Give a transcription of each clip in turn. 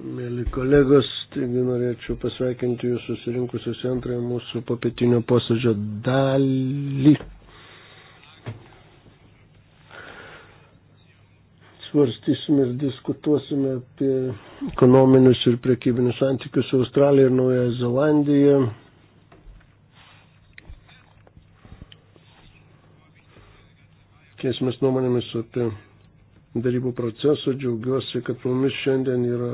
Mėly kolegos, taigi norėčiau pasveikinti jūs susirinkusius antrąją mūsų papietinio posėdžio dalį. Svarstysime ir diskutuosime apie ekonominius ir prekybinius santykius su Australija ir Nauja Zelandija. Kėsimės nuomonėmis apie darybų procesą. Džiaugiuosi, kad mumis šiandien yra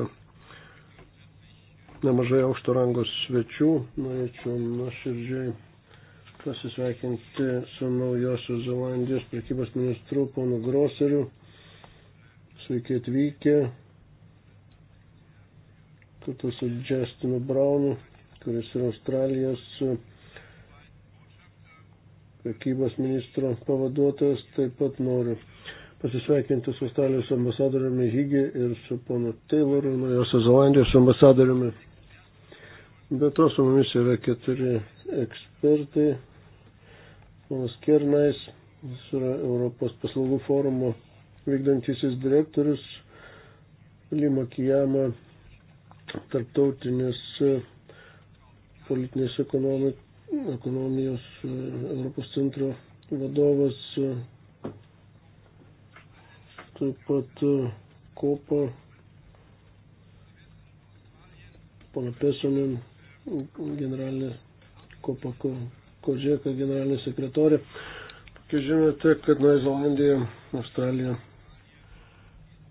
nemažai aukšto rangos svečių. Norėčiau nuoširdžiai pasisveikinti su naujosios Zelandijos prekybos ministru ponu Groseriu. Sveiki atvykę. Kartu su Justinu Brownu, kuris yra Australijos prekybos ministro pavaduotojas. Taip pat noriu pasisveikinti su Australijos ambasadoriumi Higi ir su ponu Tayloru, naujosios Zelandijos ambasadoriumi Be to su mumis yra keturi ekspertai. Ponas Kernais, jis yra Europos paslaugų forumo vykdantisis direktorius, Lima Kijama, tarptautinės e, politinės ekonomijos e, Europos centro vadovas, e, taip pat Kopa, Pana Pesonin, generalinė Kopako Kodžeka, generalinė sekretorė. Kai žinote, kad Nuoja Zelandija, Australija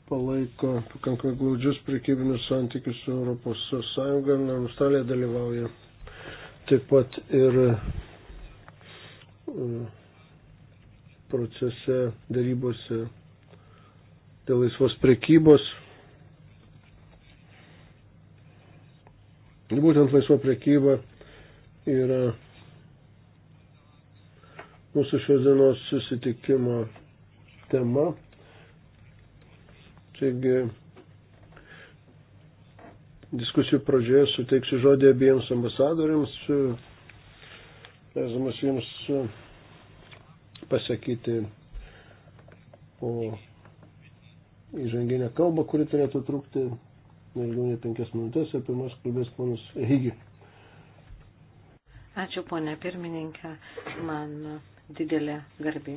palaiko pakankamai glaudžius prekybinius santykius su Europos Sąjunga, Australija dalyvauja taip pat ir e, procese darybose dėl laisvos prekybos Būtent laisva priekyba yra mūsų šios dienos susitikimo tema. Taigi, diskusijų pradžioje suteiksiu žodį abiems ambasadoriams, leisdamas jums pasakyti po įžanginę kalbą, kuri turėtų trukti daugiau nei penkias minutės ir pirmas kalbės ponas Hygi. Ačiū, ponė pirmininkė. Man didelė garbė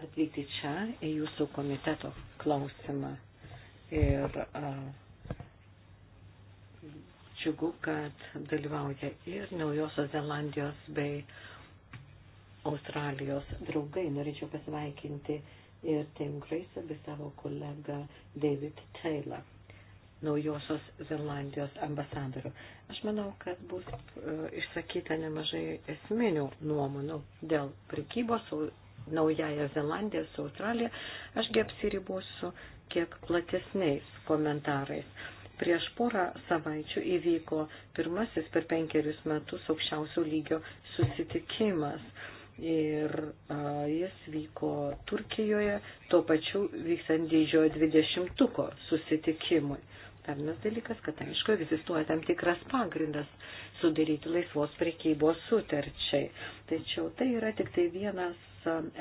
atvykti čia į jūsų komiteto klausimą. Ir uh, džiugu, kad dalyvauja ir Naujosios Zelandijos bei Australijos draugai. Norėčiau pasveikinti uh, ir Tim Grace bei savo kolegą David Taylor naujosios Zelandijos ambasadorių. Aš manau, kad bus e, išsakyta nemažai esminių nuomonų dėl prekybos su Naujaja Zelandija, su Australija. Ašgi apsiribosiu kiek platesniais komentarais. Prieš porą savaičių įvyko pirmasis per penkerius metus aukščiausio lygio susitikimas ir a, jis vyko Turkijoje, tuo pačiu vykstant didžiojo dvidešimtuko susitikimui. Pirmas dalykas, kad aišku, egzistuoja tam tikras pagrindas sudaryti laisvos prekybos sutarčiai. Tačiau tai yra tik tai vienas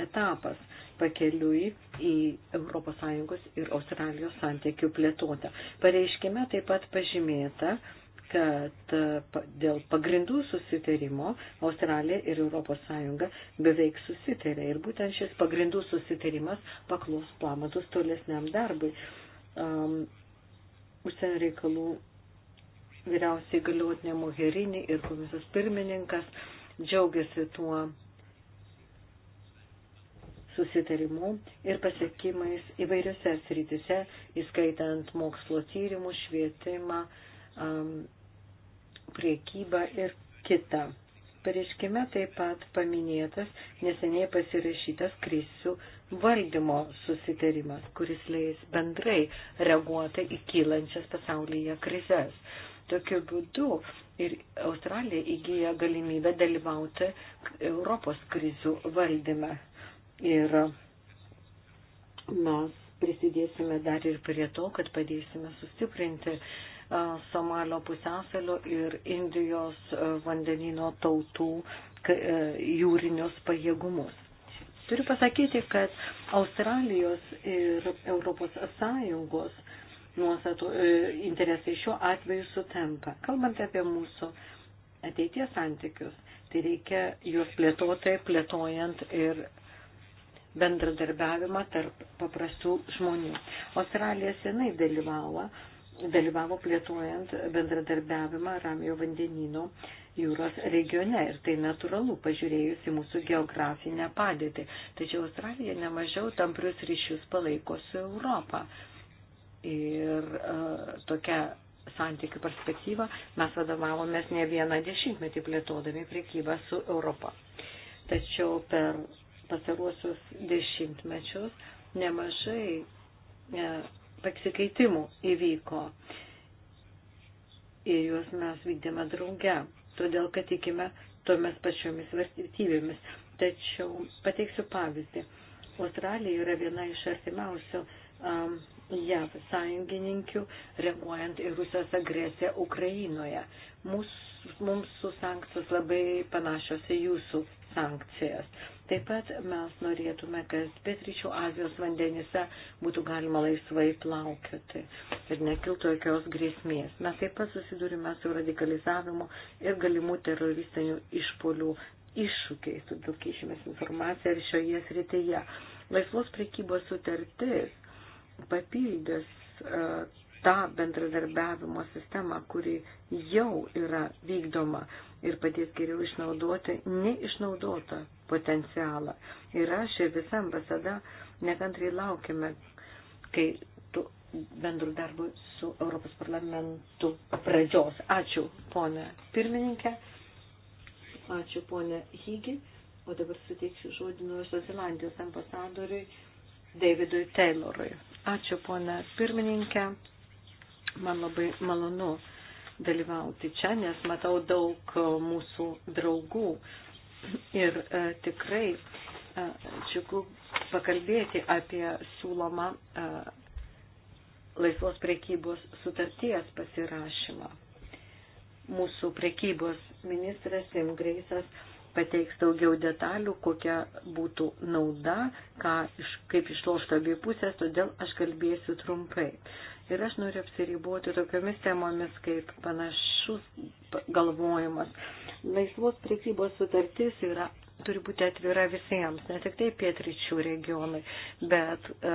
etapas pakeliui į ES ir Australijos santykių plėtotą. Pareiškime taip pat pažymėta, kad dėl pagrindų susitarimo Australija ir ES beveik susitarė. Ir būtent šis pagrindų susitarimas paklaus pamatus tolesniam darbui. Um, užsienio reikalų vyriausiai galiotinė Mogherini ir komisijos pirmininkas džiaugiasi tuo susitarimu ir pasiekimais įvairiose srityse, įskaitant mokslo tyrimų, švietimą, um, priekybą ir kitą. Pareiškime taip pat paminėtas neseniai pasirašytas krisių valdymo susitarimas, kuris leis bendrai reaguoti į kylančias pasaulyje krizes. Tokiu būdu ir Australija įgyja galimybę dalyvauti Europos krizių valdyme. Ir mes prisidėsime dar ir prie to, kad padėsime sustiprinti Somalio pusiasalio ir Indijos vandenino tautų jūrinius pajėgumus. Turiu pasakyti, kad Australijos ir Europos Sąjungos nuostatų e, interesai šiuo atveju sutampa. Kalbant apie mūsų ateities santykius, tai reikia juos plėtoti, plėtojant ir bendradarbiavimą tarp paprastų žmonių. Australija senai dalyvavo dalyvavo plėtojant bendradarbiavimą Ramijo vandenino jūros regione ir tai natūralu pažiūrėjus į mūsų geografinę padėtį. Tačiau Australija nemažiau tamprius ryšius palaiko su Europą. Ir uh, tokia santykių perspektyva mes vadovavomės ne vieną dešimtmetį plėtodami priekybą su Europa. Tačiau per pasaruosius dešimtmečius nemažai uh, pasikeitimų įvyko ir juos mes vykdėme drauge, todėl kad tikime tomis pačiomis vertybėmis. Tačiau pateiksiu pavyzdį. Australija yra viena iš artimiausių um, JAV sąjungininkių, reaguojant į Rusijos agresiją Ukrainoje. Mūs, mums su sankcijos labai panašios į jūsų sankcijas. Taip pat mes norėtume, kad pietryčių Azijos vandenise būtų galima laisvai plaukioti ir nekiltų jokios grėsmės. Mes taip pat susidurime su radikalizavimu ir galimų teroristinių išpolių iššūkiais, todėl keičiamės informaciją ir šioje srityje. Laisvos prekybos sutartis papildys uh, tą bendradarbiavimo sistemą, kuri jau yra vykdoma ir padės geriau išnaudoti neišnaudotą potencialą. Ir aš ir visa ambasada nekantriai laukime, kai tu bendrų darbų su Europos parlamentu pradžios. Ačiū, ponė pirmininkė. Ačiū, ponė Hygi. O dabar suteiksiu žodį Naujosios Zelandijos ambasadoriui Davidui Taylorui. Ačiū, ponė pirmininkė. Man labai malonu dalyvauti čia, nes matau daug mūsų draugų Ir e, tikrai e, džiugu pakalbėti apie siūlomą e, laisvos prekybos sutarties pasirašymą. Mūsų prekybos ministras Tim Greisas pateiks daugiau detalių, kokia būtų nauda, ką, kaip išlošta abie pusės, todėl aš kalbėsiu trumpai. Ir aš noriu apsiriboti tokiomis temomis kaip panašus galvojimas. Laisvos prekybos sutartis yra, turi būti atvira visiems, ne tik tai pietričių regionai, bet e,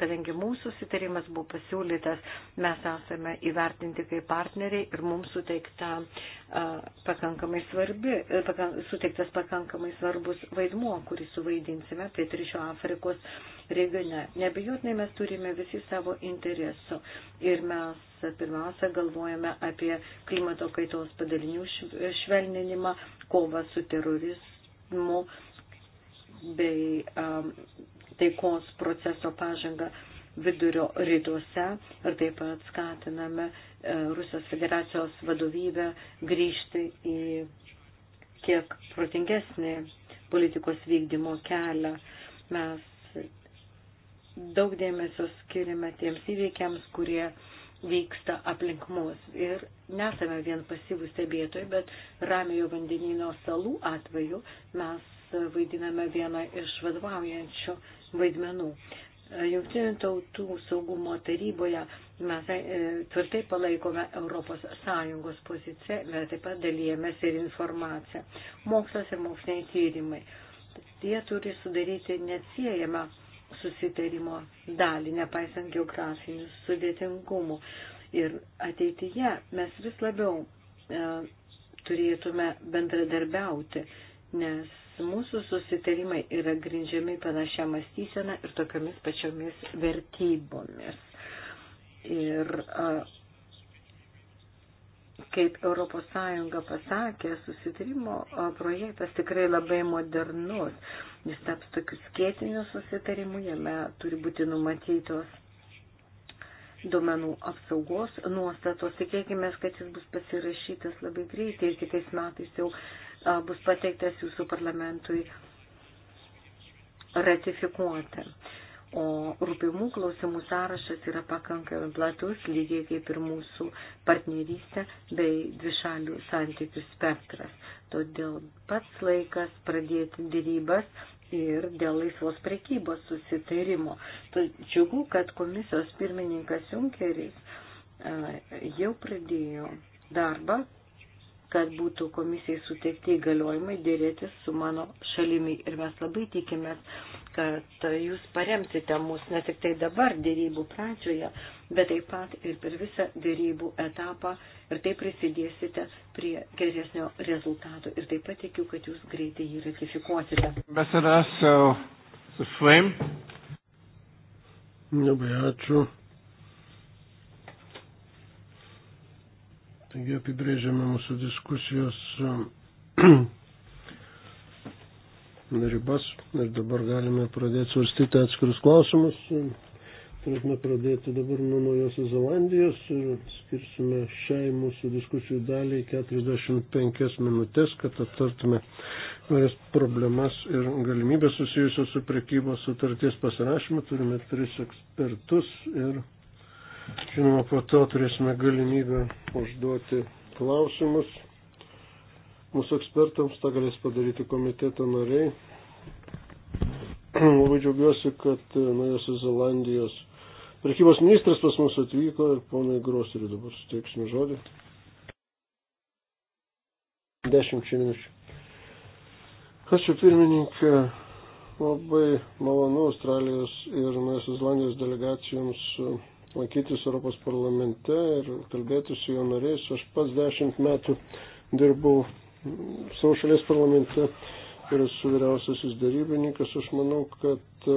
kadangi mūsų susitarimas buvo pasiūlytas, mes esame įvertinti kaip partneriai ir mums suteikta, e, pakankamai svarbi, e, pakank, suteiktas pakankamai svarbus vaidmuo, kurį suvaidinsime pietričių Afrikos prieiga ne. Nebejotinai mes turime visi savo interesų ir mes pirmiausia galvojame apie klimato kaitos padalinių švelninimą, kovą su terorizmu bei um, taikos proceso pažangą vidurio rytuose ir taip pat skatiname e, Rusijos federacijos vadovybę grįžti į kiek protingesnį politikos vykdymo kelią. Mes daug dėmesio skiriame tiems įveikiams, kurie vyksta aplink mus. Ir nesame vien pasyvų stebėtojai, bet ramiojo vandenino salų atveju mes vaidiname vieną iš vadovaujančių vaidmenų. Jungtinių tautų saugumo taryboje mes e, tvirtai palaikome Europos Sąjungos poziciją, bet taip pat dalyjamės ir informaciją. Mokslas ir moksliniai tyrimai. Jie turi sudaryti neatsiejamą susitarimo dalį, nepaisant geografinių sudėtingumų. Ir ateityje mes vis labiau e, turėtume bendradarbiauti, nes mūsų susitarimai yra grindžiami panašia mąstysena ir tokiamis pačiomis vertybomis. Ir a, e, kaip ES pasakė, susitarimo e, projektas tikrai labai modernus jis taps tokiu skėtiniu susitarimu, jame turi būti numatytos duomenų apsaugos nuostatos. Tikėkime, kad jis bus pasirašytas labai greitai ir kitais metais jau bus pateiktas jūsų parlamentui ratifikuoti. O rūpimų klausimų sąrašas yra pakankamai platus, lygiai kaip ir mūsų partnerystė bei dvišalių santykių spektras. Todėl pats laikas pradėti dėrybas ir dėl laisvos prekybos susitarimo. Tai džiugu, kad komisijos pirmininkas Junkeris jau pradėjo darbą kad būtų komisijai suteikti įgaliojimai dėrėtis su mano šalimi. Ir mes labai tikimės, kad jūs paremsite mus ne tik tai dabar dėrybų pradžioje, bet taip pat ir per visą dėrybų etapą ir taip prisidėsite prie geresnio rezultato. Ir taip pat tikiu, kad jūs greitai jį ratifikuosite. Labai ačiū. Taigi apibrėžiame mūsų diskusijos um, ribas ir dabar galime pradėti svarstyti atskirus klausimus. Turėtume pradėti dabar nuo Naujosios Zelandijos ir skirsime šiai mūsų diskusijų daliai 45 minutės, kad aptartume naujas problemas ir galimybės susijusios su prekybos sutarties pasirašymu. Turime tris ekspertus ir, žinoma, po to turėsime galimybę užduoti klausimus. Mūsų ekspertams tą galės padaryti komiteto nariai. Labai džiaugiuosi, kad e, Naujosios Zelandijos prekybos ministras pas mus atvyko ir ponai Groseriu dabar suteiksime žodį. Dešimt minučių. Ačiū pirmininkė. Labai malonu Australijos ir Naujosios Zelandijos delegacijoms e, lankytis Europos parlamente ir kalbėti su jo nariais. Aš pats dešimt metų dirbau savo šalies parlamente ir esu vyriausiasis darybininkas. Aš manau, kad e,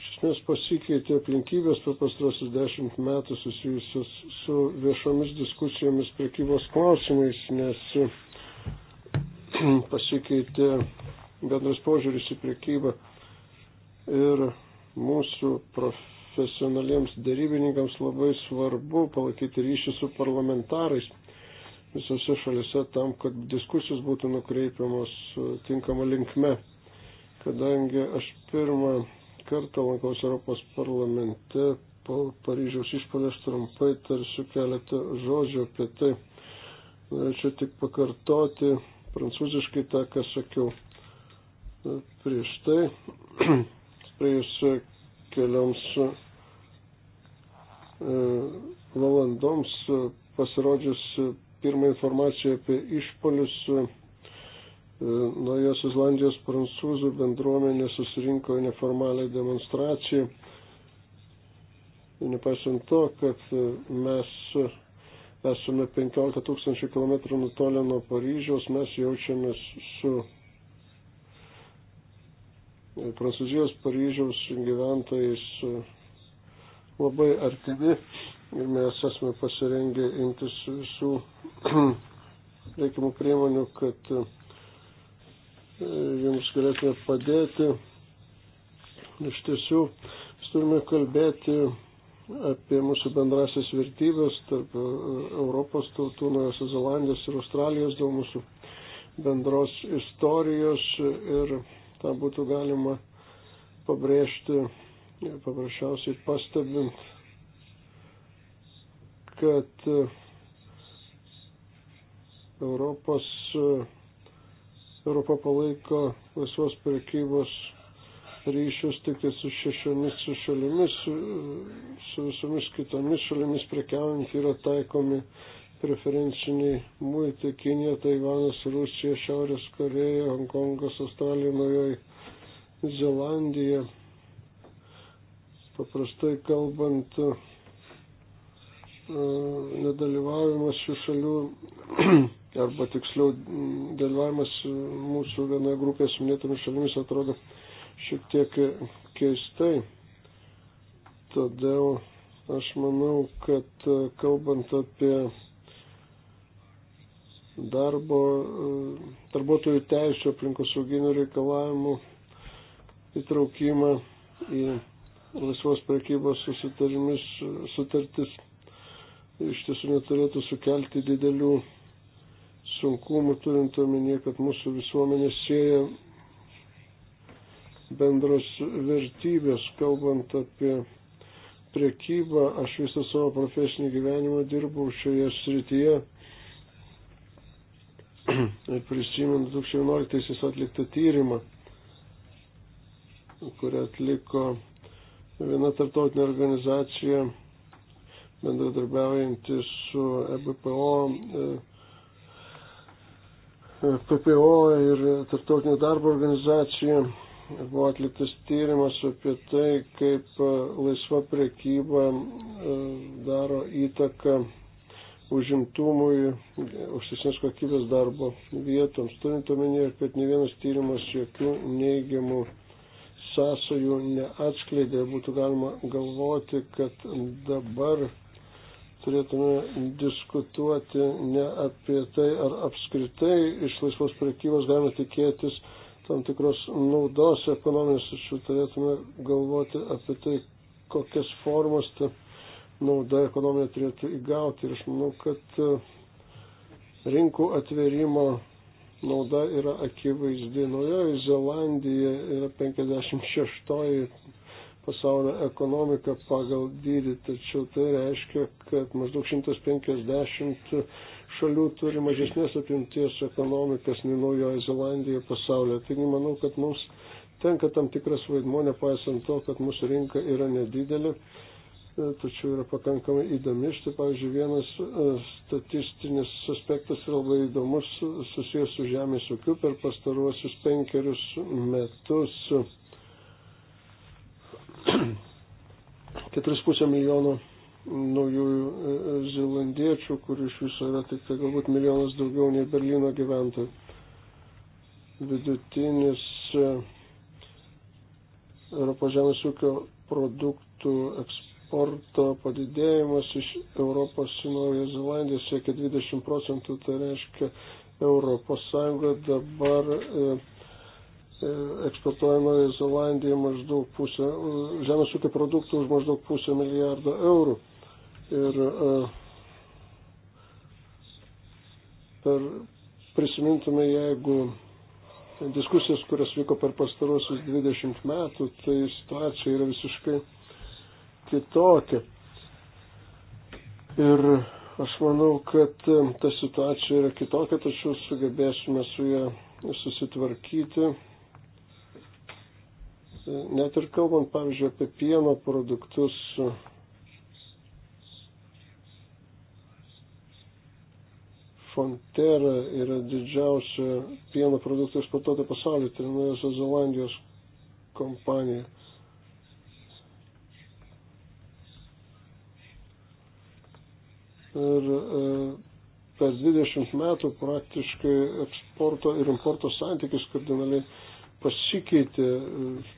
iš esmės pasikeitė aplinkybės per pastarosius dešimt metų susijusios su viešomis diskusijomis prekybos klausimais, nes e, pasikeitė bendras požiūris į prekybą ir mūsų profesionalų profesionaliems darybininkams labai svarbu palaikyti ryšį su parlamentarais, visose šalise tam, kad diskusijos būtų nukreipiamos e, tinkama linkme. Kadangi aš pirmą kartą lankaus Europos parlamente po Paryžiaus išpalės trumpai tarsiu keletą žodžių apie tai. Norėčiau tik pakartoti prancūziškai tą, ką sakiau e, prieš tai. Praėjus kelioms e, valandoms pasirodžius pirmą informaciją apie išpolius e, Naujos Islandijos prancūzų bendruomenė susirinko neformalią demonstraciją. Nepaisant to, kad e, mes esame 15 tūkstančių kilometrų nutolę nuo Paryžiaus, mes jaučiamės su Prancūzijos Paryžiaus gyventojais e, labai artimi ir mes esame pasirengę imtis visų reikimų priemonių, kad e, jums galėtume padėti. Iš tiesų, mes turime kalbėti apie mūsų bendrasis vertybės tarp e, Europos tautų, Naujosios Zelandijos ir Australijos dėl mūsų bendros istorijos ir tą būtų galima pabrėžti paprasčiausiai pastebint kad Europos, Europa palaiko laisvos prekybos ryšius tik tai su šešiomis su šalimis, su visomis kitomis šalimis prekiaujant yra taikomi preferenciniai muitai Kinija, Taivanas, Rusija, Šiaurės Koreja, Hongkongas, Australija, Naujoji Zelandija. Paprastai kalbant, E, nedalyvavimas šių šalių, arba tiksliau dalyvavimas e, mūsų vienoje grupėje su minėtomis šalimis atrodo šiek tiek keistai. Todėl aš manau, kad e, kalbant apie darbo, darbuotojų teisų aplinkosauginių reikalavimų įtraukimą į laisvos prekybos sutartis iš tiesų neturėtų sukelti didelių sunkumų, turint omenyje, kad mūsų visuomenė sieja bendros vertybės, kalbant apie priekybą, aš visą savo profesinį gyvenimą dirbau šioje srityje. Ir prisimenu 2011-aisiais atliktą tyrimą, kurią atliko viena tarptautinė organizacija bendradarbiaujantį su EBPO, e, e, PPO ir Tartautinė darbo organizacija buvo atliktas tyrimas apie tai, kaip e, laisva priekyba daro įtaką užimtumui, aukštesnės kokybės darbo vietoms. Turint omenyje, kad ne vienas tyrimas jokių neigiamų sąsajų neatskleidė, būtų galima galvoti, kad dabar turėtume diskutuoti ne apie tai, ar apskritai iš laisvos prekybos galima tikėtis tam tikros naudos ekonominės, tačiau turėtume galvoti apie tai, kokias formas ta nauda ekonominė turėtų įgauti. Ir aš manau, kad e, rinkų atvėrimo nauda yra akivaizdi. Naujoji Zelandija yra 56 pasaulio ekonomiką pagal dydį, tačiau tai reiškia, kad maždaug 150 šalių turi mažesnės apimties ekonomikas nei Naujoje Zelandijoje pasaulyje. Taigi manau, kad mums tenka tam tikras vaidmo, nepaisant to, kad mūsų rinka yra nedidelė, tačiau yra pakankamai įdomi. Štai, pavyzdžiui, vienas e, statistinis aspektas yra labai įdomus susijęs su žemės ūkiu per pastaruosius penkerius metus 4,5 milijono naujųjų e, zelandiečių, kur iš viso yra tik tai galbūt milijonas daugiau nei Berlyno gyventojų. Vidutinis e, Europos žemės ūkio produktų eksporto padidėjimas iš Europos į Naują Zelandiją siekia 20 procentų, tai reiškia Europos Sąjunga dabar e, E, eksportuojama į Zelandiją maždaug pusę, e, žemės ūkio produktų už maždaug pusę milijardo eurų. Ir e, per, prisimintume, jeigu diskusijas, kurias vyko per pastarosius 20 metų, tai situacija yra visiškai kitokia. Ir aš manau, kad ta situacija yra kitokia, tačiau sugebėsime su ją susitvarkyti net ir kalbant, pavyzdžiui, apie pieno produktus, Fonterra yra didžiausia pieno produktų eksportuota pasaulyje, tai Naujosios Zelandijos kompanija. Ir e, per 20 metų praktiškai eksporto ir importo santykis kardinaliai pasikeitė,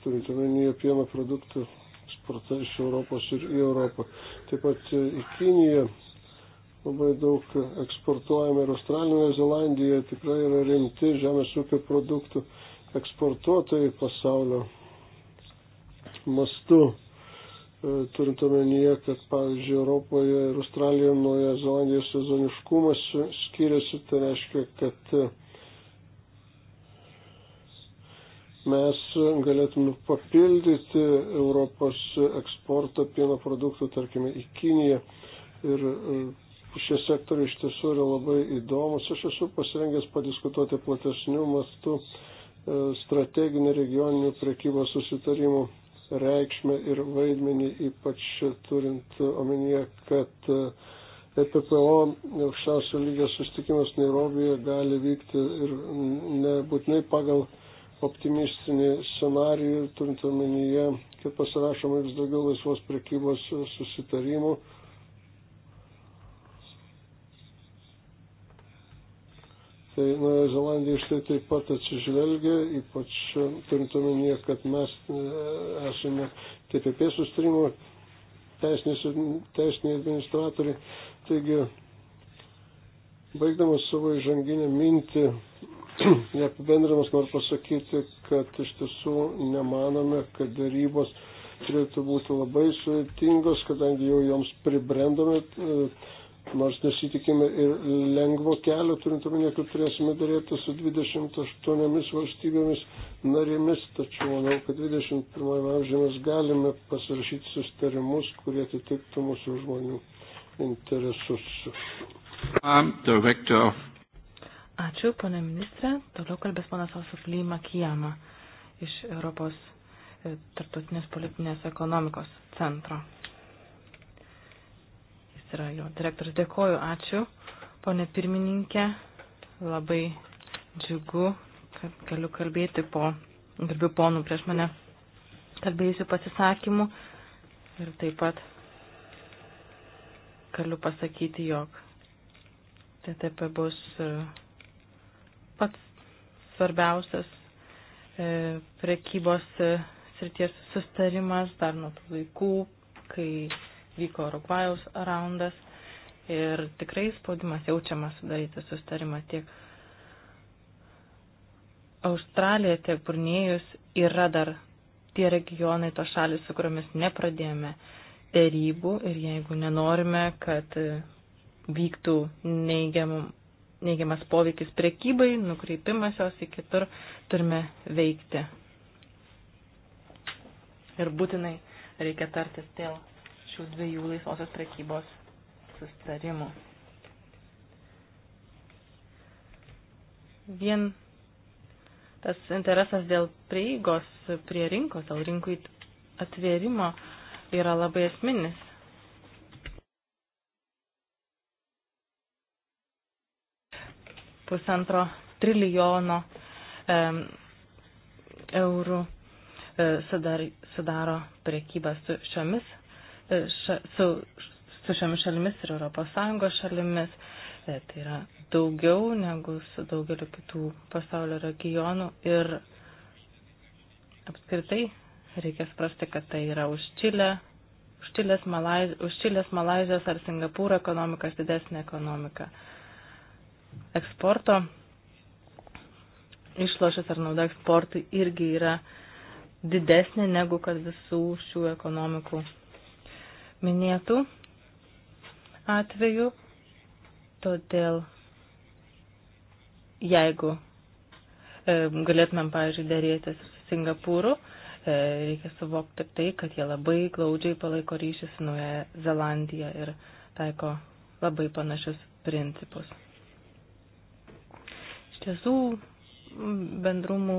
turint omenyje pieno produktų eksportą iš Europos ir į Europą. Taip pat į Kiniją labai daug eksportuojama ir Australijoje, Zelandijoje tikrai yra rimti žemės ūkio produktų eksportuotojai pasaulio mastu. E, turint omenyje, kad pavyzdžiui Europoje ir Australijoje, Naujoje Zelandijoje sezoniškumas skiriasi, tai reiškia, kad mes galėtume papildyti Europos eksportą pieno produktų, tarkime, į Kiniją. Ir e, šie sektoriai iš tiesų yra labai įdomus. Aš esu pasirengęs padiskutuoti platesnių mastų e, strateginį regioninių prekybos susitarimų reikšmę ir vaidmenį, ypač turint omenyje, kad EPPO e aukščiausio lygio sustikimas Nairobije gali vykti ir nebūtinai pagal optimistinį scenarijų, turint omenyje, kad pasirašoma vis daugiau laisvos prekybos susitarimų. Tai Naujoje Zelandijoje iš tai taip pat atsižvelgia, ypač e, turint omenyje, kad mes e, esame TPP sustarimo teisiniai administratoriai. Taigi, baigdamas savo įžanginę mintį, Neapibendrinamas noriu pasakyti, kad iš tiesų nemanome, kad darybos turėtų būti labai sudėtingos, kadangi jau joms pribrendome, e, nors nesitikime ir lengvo kelio, turint omenyje, kad turėsime darėti su 28 valstybėmis narėmis, tačiau manau, kad 21 amžiaus galime pasirašyti sustarimus, kurie atitiktų mūsų žmonių interesus. I'm director of Ačiū, ponė ministrė. Toliau kalbės ponas Alsufly Makijama iš Europos e, tarptautinės politinės ekonomikos centro. Jis yra jo direktorius. Dėkoju, ačiū, ponė pirmininkė. Labai džiugu, kad galiu kalbėti po garbių ponų prieš mane kalbėjusių pasisakymų. Ir taip pat galiu pasakyti, jog TTP bus. Uh, svarbiausias e, prekybos e, srities sustarimas dar nuo tų laikų, kai vyko Urugvajaus raundas. Ir tikrai spaudimas jaučiamas sudaryti sustarimą tiek Australija, tiek Brunėjus yra dar tie regionai, tos šalis, su kuriomis nepradėjome dėrybų ir jeigu nenorime, kad e, vyktų neigiam, neigiamas poveikis prekybai, nukreipimas jos į kitur turime veikti. Ir būtinai reikia tartis dėl šių dviejų laisvosios prekybos sustarimų. Vien tas interesas dėl prieigos prie rinkos, dėl rinkų atvėrimo yra labai esminis pusantro trilijono eurų e, sudaro prekybą su šiomis, e, su, su šiomis šalimis ir ES šalimis. E, tai yra daugiau negu su daugeliu kitų pasaulio regionų ir apskritai reikia suprasti, kad tai yra už Čilę, už Čilės, Malaiz, už Čilės Malaizijos ar Singapūro ekonomikas didesnė ekonomika. ekonomika eksporto išlošas ar nauda eksportui irgi yra didesnė negu kad visų šių ekonomikų minėtų atveju. Todėl jeigu e, galėtumėm, pavyzdžiui, dėrėtis su Singapūru, e, reikia suvokti tai, kad jie labai glaudžiai palaiko ryšį su Nuoja Zelandija ir taiko labai panašius principus tiesų bendrumų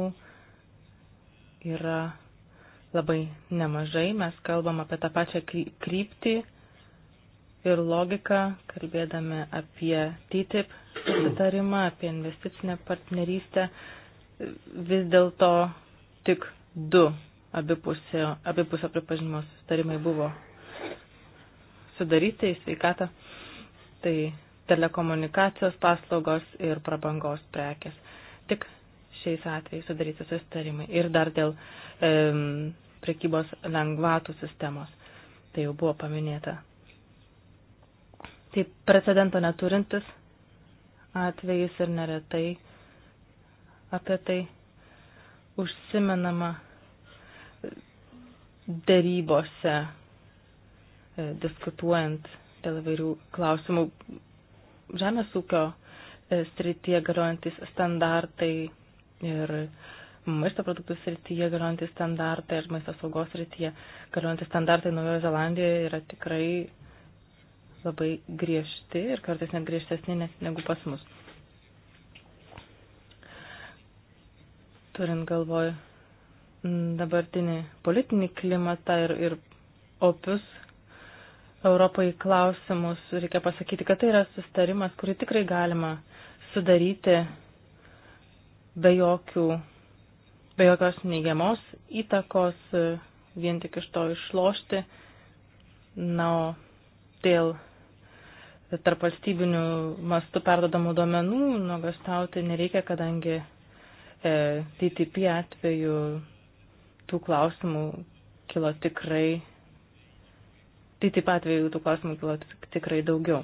yra labai nemažai. Mes kalbam apie tą pačią kryptį ir logiką, kalbėdami apie TTIP sutarimą, apie investicinę partnerystę. Vis dėlto tik du abipusio, abipusio pripažinimo sutarimai buvo sudaryti į sveikatą. Tai telekomunikacijos paslaugos ir prabangos prekės. Tik šiais atvejais sudaryti susitarimai. Ir dar dėl e, prekybos lengvatų sistemos. Tai jau buvo paminėta. Tai precedento neturintis atvejis ir neretai apie tai užsimenama dėrybose, e, diskutuojant dėl įvairių klausimų žemės ūkio e, srityje galiojantis standartai ir maisto produktų srityje galiojantys standartai ir maisto saugos srityje galiojantys standartai Naujojo Zelandijoje yra tikrai labai griežti ir kartais net griežtesni negu pas mus. Turint galvoj dabartinį politinį klimatą ir, ir opius Europai klausimus, reikia pasakyti, kad tai yra sustarimas, kurį tikrai galima sudaryti be, jokių, be jokios neigiamos įtakos, vien tik iš to išlošti. Na, o dėl tarp valstybinių mastų perdodamų duomenų nuogastauti nereikia, kadangi e, TTP atveju tų klausimų kilo tikrai Tai taip pat jeigu tų klausimų kilo tikrai daugiau.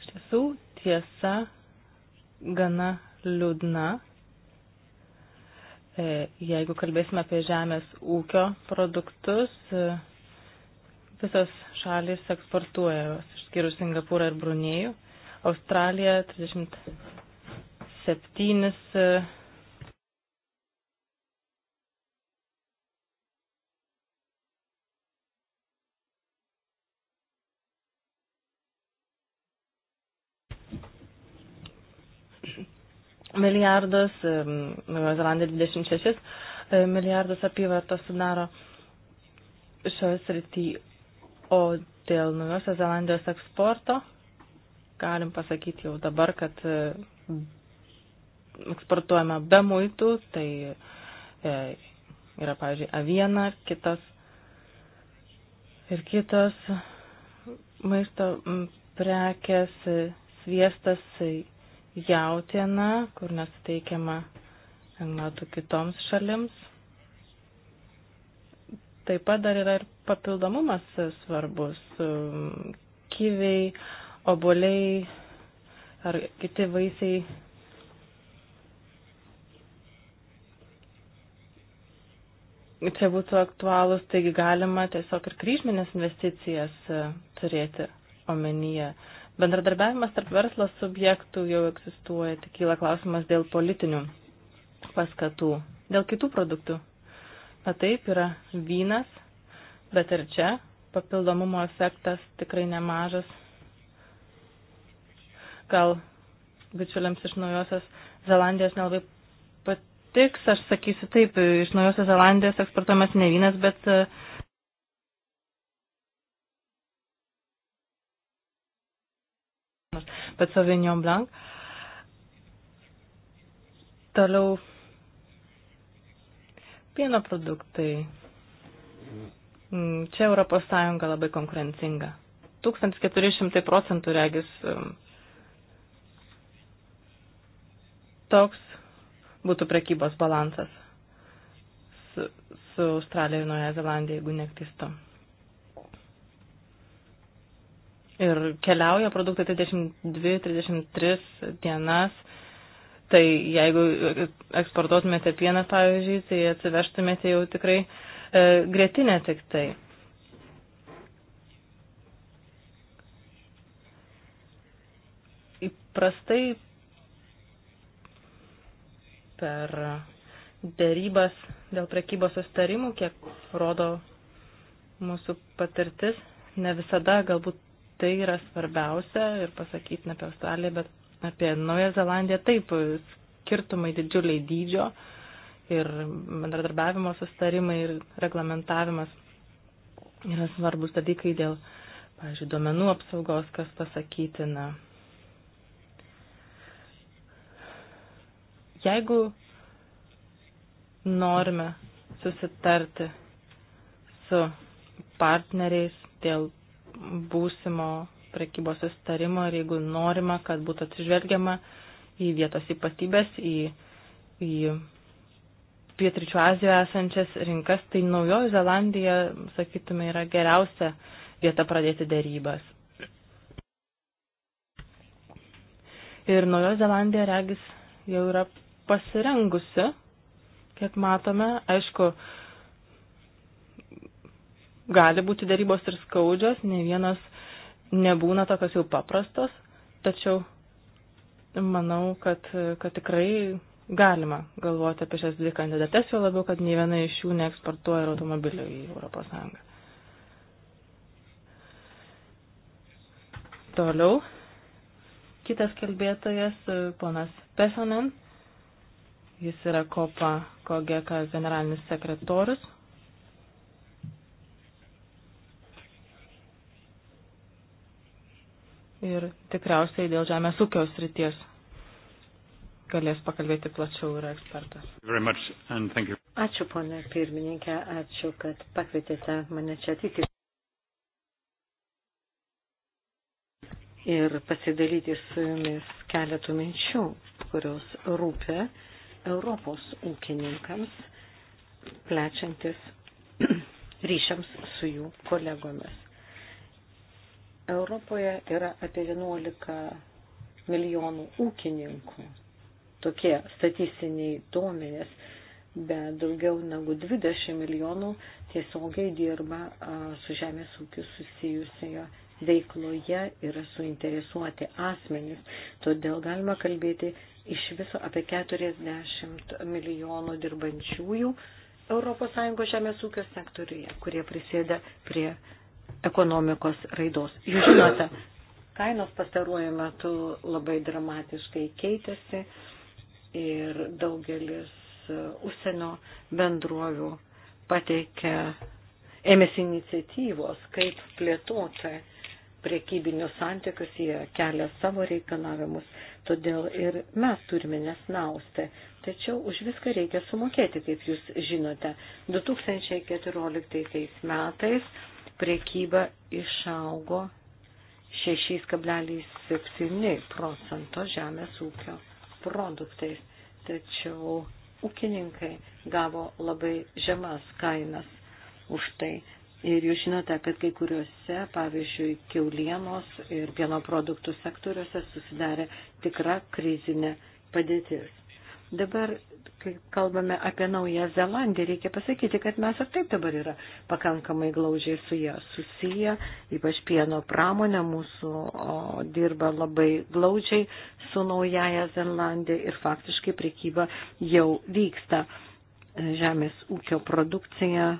Iš tiesų, tiesa gana liūdna. E, jeigu kalbėsime apie žemės ūkio produktus, e, visos šalis eksportuoja, išskyrus Singapūrą ir Brunėjų. Australija 37 milijardus, Naujojo Zelandija 26 e, milijardus apyvartos sudaro šioje srityje. O dėl Naujosios Zelandijos eksporto galim pasakyti jau dabar, kad e, eksportuojame be muitų, tai e, yra, pavyzdžiui, aviena ir kitos, ir kitos maisto prekės, sviestas, jautiena, kur nesuteikiama lengvatų kitoms šalims. Taip pat dar yra ir papildomumas svarbus. Kyviai, oboliai ar kiti vaisiai. Čia būtų aktualūs, taigi galima tiesiog ir kryžminės investicijas turėti omenyje. Uh, Bendradarbiavimas tarp verslo subjektų jau egzistuoja, tik kyla klausimas dėl politinių paskatų, dėl kitų produktų. Na taip, yra vynas, bet ir čia papildomumo efektas tikrai nemažas. Gal bičiuliams iš Naujosios Zelandijos nelabai patiks, aš sakysiu taip, iš Naujosios Zelandijos eksportuojamas ne vynas, bet uh, bet Sauvignon Blanc. Toliau pieno produktai. Mm, čia Europos Sąjunga labai konkurencinga. 1400 procentų regis um, toks būtų prekybos balansas su, su Australija ir Nuoja Zelandija, jeigu neklystu. ir keliauja produktai 32-33 dienas. Tai jeigu eksportuotumėte pieną, pavyzdžiui, tai atsivežtumėte jau tikrai e, grėtinę tik tai. Įprastai per dėrybas dėl prekybos sustarimų, kiek rodo mūsų patirtis, ne visada galbūt tai yra svarbiausia ir pasakyti ne apie Australiją, bet apie Naują Zelandiją. Taip, skirtumai didžiuliai dydžio ir bendradarbiavimo sustarimai ir reglamentavimas yra svarbus dalykai dėl, pavyzdžiui, duomenų apsaugos, kas pasakytina. Jeigu norime susitarti su partneriais dėl būsimo prekybos sustarimo ir jeigu norima, kad būtų atsižvelgiama į vietos ypatybės, į, į Pietričių Azijoje esančias rinkas, tai Naujojo Zelandija, sakytume, yra geriausia vieta pradėti dėrybas. Ir Naujojo Zelandija, regis, jau yra pasirengusi, kiek matome, aišku, gali būti darybos ir skaudžios, ne vienas nebūna tokios jau paprastos, tačiau manau, kad, kad tikrai galima galvoti apie šias dvi kandidates, jo labiau, kad nei viena iš jų neeksportuoja ir automobilių į ES. Toliau kitas kalbėtojas, ponas Pesonen, jis yra COPA COGECA generalinis sekretorius. ir tikriausiai dėl žemės ūkio srities galės pakalbėti plačiau yra ekspertas. Ačiū, ponė pirmininkė, ačiū, kad pakvietėte mane čia atvykti. Ir pasidalyti su jumis keletų minčių, kurios rūpia Europos ūkininkams, plečiantis ryšiams su jų kolegomis. Europoje yra apie 11 milijonų ūkininkų. Tokie statistiniai duomenės, bet daugiau negu 20 milijonų tiesiogiai dirba su žemės ūkiu susijusioje veikloje yra suinteresuoti asmenys. Todėl galima kalbėti iš viso apie 40 milijonų dirbančiųjų ES žemės ūkio sektoriuje, kurie prisėda prie ekonomikos raidos. Jūs žinote, kainos pastaruoju metu labai dramatiškai keitėsi ir daugelis e, užsienio bendrovių pateikė, ėmėsi iniciatyvos, kaip plėtoti priekybinius santykius, jie kelia savo reikalavimus, todėl ir mes turime nesnausti. Tačiau už viską reikia sumokėti, kaip jūs žinote. 2014 metais priekyba išaugo 6,7 procento žemės ūkio produktais, tačiau ūkininkai gavo labai žemas kainas už tai. Ir jūs žinote, kad kai kuriuose, pavyzdžiui, keulienos ir pieno produktų sektoriuose susidarė tikra krizinė padėtis. Dabar, kai kalbame apie Naują Zelandiją, reikia pasakyti, kad mes ir taip dabar yra pakankamai glaužiai su ją susiję, ypač pieno pramonė mūsų o, dirba labai glaužiai su Naująją Zelandiją ir faktiškai prekyba jau vyksta. Žemės ūkio produkcija,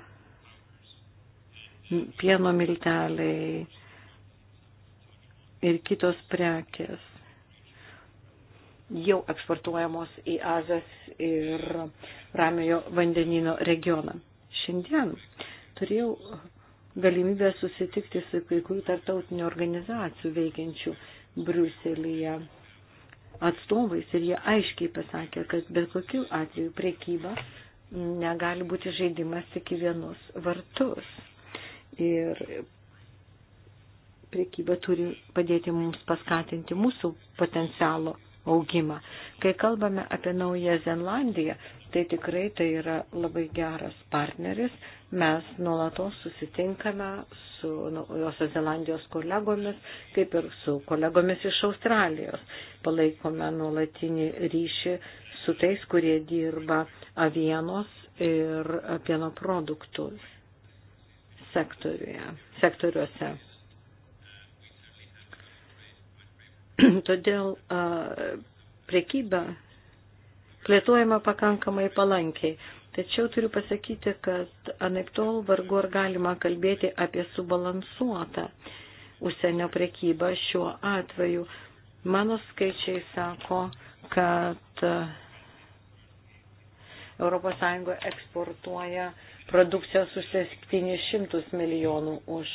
pieno milteliai ir kitos prekės jau eksportuojamos į Azas ir Ramiojo vandenino regioną. Šiandien turėjau galimybę susitikti su kai kurių tarptautinių organizacijų veikiančių Briuselyje atstovais ir jie aiškiai pasakė, kad bet kokiu atveju priekyba negali būti žaidimas tik į vienus vartus. Ir priekyba turi padėti mums paskatinti mūsų potencialo augimą. Kai kalbame apie Naują Zenlandiją, tai tikrai tai yra labai geras partneris. Mes nuolatos susitinkame su Naujosios Zelandijos kolegomis, kaip ir su kolegomis iš Australijos. Palaikome nuolatinį ryšį su tais, kurie dirba avienos ir pieno produktų sektoriuje, sektoriuose. Todėl prekyba plėtojama pakankamai palankiai. Tačiau turiu pasakyti, kad anaip tol vargu ar galima kalbėti apie subalansuotą užsienio prekybą šiuo atveju. Mano skaičiai sako, kad ES eksportuoja produkcijos už 700 milijonų už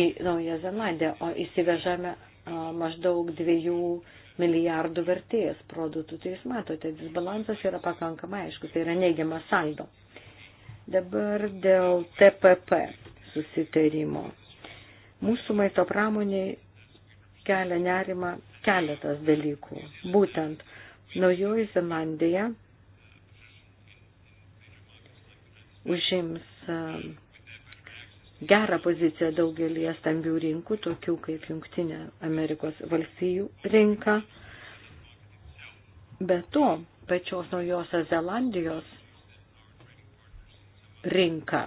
į Naują Zelandiją, o įsivežame maždaug dviejų milijardų vertės produktų. Tai jūs matote, disbalansas yra pakankamai aiškus, tai yra neigiama saldo. Dabar dėl TPP susitarimo. Mūsų maisto pramoniai kelia nerima keletas dalykų. Būtent Naujoji Zelandija užims gerą poziciją daugelį stambių rinkų, tokių kaip Junktinė Amerikos valstijų rinka. Be to, pačios naujosios Zelandijos rinka,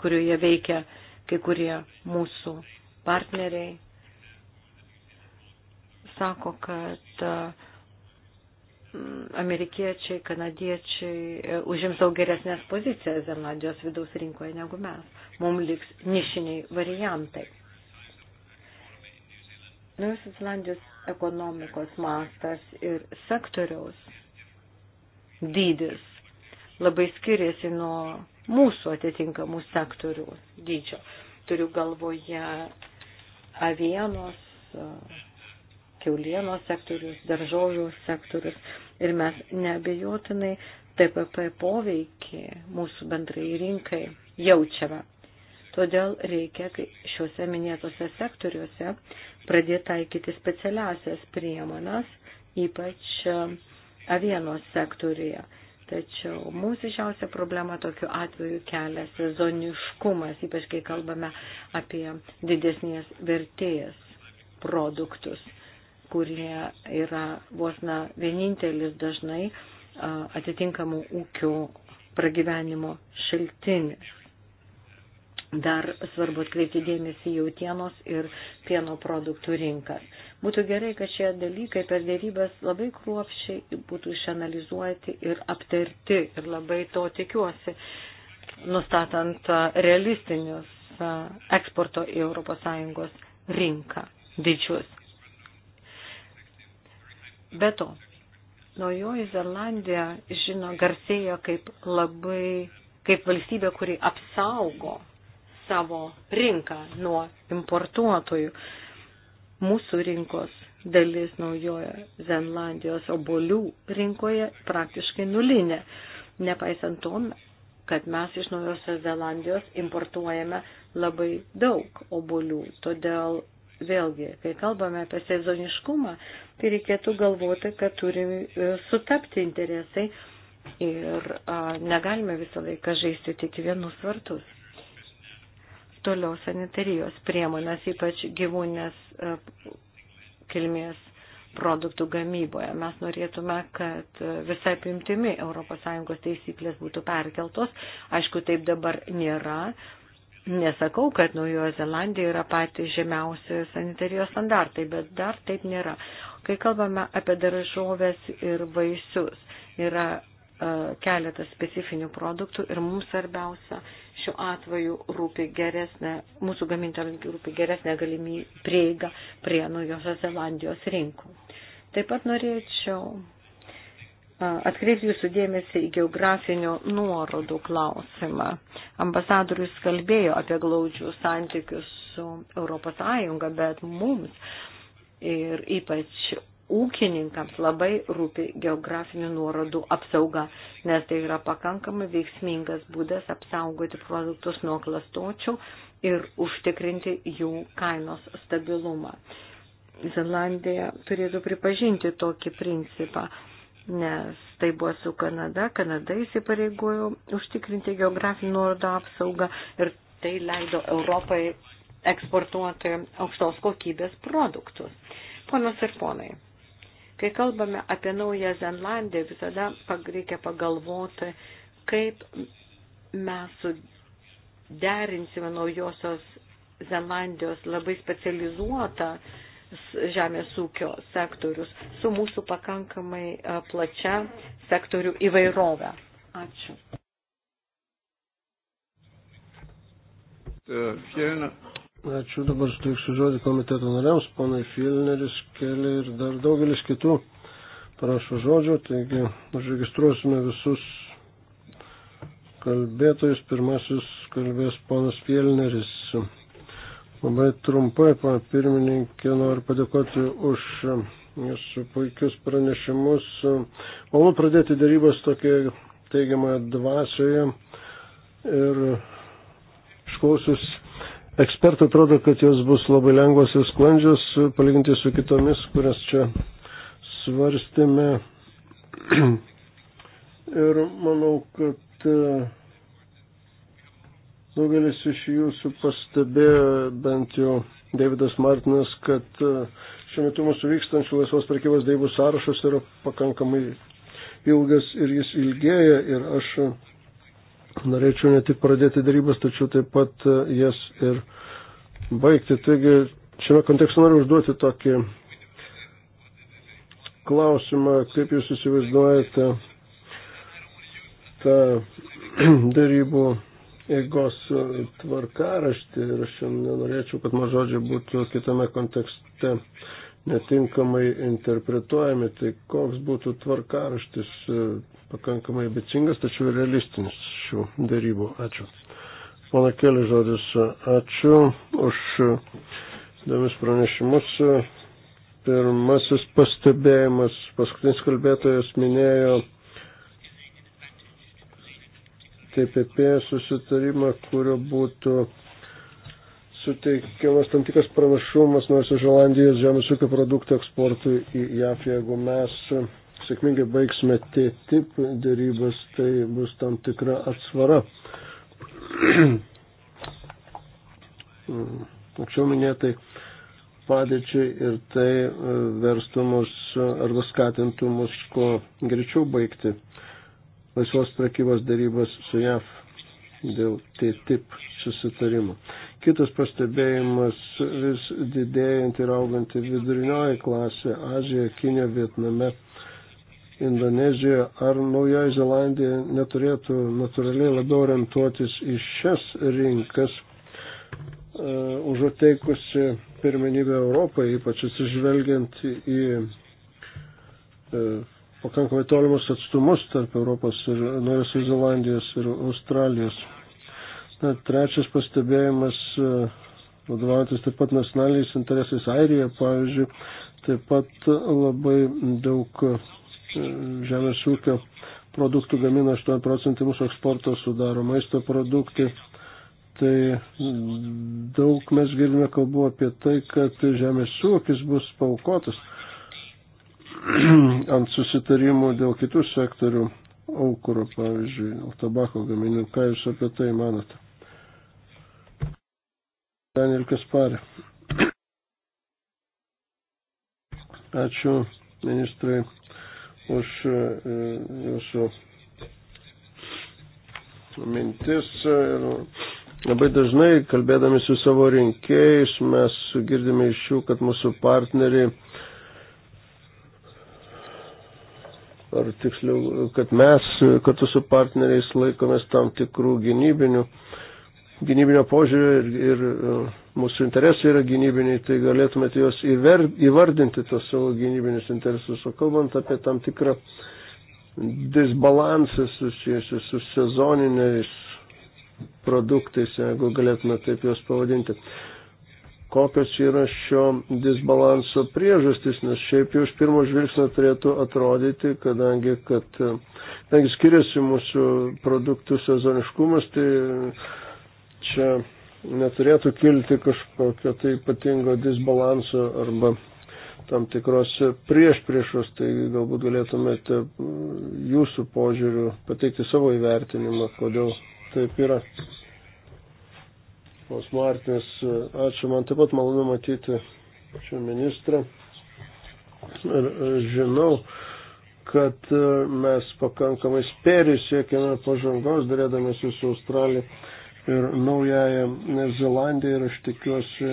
kurioje veikia kai kurie mūsų partneriai, sako, kad amerikiečiai, kanadiečiai e, užims daug geresnės pozicijas Zelandijos vidaus rinkoje negu mes. Mums liks nišiniai variantai. Naujasis Zelandijos ekonomikos mastas ir sektoriaus dydis labai skiriasi nuo mūsų atitinkamų sektorių dydžio. Turiu galvoje avienos, keulienos sektorius, daržovių sektorius ir mes neabejotinai TPP poveikį mūsų bendrai rinkai jaučiame. Todėl reikia šiuose minėtose sektoriuose pradėti taikyti specialiasias priemonas, ypač avienos sektoriuje. Tačiau mūsų didžiausia problema tokiu atveju kelia sezoniškumas, ypač kai kalbame apie didesnės vertėjas produktus kurie yra vos na vienintelis dažnai atitinkamų ūkių pragyvenimo šaltinis. Dar svarbu atkreipti dėmesį jautienos ir pieno produktų rinkas. Būtų gerai, kad šie dalykai per dėrybas labai kruopščiai būtų išanalizuoti ir aptarti ir labai to tikiuosi, nustatant realistinius eksporto į ES rinką didžius. Be to, Naujoji Zelandija žino garsėjo kaip labai, kaip valstybė, kuri apsaugo savo rinką nuo importuotojų. Mūsų rinkos dalis Naujojo Zelandijos obolių rinkoje praktiškai nulinė. Nepaisant to, kad mes iš Naujosios Zelandijos importuojame labai daug obolių, todėl vėlgi, kai kalbame apie sezoniškumą, tai reikėtų galvoti, kad turi e, sutapti interesai ir a, negalime visą laiką žaisti tik vienus vartus. Toliau sanitarijos priemonės, ypač gyvūnės a, e, kilmės produktų gamyboje. Mes norėtume, kad e, visai primtimi ES taisyklės būtų perkeltos. Aišku, taip dabar nėra, Nesakau, kad Naujojo Zelandija yra patys žemiausi sanitarijos standartai, bet dar taip nėra. Kai kalbame apie daržovės ir vaisius, yra uh, keletas specifinių produktų ir mums svarbiausia šiuo atveju rūpi geresnė, mūsų gamintojams rūpi geresnė galimybė prieiga prie Naujosios Zelandijos rinkų. Taip pat norėčiau atkreipti jūsų dėmesį į geografinių nuorodų klausimą. Ambasadorius kalbėjo apie glaudžių santykius su Europos Sąjunga, bet mums ir ypač ūkininkams labai rūpi geografinių nuorodų apsauga, nes tai yra pakankamai veiksmingas būdas apsaugoti produktus nuo klastočių ir užtikrinti jų kainos stabilumą. Zelandija turėtų pripažinti tokį principą nes tai buvo su Kanada, Kanada įsipareigojo užtikrinti geografinių nuorodų apsaugą ir tai leido Europai eksportuoti aukštos kokybės produktus. Ponos ir ponai, kai kalbame apie Naują Zenlandiją, visada reikia pagalvoti, kaip mes suderinsime naujosios Zelandijos labai specializuotą uh, žemės ūkio sektorius su mūsų pakankamai plačia sektorių įvairovę. Ačiū. E, Ačiū dabar suteiksiu žodį komiteto nariams, ponai Filneris, Keli ir dar daugelis kitų prašo žodžio, taigi užregistruosime visus kalbėtojus. Pirmasis kalbės ponas Filneris. Labai trumpai, pana pirmininkė, noriu padėkoti už jūsų puikius pranešimus. Malonu pradėti darybas tokia teigiamoje dvasioje ir išklausus ekspertų atrodo, kad jos bus labai lengvos ir sklandžios, palyginti su kitomis, kurias čia svarstėme. ir manau, kad Daugelis iš jūsų pastebėjo, bent jau Davidas Martinas, kad e, šiuo metu mūsų vykstančių laisvos prekybos dėjų sąrašas yra pakankamai ilgas ir jis ilgėja ir aš e, norėčiau ne tik pradėti darybas, tačiau taip pat e, jas ir baigti. Taigi šiame kontekste noriu užduoti tokį klausimą, kaip jūs įsivaizduojate tą darybų eigos tvarkaraštį ir aš nenorėčiau, kad mano žodžiai būtų kitame kontekste netinkamai interpretuojami, tai koks būtų tvarkaraštis e, pakankamai ambicingas, tačiau realistinis šių darybų. Ačiū. Pana Keli žodis, ačiū už įdomius pranešimus. Pirmasis pastebėjimas, paskutinis kalbėtojas minėjo TPP susitarimą, kurio būtų suteikiamas tam tikras pranašumas nors Želandijos žemės ūkio produktų eksportui į JAF, jeigu mes sėkmingai baigsime T-tip dėrybas, tai bus tam tikra atsvara. Anksčiau minėtai padėčiai ir tai e, verstų mus arba skatintų mus kuo greičiau baigti laisvos prekybos darybas su JAV dėl TTIP susitarimo. Kitas pastebėjimas vis didėjant ir augant vidurinioji klasė Azijoje, Kinė, Vietname, Indonezijoje ar Naujoji Zelandija neturėtų natūraliai labiau orientuotis į šias rinkas, uh, e, užateikusi pirmenybę Europai, ypač atsižvelgiant į uh, pakankamai tolimus atstumus tarp Europos ir Naujosios Zelandijos ir Australijos. Na, trečias pastebėjimas, e, vadovaujantis taip pat nacionaliniais interesais Airija, pavyzdžiui, taip pat labai daug e, žemės ūkio produktų gamina 8 procentai mūsų eksporto sudaro maisto produktai. Tai daug mes girdime kalbu apie tai, kad žemės ūkis bus paukotas. ant susitarimų dėl kitų sektorių, aukuro, pavyzdžiui, tabako gaminių. Ką Jūs apie tai manote? Daniel Kasparė. Ačiū ministrai už e, Jūsų mintis. Ir labai dažnai, kalbėdami su savo rinkėjais, mes girdime iš jų, kad mūsų partneriai ar tiksliau, kad mes kartu su partneriais laikomės tam tikrų gynybinių, gynybinio požiūrio ir, ir e, mūsų interesai yra gynybiniai, tai galėtumėte juos įver, įvardinti tos savo gynybinius interesus. O kalbant apie tam tikrą disbalansą susijusiu su sezoniniais produktais, jeigu galėtume taip juos pavadinti kokios yra šio disbalanso priežastis, nes šiaip jau iš pirmo žvilgsnio turėtų atrodyti, kadangi, kad, e, kadangi skiriasi mūsų produktų sezoniškumas, tai čia neturėtų kilti kažkokio tai ypatingo disbalanso arba tam tikros prieš priešos, tai galbūt galėtumėte e, jūsų požiūriu pateikti savo įvertinimą, kodėl taip yra. Pos Martinis, ačiū, man taip pat malonu matyti šio ministrą. Ir e, žinau, kad e, mes pakankamai spėriai siekiame pažangos, darėdamėsi su Australija ir Naujaja Zelandija ir aš tikiuosi,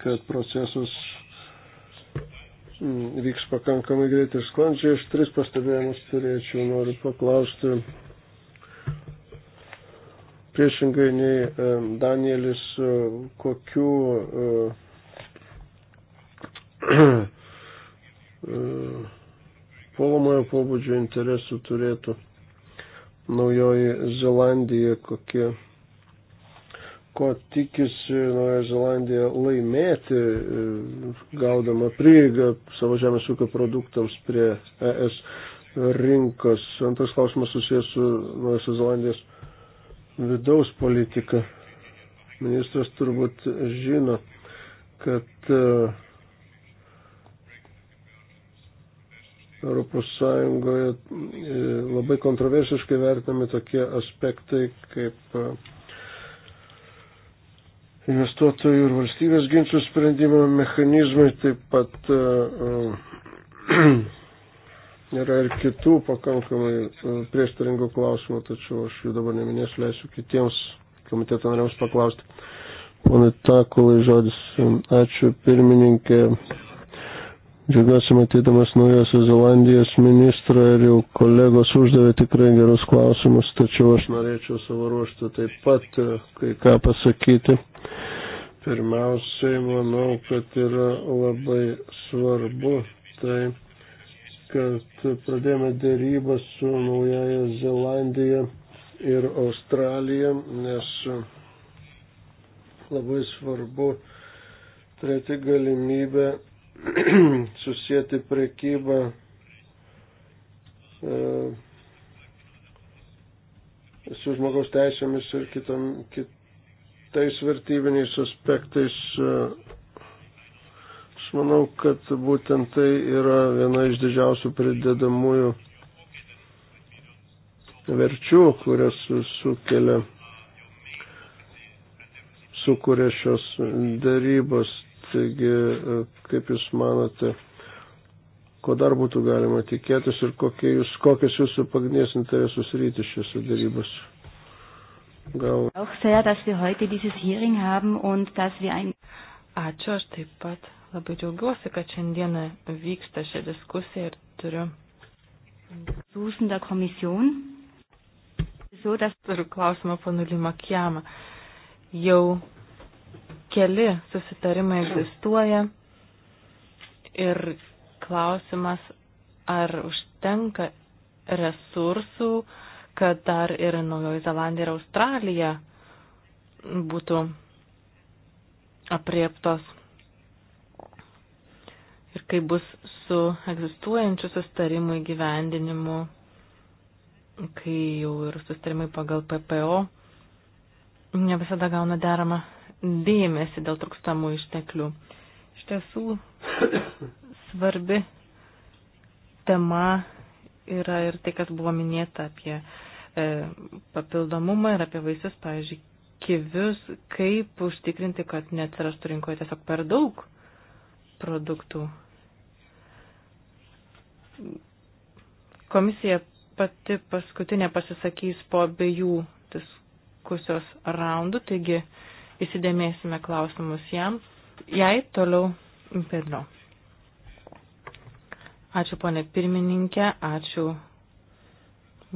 kad procesas vyks pakankamai greitai ir sklandžiai. Aš tris pastebėjimus turėčiau, noriu paklausti Priešingai nei e, Danielis, e, kokiu e, puolamojo pobūdžio interesų turėtų Naujoji Zelandija, kokie, ko tikisi Naujoji Zelandija laimėti, gaudama prieigą savo žemės ūkio produktams prie ES rinkos. Antras klausimas susijęs su Naujosios Zelandijos vidaus politiką. Ministras turbūt žino, kad e, Europos Sąjungoje e, labai kontroversiškai vertinami tokie aspektai kaip e, investuotojų ir valstybės ginčių sprendimo mechanizmai, taip pat Yra ir kitų pakankamai e, prieštaringų klausimų, tačiau aš jų dabar neminėsiu, leisiu kitiems komiteto nariams paklausti. Pone Takulai, žodis. Ačiū pirmininkė. Džiaugiuosi matydamas naujosios Zelandijos ministrą ir jau kolegos uždavė tikrai gerus klausimus, tačiau aš norėčiau savo ruoštų taip pat e, kai ką pasakyti. Pirmiausiai, manau, kad yra labai svarbu tai kad pradėjome dėrybą su Naujaja Zelandija ir Australija, nes labai svarbu turėti galimybę susijęti prekybą e, su žmogaus teisėmis ir kitom, kitais vertybiniais aspektais e, manau, kad būtent tai yra viena iš didžiausių pridedamųjų verčių, kurias sukelia, sukuria šios darybos. Taigi, kaip Jūs manote, ko dar būtų galima tikėtis ir kokie jūs, kokias Jūsų pagrindinės interesus ryti šiose darybose? Gal. Auch sehr, dass wir heute dieses Hearing haben und dass wir ein Ačiū, aš taip pat Labai džiaugiuosi, kad šiandieną vyksta šią diskusiją ir turiu. Susinda komisijon. Sudas turiu klausimą panulį Makiamą. Jau keli susitarimai egzistuoja ir klausimas, ar užtenka resursų, kad dar ir Naujoji Zelandija ir Australija būtų apriektos kaip bus su egzistuojančiu sustarimu įgyvendinimu, kai jau ir sustarimai pagal PPO ne visada gauna deramą dėmesį dėl trūkstamų išteklių. Iš tiesų svarbi tema yra ir tai, kas buvo minėta apie e, papildomumą ir apie vaisius, pavyzdžiui, kivius, kaip užtikrinti, kad neatsirastų rinkoje tiesiog per daug produktų Komisija pati paskutinė pasisakys po abiejų diskusijos raundų, taigi įsidėmėsime klausimus jam. Jai toliau Pedro. Ačiū ponė pirmininkė, ačiū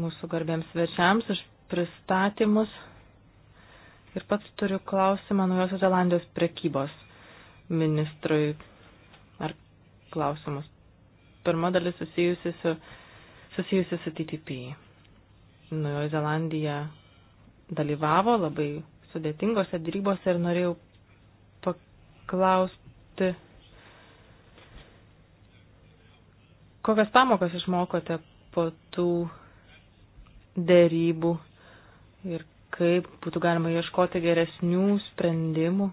mūsų garbėms svečiams už pristatymus. Ir pats turiu klausimą Naujosios Zelandijos prekybos ministrui. Ar klausimus pirma dalis susijusi su, susijusi su TTP. Naujoji Zelandija dalyvavo labai sudėtingose dėrybose ir norėjau paklausti, kokias pamokas išmokote po tų dėrybų ir kaip būtų galima ieškoti geresnių sprendimų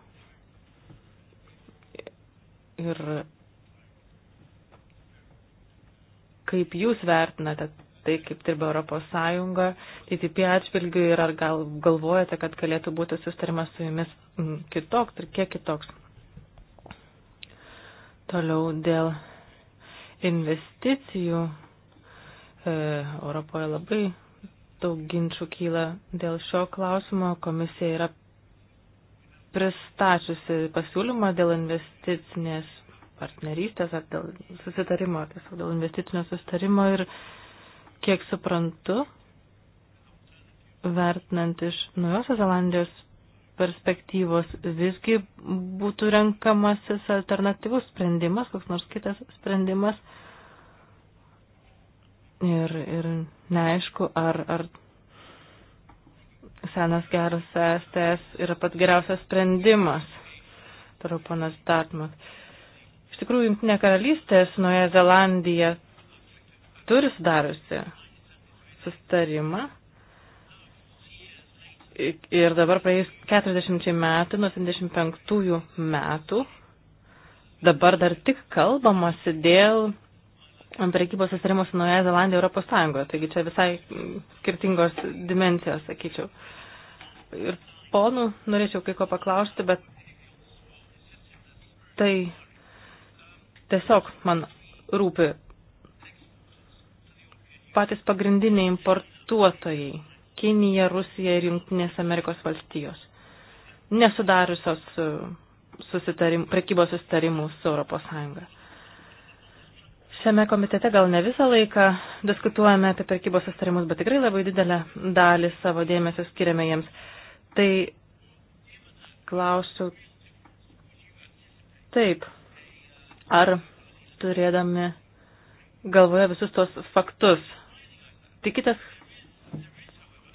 ir kaip jūs vertinate tai, kaip dirba Europos Sąjunga, TTP atžvilgių ir ar gal galvojate, kad galėtų būti sustarimas su jumis mm, kitoks ir kiek kitoks. Toliau dėl investicijų e, Europoje labai daug ginčių kyla dėl šio klausimo. Komisija yra pristačiusi pasiūlymą dėl investicinės partnerystės ar dėl susitarimo, tiesiog dėl investicinio susitarimo ir kiek suprantu, vertinant iš Naujosios Zelandijos perspektyvos, visgi būtų renkamasis alternatyvus sprendimas, koks nors kitas sprendimas. Ir, ir neaišku, ar, ar senas geras STS yra pat geriausias sprendimas, toliau ponas Dartmas. Iš tikrųjų, Junktinė karalystė su Nuoja Zelandija turi sudariusi sustarimą. Ir dabar praėjus 40 metų, nuo 75 metų, dabar dar tik kalbamasi dėl prekybos sustarimo su Naujaja Zelandija Europos Sąjungoje. Taigi čia visai skirtingos dimensijos, sakyčiau. Ir ponų norėčiau kai ko paklausti, bet tai Tiesiog man rūpi patys pagrindiniai importuotojai - Kinija, Rusija ir Junktinės Amerikos valstijos, nesudariusios e, susitarim, prekybos susitarimų su ES. Šiame komitete gal ne visą laiką diskutuojame apie prekybos susitarimus, bet tikrai labai didelę dalį savo dėmesio skiriame jiems. Tai klausiu taip, Ar turėdami galvoje visus tos faktus, tikitės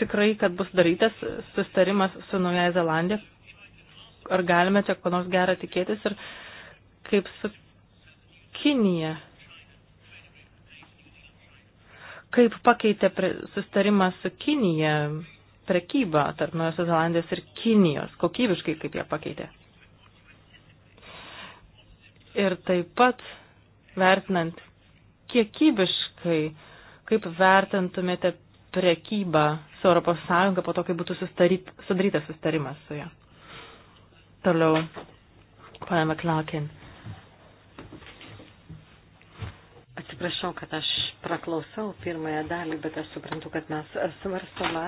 tikrai, kad bus darytas sustarimas su Naujaja Zelandija? Ar galime čia ko nors gerą tikėtis ir kaip su Kinija? Kaip pakeitė sustarimą su Kinija prekybą tarp Naujosios Zelandijos ir Kinijos? Kokybiškai kaip ją pakeitė? ir taip pat vertinant kiekybiškai, kaip vertintumėte prekybą su ES po to, kai būtų sudarytas sustarimas su ja. Toliau, ponia McLaughlin. Atsiprašau, kad aš praklausau pirmąją dalį, bet aš suprantu, kad mes svarstome,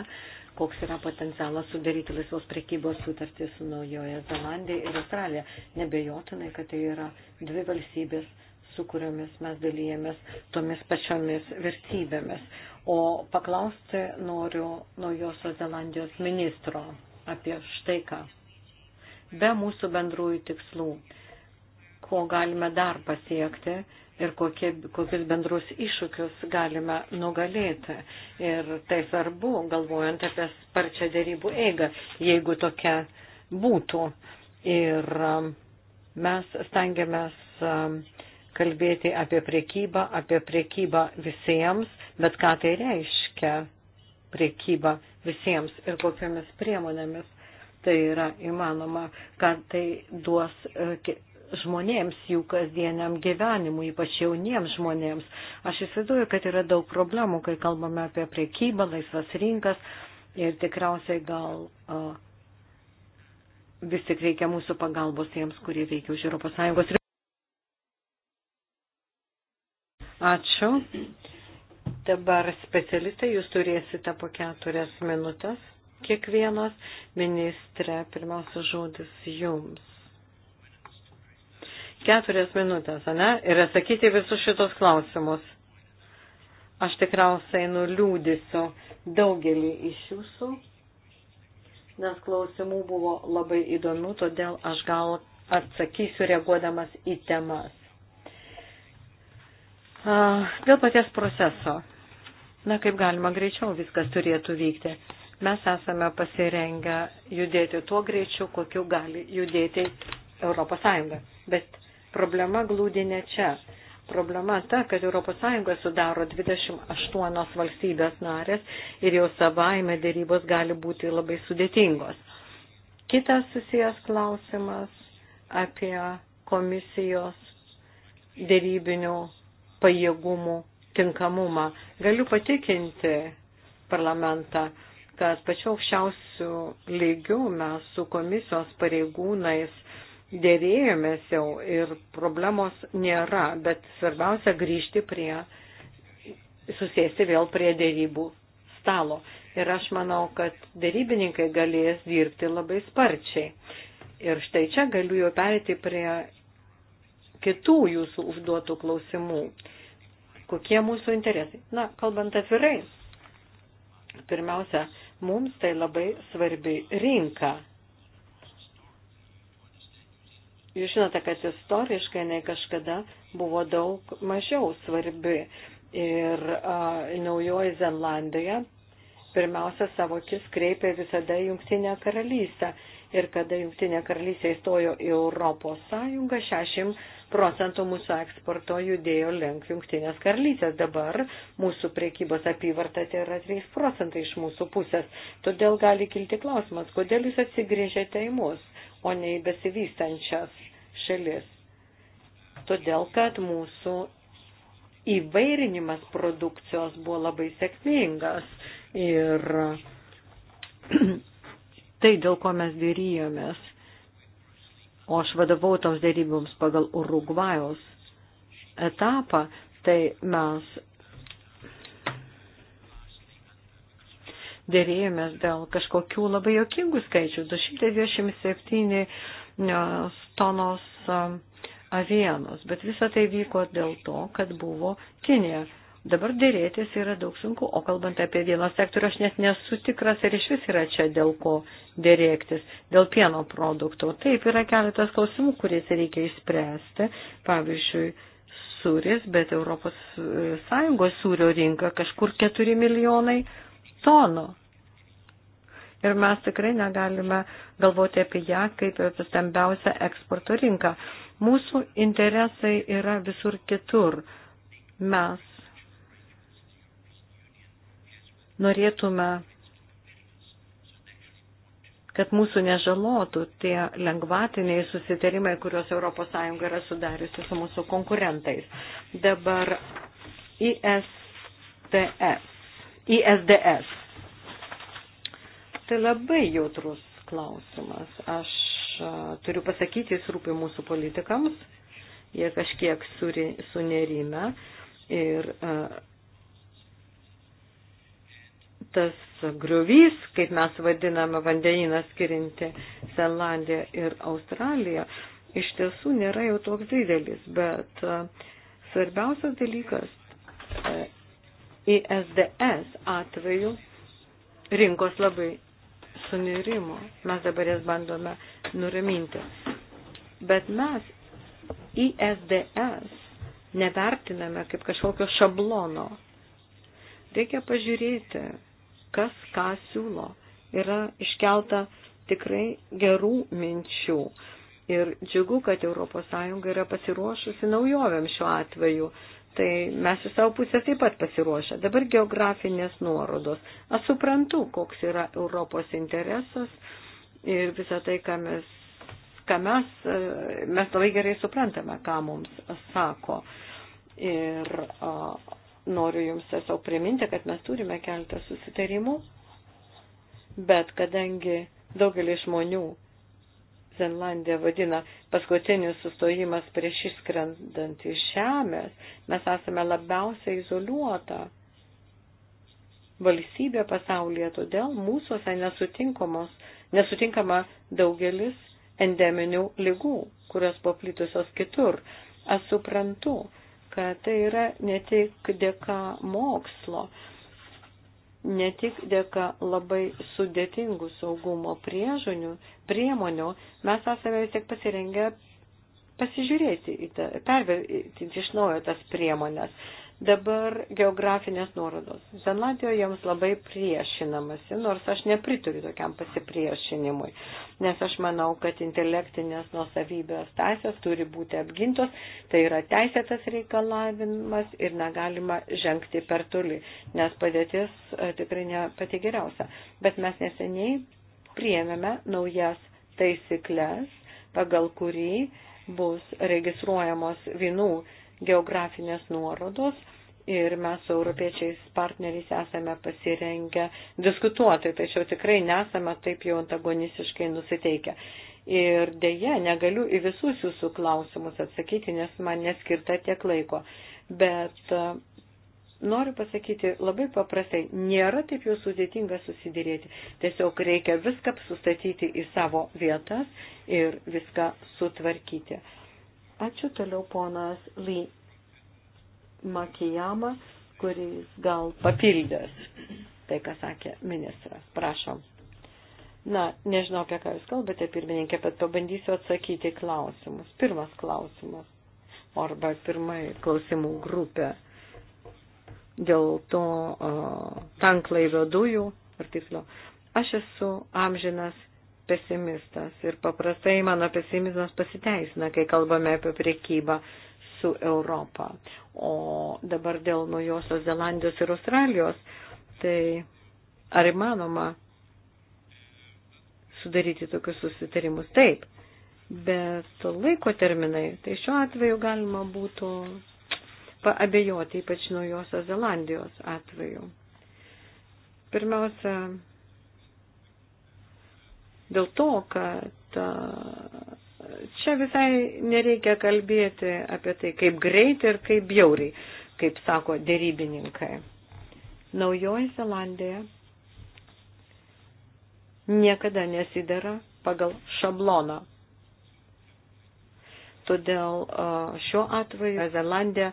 koks yra potencialas sudaryti laisvos priekybos sutartį su Naujoje Zelandija ir Australija. Nebejotinai, kad tai yra dvi valstybės, su kuriomis mes dalyjėmės tomis pačiomis vertybėmis. O paklausti noriu Naujosios Zelandijos ministro apie štai ką. Be mūsų bendrųjų tikslų, ko galime dar pasiekti, ir kokie, kokius bendrus iššūkius galime nugalėti. Ir tai svarbu, galvojant apie sparčią dėrybų eigą, jeigu tokia būtų. Ir um, mes stengiamės um, kalbėti apie priekybą, apie priekybą visiems, bet ką tai reiškia priekybą visiems ir kokiamis priemonėmis tai yra įmanoma, kad tai duos e, žmonėms, jų kasdieniam gyvenimui, ypač jauniems žmonėms. Aš įsivaizduoju, kad yra daug problemų, kai kalbame apie priekybą, laisvas rinkas ir tikriausiai gal uh, vis tik reikia mūsų pagalbos tiems, kurie veikia už ES. Ačiū. Dabar specialistai, jūs turėsite po keturias minutės kiekvienas. Ministrė, pirmiausia žodis jums keturias minutės, ne? Ir atsakyti visus šitos klausimus. Aš tikriausiai nuliūdysiu daugelį iš jūsų, nes klausimų buvo labai įdomių, todėl aš gal atsakysiu reaguodamas į temas. Dėl paties proceso. Na, kaip galima greičiau viskas turėtų vykti. Mes esame pasirengę judėti tuo greičiu, kokiu gali judėti Europos Sąjunga. Bet problema glūdi ne čia. Problema ta, kad ES sudaro 28 valstybės narės ir jau savaime dėrybos gali būti labai sudėtingos. Kitas susijęs klausimas apie komisijos dėrybinių pajėgumų tinkamumą. Galiu patikinti parlamentą, kad pačiu aukščiausiu lygiu mes su komisijos pareigūnais dėrėjomės jau ir problemos nėra, bet svarbiausia grįžti prie, susėsti vėl prie dėrybų stalo. Ir aš manau, kad dėrybininkai galės dirbti labai sparčiai. Ir štai čia galiu jau perėti prie kitų jūsų užduotų klausimų. Kokie mūsų interesai? Na, kalbant atvirai, pirmiausia, mums tai labai svarbi rinka Jūs žinote, kad istoriškai jinai kažkada buvo daug mažiau svarbi ir a, Naujoji Zelandija pirmiausia savo akis kreipė visada Jungtinę karalystę. Ir kada Jungtinė karalystė įstojo į Europos Sąjungą, 60 procentų mūsų eksporto judėjo link Jungtinės karalystės. Dabar mūsų priekybos apyvarta tai yra 3 procentai iš mūsų pusės. Todėl gali kilti klausimas, kodėl jūs atsigrėžėte į mus? o ne į besivystančias šalis. Todėl, kad mūsų įvairinimas produkcijos buvo labai sėkmingas ir tai, dėl ko mes dėrėjomės. O aš vadovau toms dėryboms pagal Urugvajaus etapą, tai mes dėrėjomės dėl kažkokių labai jokingų skaičių. 227 e, tonos e, avienos, bet visa tai vyko dėl to, kad buvo Kinė. Dabar dėrėtis yra daug sunku, o kalbant apie vienos sektorių, aš net nesu tikras, ar iš vis yra čia dėl ko dėrėktis, dėl pieno produktų. Taip, yra keletas klausimų, kuriais reikia išspręsti. Pavyzdžiui, sūris, bet Europos e, Sąjungos sūrio rinka kažkur 4 milijonai tonų. Ir mes tikrai negalime galvoti apie ją kaip apie stambiausią eksporto rinką. Mūsų interesai yra visur kitur. Mes norėtume, kad mūsų nežalotų tie lengvatiniai susitarimai, kuriuos ES yra sudariusi su mūsų konkurentais. Dabar ISTS, ISDS Tai labai jautrus klausimas. Aš turiu pasakyti, jis rūpi mūsų politikams, jie kažkiek suri, sunerime ir tas griovys, kaip mes vadiname vandeniną skirinti Zelandiją ir Australiją, iš tiesų nėra jau toks didelis, bet svarbiausias dalykas ISDS atveju rinkos labai sunirimo. Mes dabar jas bandome nuraminti. Bet mes ISDS nevertiname kaip kažkokio šablono. Reikia pažiūrėti, kas ką siūlo. Yra iškelta tikrai gerų minčių. Ir džiugu, kad ES yra pasiruošusi naujovėm šiuo atveju. Tai mes iš savo pusės taip pat pasiruošę. Dabar geografinės nuorodos. Aš suprantu, koks yra Europos interesas ir visą tai, ką mes, ką mes, mes labai gerai suprantame, ką mums sako. Ir a, noriu Jums tiesiog priminti, kad mes turime keltą susitarimų, bet kadangi daugelis žmonių Zenlandija vadina paskutinis sustojimas prieš išskrendant iš žemės, mes esame labiausiai izoliuota valstybė pasaulyje, todėl mūsųse nesutinkama daugelis endeminių lygų, kurios paplitusios kitur. Aš suprantu, kad tai yra ne tik dėka mokslo, ne tik dėka labai sudėtingų saugumo priežonių, priemonių, mes esame vis tiek pasirengę pasižiūrėti, į tą, pervertinti iš naujo tas priemonės. Dabar geografinės nuorodos. Zenlandijoje jiems labai priešinamasi, nors aš neprituriu tokiam pasipriešinimui, nes aš manau, kad intelektinės nuosavybės teisės turi būti apgintos, tai yra teisėtas reikalavimas ir negalima žengti per toli, nes padėtis e, tikrai ne pati geriausia. Bet mes neseniai priėmėme naujas taisyklės, pagal kurį bus registruojamos vinų geografinės nuorodos ir mes su europiečiais partneriais esame pasirengę diskutuoti, tačiau tikrai nesame taip jau antagonistiškai nusiteikę. Ir dėje negaliu į visus jūsų klausimus atsakyti, nes man neskirta tiek laiko. Bet e, noriu pasakyti labai paprastai, nėra taip jau sudėtinga susidėrėti. Tiesiog reikia viską sustatyti į savo vietas ir viską sutvarkyti. Ačiū toliau ponas Lee. Makijama, kuris gal papildės tai, ką sakė ministras. Prašom. Na, nežinau, apie ką Jūs kalbate, pirmininkė, bet pabandysiu atsakyti klausimus. Pirmas klausimas, arba pirmai klausimų grupė dėl to uh, tanklaivio dujų ar tiksliau. Aš esu amžinas pesimistas ir paprastai mano pesimizmas pasiteisina, kai kalbame apie priekybą su Europą. O dabar dėl Naujosios Zelandijos ir Australijos, tai ar įmanoma sudaryti tokius susitarimus? Taip, bet laiko terminai, tai šiuo atveju galima būtų paabejoti, ypač Naujosios Zelandijos atveju. Pirmiausia, dėl to, kad čia visai nereikia kalbėti apie tai, kaip greitai ir kaip bjauriai, kaip sako dėrybininkai. Naujoji Zelandija niekada nesidara pagal šabloną. Todėl šiuo atveju Zelandija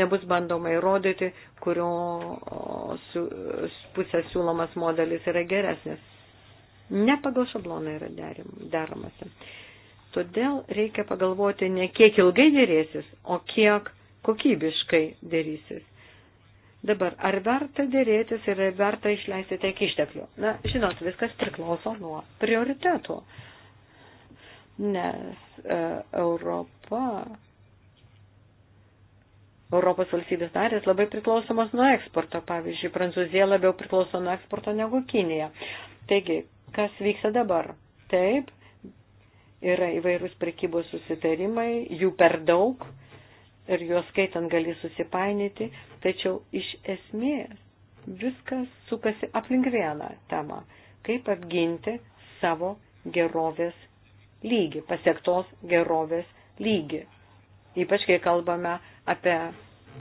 nebus bandoma įrodyti, kurio pusės siūlomas modelis yra geresnis. Ne pagal šabloną yra deramasi. Todėl reikia pagalvoti ne kiek ilgai dėrėsis, o kiek kokybiškai dėrysis. Dabar, ar verta dėrėtis ir ar verta išleisti tiek išteklių? Na, žinot, viskas priklauso nuo prioritetų, nes e, Europa, Europos valstybės narės labai priklausomos nuo eksporto. Pavyzdžiui, Prancūzija labiau priklauso nuo eksporto negu Kinija. Taigi, kas vyksta dabar? Taip, yra įvairūs prekybos susitarimai, jų per daug ir juos skaitant gali susipainyti, tačiau iš esmės viskas sukasi aplink vieną temą, kaip apginti savo gerovės lygį, pasiektos gerovės lygį. Ypač kai kalbame apie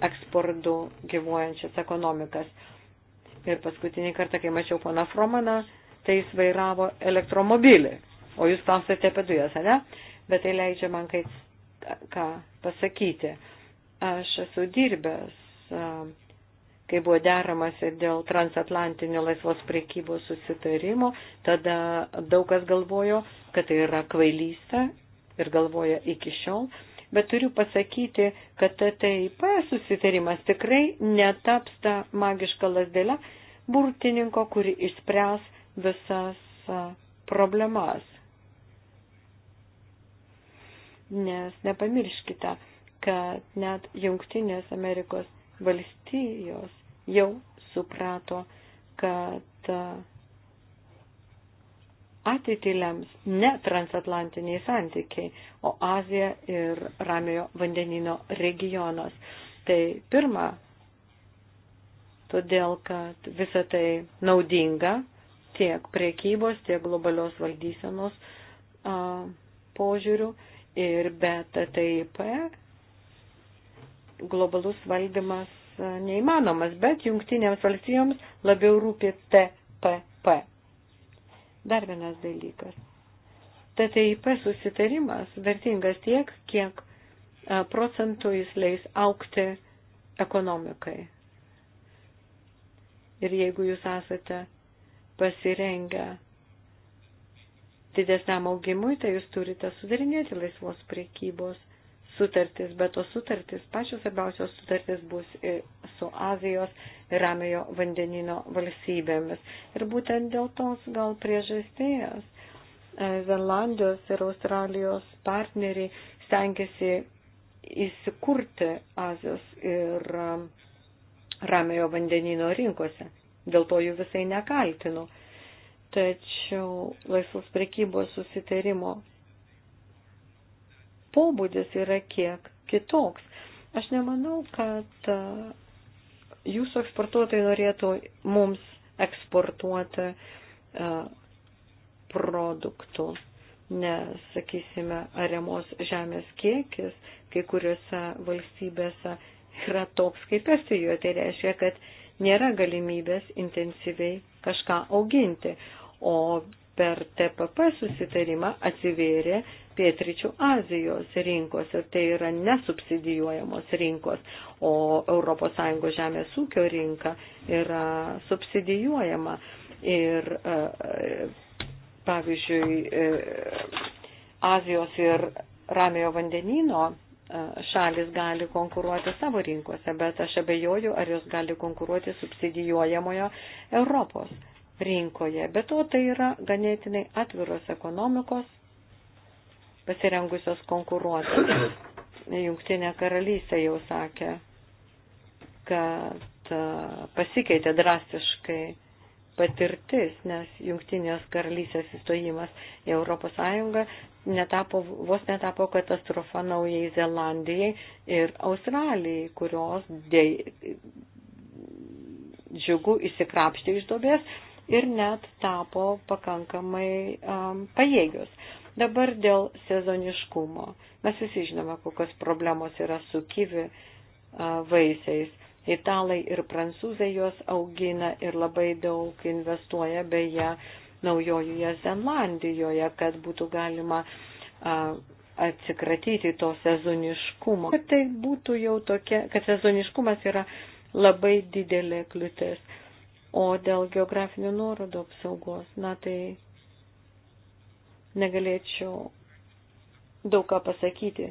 eksportų gyvuojančias ekonomikas. Ir paskutinį kartą, kai mačiau pana Fromaną, tai jis vairavo elektromobilį O jūs klausėte apie dujas, ne? Bet tai leidžia man kai ką pasakyti. Aš esu dirbęs, kai buvo deramas ir dėl transatlantinio laisvos priekybos susitarimo, tada daug kas galvojo, kad tai yra kvailystė ir galvoja iki šiol. Bet turiu pasakyti, kad TTIP susitarimas tikrai netaps tą magišką lasdėlę burtininko, kuri išspręs visas problemas nes nepamirškite, kad net Junktinės Amerikos valstijos jau suprato, kad e, ateitį lems ne transatlantiniai santykiai, o Azija ir Ramiojo vandenino regionas. Tai pirma, todėl kad visa tai naudinga tiek priekybos, tiek globalios valdysenos a, e, požiūrių ir be TTIP globalus valdymas e, neįmanomas, bet jungtinėms valstijoms labiau rūpi TPP. Dar vienas dalykas. TTIP susitarimas vertingas tiek, kiek e, procentų jis leis aukti ekonomikai. Ir jeigu jūs esate pasirengę didesniam augimui, tai jūs turite sudarinėti laisvos priekybos sutartis, bet tos sutartis, pačios svarbiausios sutartis bus su Azijos ir Ramiojo vandenino valstybėmis. Ir būtent dėl tos gal priežasties e, Zelandijos ir Australijos partneriai stengiasi įsikurti Azijos ir e, Ramiojo vandenino rinkose. Dėl to jų visai nekaltinu tačiau laisvos prekybos susitarimo pobūdis yra kiek kitoks. Aš nemanau, kad e, jūsų eksportuotojai norėtų mums eksportuoti e, produktų, nes, sakysime, ariamos žemės kiekis kai kuriuose valstybėse yra toks kaip Estijoje. Tai reiškia, kad nėra galimybės intensyviai kažką auginti o per TPP susitarimą atsivėrė pietričių Azijos rinkos ir tai yra nesubsidijuojamos rinkos, o ES žemės ūkio rinka yra subsidijuojama. Ir e, e, pavyzdžiui, e, Azijos ir Ramiojo vandenino šalis gali konkuruoti savo rinkose, bet aš abejoju, ar jos gali konkuruoti subsidijuojamojo Europos rinkoje. Be to, tai yra ganėtinai atviros ekonomikos pasirengusios konkuruoti. Jungtinė karalystė jau sakė, kad e, pasikeitė drastiškai patirtis, nes jungtinės karalystės įstojimas į Europos Sąjungą netapo, vos netapo katastrofa Naujai Zelandijai ir Australijai, kurios dėj, džiugu įsikrapštė iš dobės ir net tapo pakankamai um, pajėgius. Dabar dėl sezoniškumo. Mes visi žinome, kokios problemos yra su kivi uh, vaisiais. Italai ir prancūzai juos augina ir labai daug investuoja beje naujojoje Zenlandijoje, kad būtų galima uh, atsikratyti to sezoniškumo. Kad tai būtų jau tokia, kad sezoniškumas yra labai didelė kliūtis. O dėl geografinių nuorodų apsaugos, na tai negalėčiau daug ką pasakyti,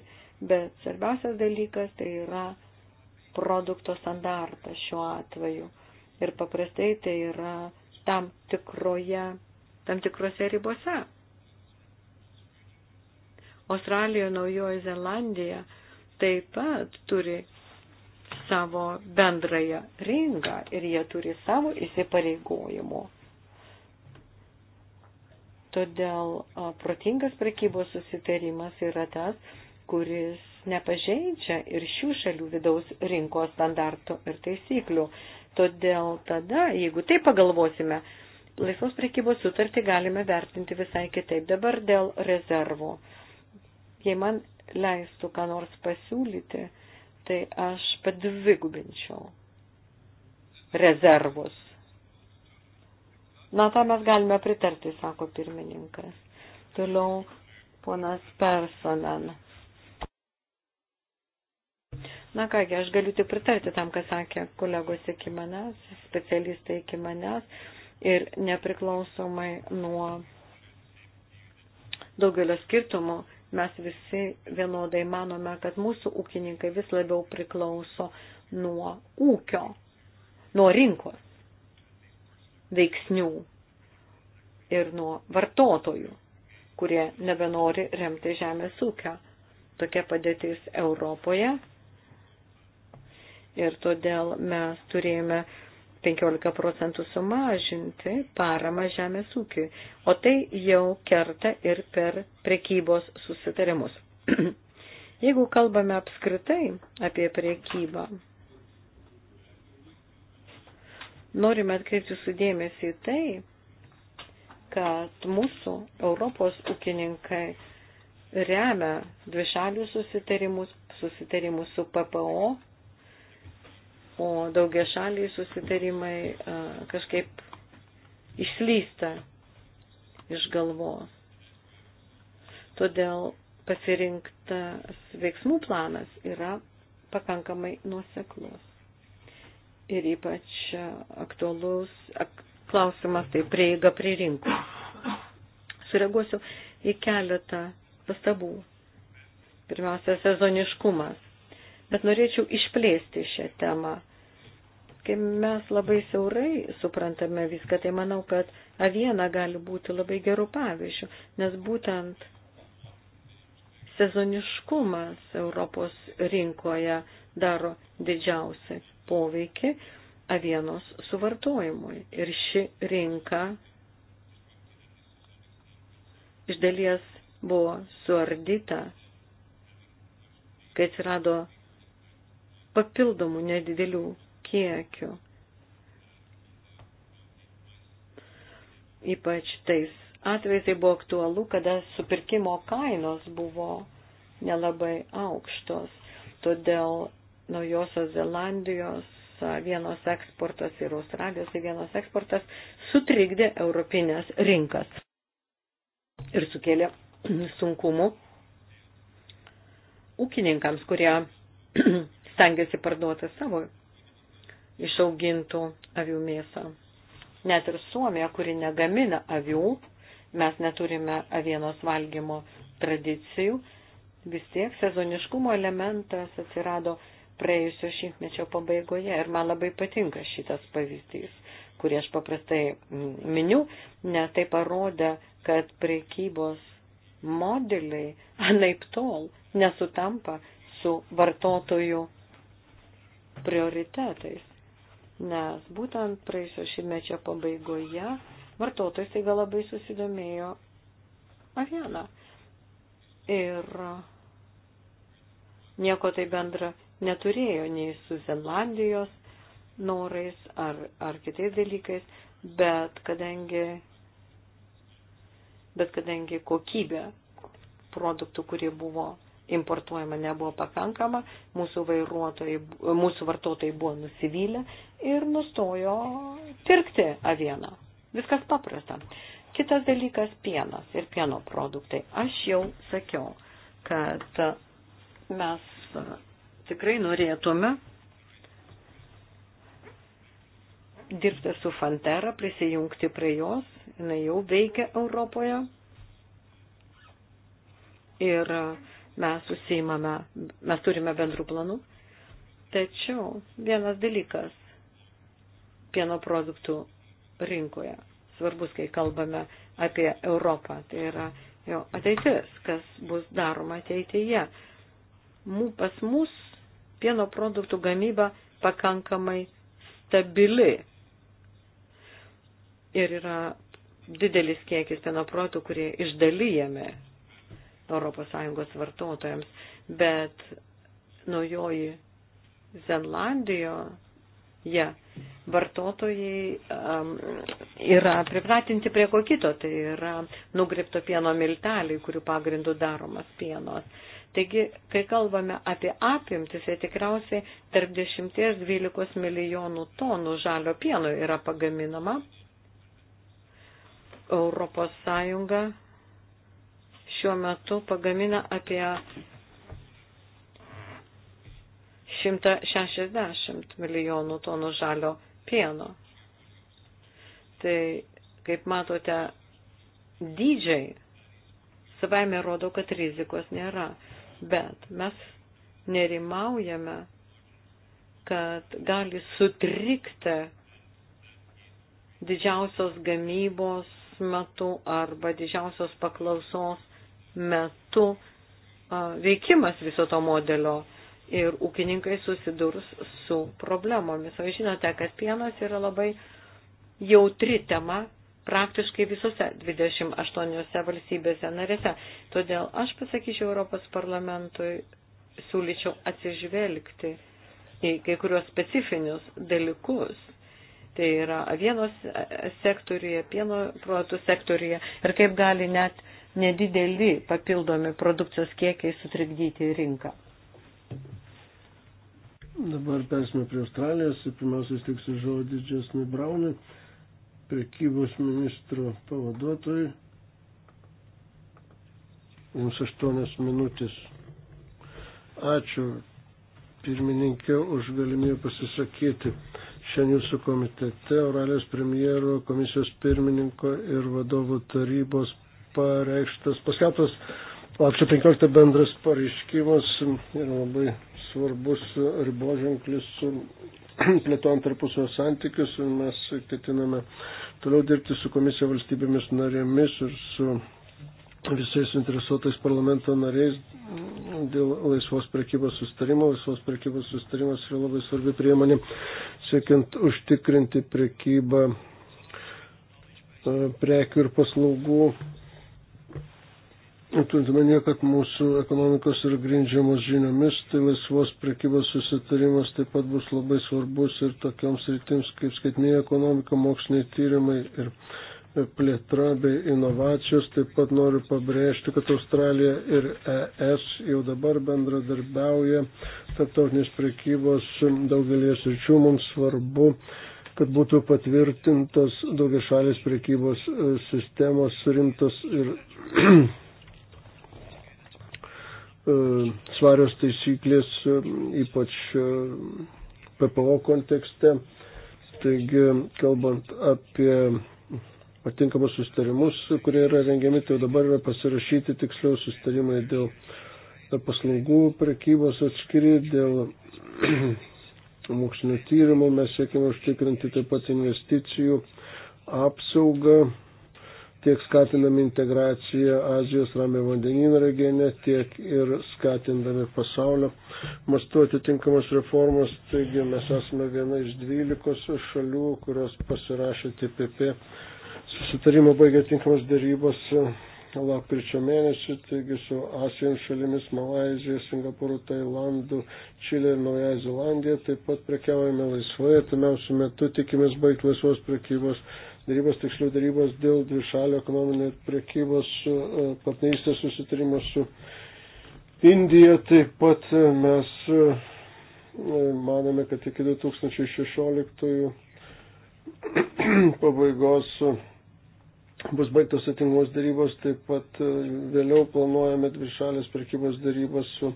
bet svarbiausias dalykas tai yra produkto standartas šiuo atveju. Ir paprastai tai yra tam, tikroje, tam tikrose ribose. Australija, Naujoji Zelandija taip pat turi savo bendrąją rinką ir jie turi savo įsipareigojimų. Todėl protingas prekybos susitarimas yra tas, kuris nepažeidžia ir šių šalių vidaus rinkos standartų ir taisyklių. Todėl tada, jeigu tai pagalvosime, laisvos prekybos sutartį galime vertinti visai kitaip. Dabar dėl rezervų. Jei man leistų ką nors pasiūlyti, tai aš padvigubinčiau rezervus. Na, tą mes galime pritarti, sako pirmininkas. Toliau ponas Personen. Na kągi, aš galiu tik pritarti tam, kas sakė kolegos iki manęs, specialistai iki manęs ir nepriklausomai nuo daugelio skirtumų mes visi vienodai manome, kad mūsų ūkininkai vis labiau priklauso nuo ūkio, nuo rinkos veiksnių ir nuo vartotojų, kurie nebenori remti žemės ūkio. Tokia padėtis Europoje. Ir todėl mes turėjome 15 procentų sumažinti paramą žemės ūkiui, o tai jau kerta ir per prekybos susitarimus. Jeigu kalbame apskritai apie prekybą, norime atkreipti sudėmėsi į tai, kad mūsų Europos ūkininkai remia dvišalių susitarimus, susitarimus su PPO o daugia šaliai susitarimai kažkaip išslysta iš galvos. Todėl pasirinktas veiksmų planas yra pakankamai nuoseklus. Ir ypač aktualus ak, klausimas tai prieiga prie rinkų. Sureaguosiu į keletą pastabų. Pirmiausia, sezoniškumas. Bet norėčiau išplėsti šią temą Kai mes labai siaurai suprantame viską, tai manau, kad aviena gali būti labai gerų pavyzdžių, nes būtent sezoniškumas Europos rinkoje daro didžiausią poveikį avienos suvartojimui. Ir ši rinka iš dalies buvo suardyta, kai atsirado papildomų nedidelių kiekiu. Ypač tais atvejais tai buvo aktualu, kada supirkimo kainos buvo nelabai aukštos. Todėl Naujosios Zelandijos vienos eksportas ir Australijos vienos eksportas sutrikdė europinės rinkas ir sukėlė sunkumų ūkininkams, kurie stengiasi parduoti savo išaugintų avių mėsą. Net ir Suomija, kuri negamina avių, mes neturime avienos valgymo tradicijų, vis tiek sezoniškumo elementas atsirado praėjusio šimtmečio pabaigoje ir man labai patinka šitas pavyzdys, kurį aš paprastai mm, miniu, nes tai parodė, kad prekybos modeliai anaip tol nesutampa su vartotojų prioritetais nes būtent praėjusio šimtmečio pabaigoje vartotojai taiga labai susidomėjo avieną. Ir nieko tai bendra neturėjo nei su Zenlandijos norais ar, ar kitais dalykais, bet kadangi, bet kadangi kokybė produktų, kurie buvo importuojama nebuvo pakankama, mūsų, mūsų vartotojai buvo nusivylę ir nustojo pirkti avieną. Viskas paprasta. Kitas dalykas - pienas ir pieno produktai. Aš jau sakiau, kad mes tikrai norėtume dirbti su Fantera, prisijungti prie jos, jinai jau veikia Europoje. Ir mes užsiimame, mes turime bendrų planų. Tačiau vienas dalykas pieno produktų rinkoje svarbus, kai kalbame apie Europą, tai yra jo ateitis, kas bus daroma ateityje. Mū, pas mus pieno produktų gamyba pakankamai stabili ir yra didelis kiekis pieno produktų, kurie išdalyjame ES vartotojams, bet naujoji Zenlandijoje ja, vartotojai um, yra pripratinti prie ko kito, tai yra nugripto pieno milteliai, kurių pagrindų daromas pienos. Taigi, kai kalbame apie apimtis, tai tikriausiai tarp 10-12 milijonų tonų žalio pieno yra pagaminama. Europos Sąjunga šiuo metu pagamina apie 160 milijonų tonų žalio pieno. Tai, kaip matote, dydžiai savaime rodo, kad rizikos nėra, bet mes nerimaujame, kad gali sutrikti didžiausios gamybos metu arba didžiausios paklausos metu veikimas viso to modelio ir ūkininkai susidurs su problemomis. O žinote, kad pienas yra labai jautri tema praktiškai visose 28 valstybėse narėse. Todėl aš pasakyčiau Europos parlamentui, siūlyčiau atsižvelgti į kai kurios specifinius dalykus. Tai yra avienos sektoriuje, pieno produktų sektoriuje ir kaip gali net nedideli papildomi produkcijos kiekiai sutrikdyti rinką. Dabar persime prie Australijos ir pirmiausia stiksiu žodį Džesnui Braunui, prekybos ministro pavaduotojui. Jums aštuonias minutės. Ačiū pirmininkė už galimybę pasisakyti šiandien jūsų komitete. Oralijos premjero, komisijos pirmininko ir vadovų tarybos pareikštas, paskelbtas lapčio 15 bendras pareiškimas yra labai svarbus riboženklis su plėtojant tarpusio santykius ir mes ketiname toliau dirbti su komisija valstybėmis narėmis ir su visais interesuotais parlamento nariais dėl laisvos prekybos sustarimo. Laisvos prekybos sustarimas yra labai svarbi priemonė siekiant užtikrinti prekybą e, prekių ir paslaugų Turint omenyje, kad mūsų ekonomikos yra grindžiamos žiniomis, tai laisvos prekybos susitarimas taip pat bus labai svarbus ir tokioms rytims kaip skaitminė ekonomika, moksliniai tyrimai ir plėtra bei inovacijos. Taip pat noriu pabrėžti, kad Australija ir ES jau dabar bendradarbiauja tarptautinės prekybos daugelį sričių. Mums svarbu kad būtų patvirtintos daugiašalės prekybos sistemos rimtos ir E, svarios taisyklės, e, ypač e, PPO kontekste. Taigi, kalbant apie atinkamus sustarimus, kurie yra rengiami, tai dabar yra pasirašyti tiksliau sustarimai dėl paslaugų prekybos atskiri, dėl mokslinio tyrimų mes siekime užtikrinti taip pat investicijų apsaugą tiek skatinami integraciją Azijos ramio vandenino regione, tiek ir skatindami pasaulio mastu atitinkamos reformos. Taigi mes esame viena iš dvylikos šalių, kurios pasirašė TPP. Susitarimo baigė tinkamos darybos lapkričio mėnesį, taigi su Asijos šalimis Malazija, Singapūru, Tailandu, Čilė ir Naujaja Zelandija taip pat prekiaujame laisvai, artimiausių metų tikimės baigti laisvos prekybos darybos, tiksliau darybos dėl dvišalio ekonominio priekybos e, partnerystės susitarimo su Indija. Taip pat e, mes e, manome, kad iki 2016 pabaigos bus baigtos atingos darybos, taip pat vėliau planuojame dvišalės prekybos darybos su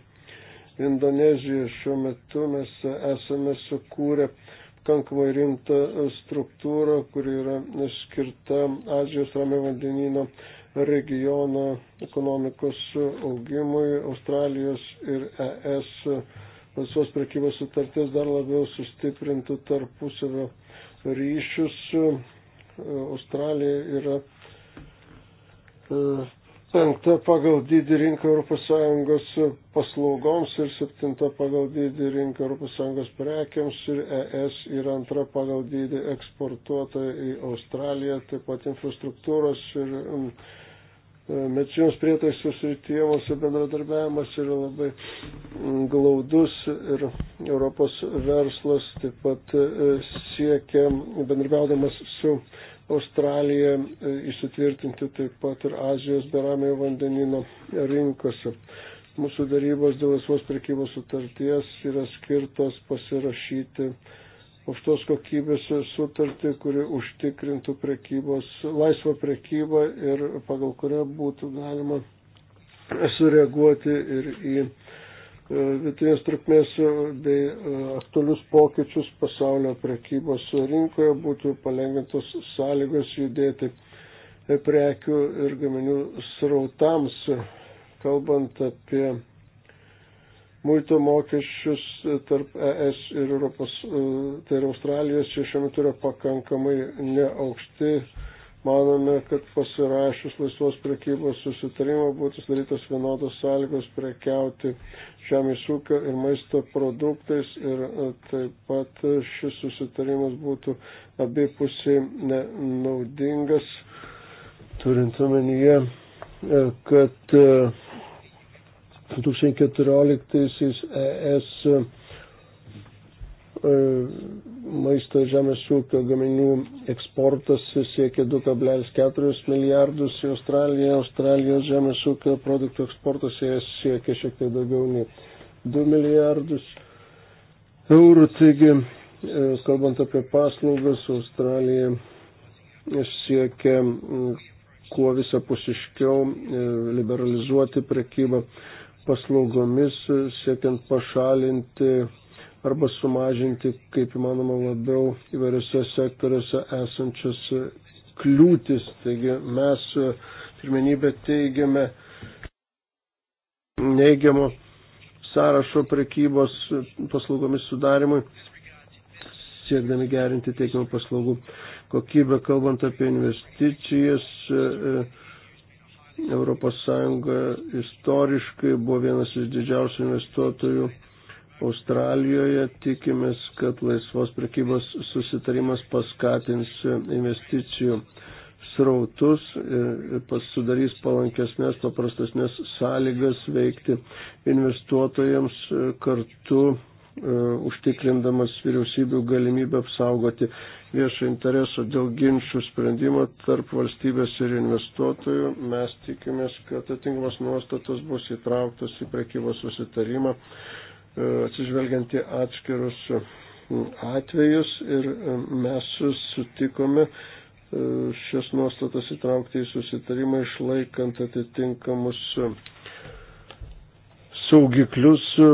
Indonezija. Šiuo metu mes esame sukūrę pakankamai rimtą e, struktūrą, kuri yra skirta Azijos ramio vandenino regiono ekonomikos augimui. Australijos ir ES laisvos prekybos sutartis dar labiau sustiprintų tarpusavio ryšius. E, Australija yra e, penkta pagal dydį rinka ES paslaugoms ir septinta pagal dydį rinka ES prekiams ir ES yra antra pagal dydį eksportuota į Australiją, taip pat infrastruktūros ir um, e, medicinos prietaisų srityje mūsų bendradarbiavimas yra labai um, glaudus ir Europos verslas taip pat e, siekia bendradarbiaudamas su Australija e, įsitvirtinti taip pat ir Azijos beramėjo vandenino rinkose. Mūsų darybos dėl laisvos prekybos sutarties yra skirtos pasirašyti aukštos kokybės sutartį, kuri užtikrintų prekybos, laisvą prekybą ir pagal kurią būtų galima sureaguoti ir į E, vidutinės trukmės e, bei e, aktualius pokyčius pasaulio prekybos rinkoje būtų palengvintos sąlygos judėti prekių ir gaminių srautams. Kalbant apie muito mokesčius tarp ES ir Europos, tai yra Australijos, jie šiuo metu yra pakankamai neaukšti Manome, kad pasirašius laisvos prekybos susitarimą būtų sudarytos vienodos sąlygos prekiauti žemės ūkio ir maisto produktais ir e, taip pat šis susitarimas būtų abipusiai naudingas, turint omenyje, e, kad 2014 e, ES maisto žemės ūkio gaminių eksportas siekia 2,4 milijardus į Australiją, Australijos žemės ūkio produktų eksportas siekia šiek tiek daugiau nei 2 milijardus eurų. Taigi, e, kalbant apie paslaugas, Australija siekia kuo visapusiškiau e, liberalizuoti prekybą paslaugomis, siekiant pašalinti arba sumažinti kaip įmanoma labiau įvairiose sektoriuose esančias kliūtis. Taigi mes pirmenybę teigiame neigiamo sąrašo prekybos paslaugomis sudarimui, siekdami gerinti teikiamų paslaugų kokybę, kalbant apie investicijas. ES istoriškai buvo vienas iš didžiausių investuotojų Australijoje tikimės, kad laisvos prekybos susitarimas paskatins investicijų srautus ir sudarys palankesnės, paprastesnės sąlygas veikti investuotojams e, kartu e, užtikrindamas vyriausybių galimybę apsaugoti viešo intereso dėl ginčių sprendimo tarp valstybės ir investuotojų. Mes tikimės, kad atitinkamos nuostatos bus įtrauktos į prekybos susitarimą atsižvelgianti atskirus atvejus ir mes sutikome e, šias nuostatas įtraukti į susitarimą išlaikant atitinkamus e, saugiklius, e,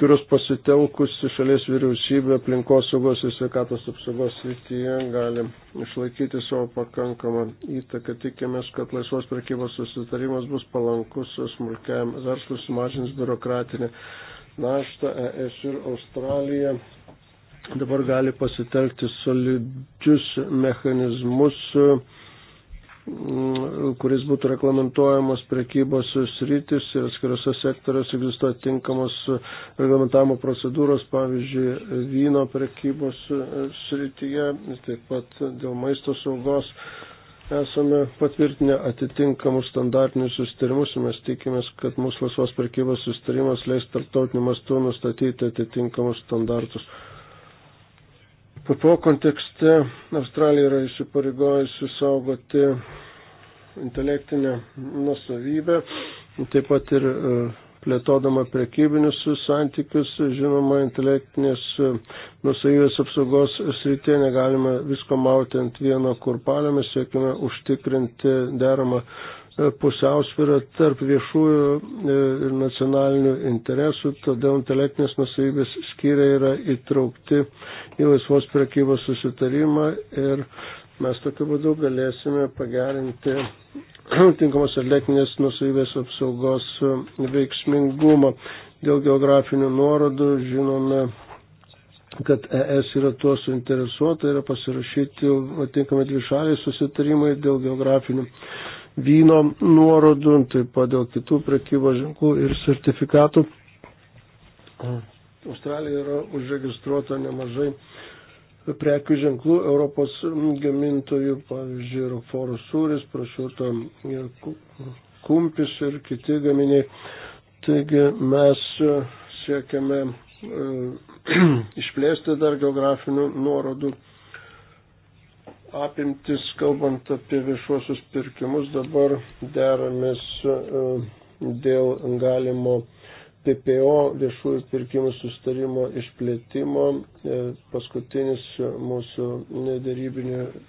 kurios pasitelkusi šalies vyriausybė aplinkosaugos ir sveikatos apsaugos srityje gali išlaikyti savo pakankamą įtaką. Tikimės, kad laisvos prekybos susitarimas bus palankus smulkiam verslui, sumažins biurokratinę naštą ES ir Australija dabar gali pasitelkti solidžius mechanizmus, mm, kuris būtų reglamentuojamos prekybos sritis ir atskirose sektoriuose egzistuoja tinkamos reglamentavimo procedūros, pavyzdžiui, vyno prekybos srityje, taip pat dėl maisto saugos esame patvirtinę atitinkamus standartinius sustarimus ir mes tikimės, kad mūsų laisvos prekybos sustarimas leis tarptautiniu mastu nustatyti atitinkamus standartus. PPO kontekste Australija yra įsipareigojusi saugoti intelektinę nusavybę, taip pat ir e, plėtodama prekybinius santykius, žinoma, intelektinės e, nusavybės apsaugos srityje negalime visko mauti ant vieno kurpalio, mes siekime užtikrinti deramą e, pusiausvyrą tarp viešųjų e, ir nacionalinių interesų, todėl intelektinės nusavybės skyriai yra įtraukti į laisvos prekybos susitarimą ir Mes tokiu būdu galėsime pagerinti tinkamos atletinės nusavybės apsaugos e, veiksmingumą. Dėl geografinių nuorodų žinome, kad ES yra tuo suinteresuota, yra pasirašyti atinkami dvišaliai susitarimai dėl geografinių vyno nuorodų, taip pat dėl kitų prekybos ženklų ir sertifikatų. Australija yra užregistruota nemažai prekių ženklų Europos gamintojų, pavyzdžiui, Rokforų sūris, prašiūto kumpis ir kiti gaminiai. Taigi mes e, siekiame e, išplėsti dar geografinių nuorodų apimtis, kalbant apie viešuosius pirkimus, dabar deramės e, dėl galimo TPO viešųjų pirkimų sustarimo išplėtimo. E, paskutinis mūsų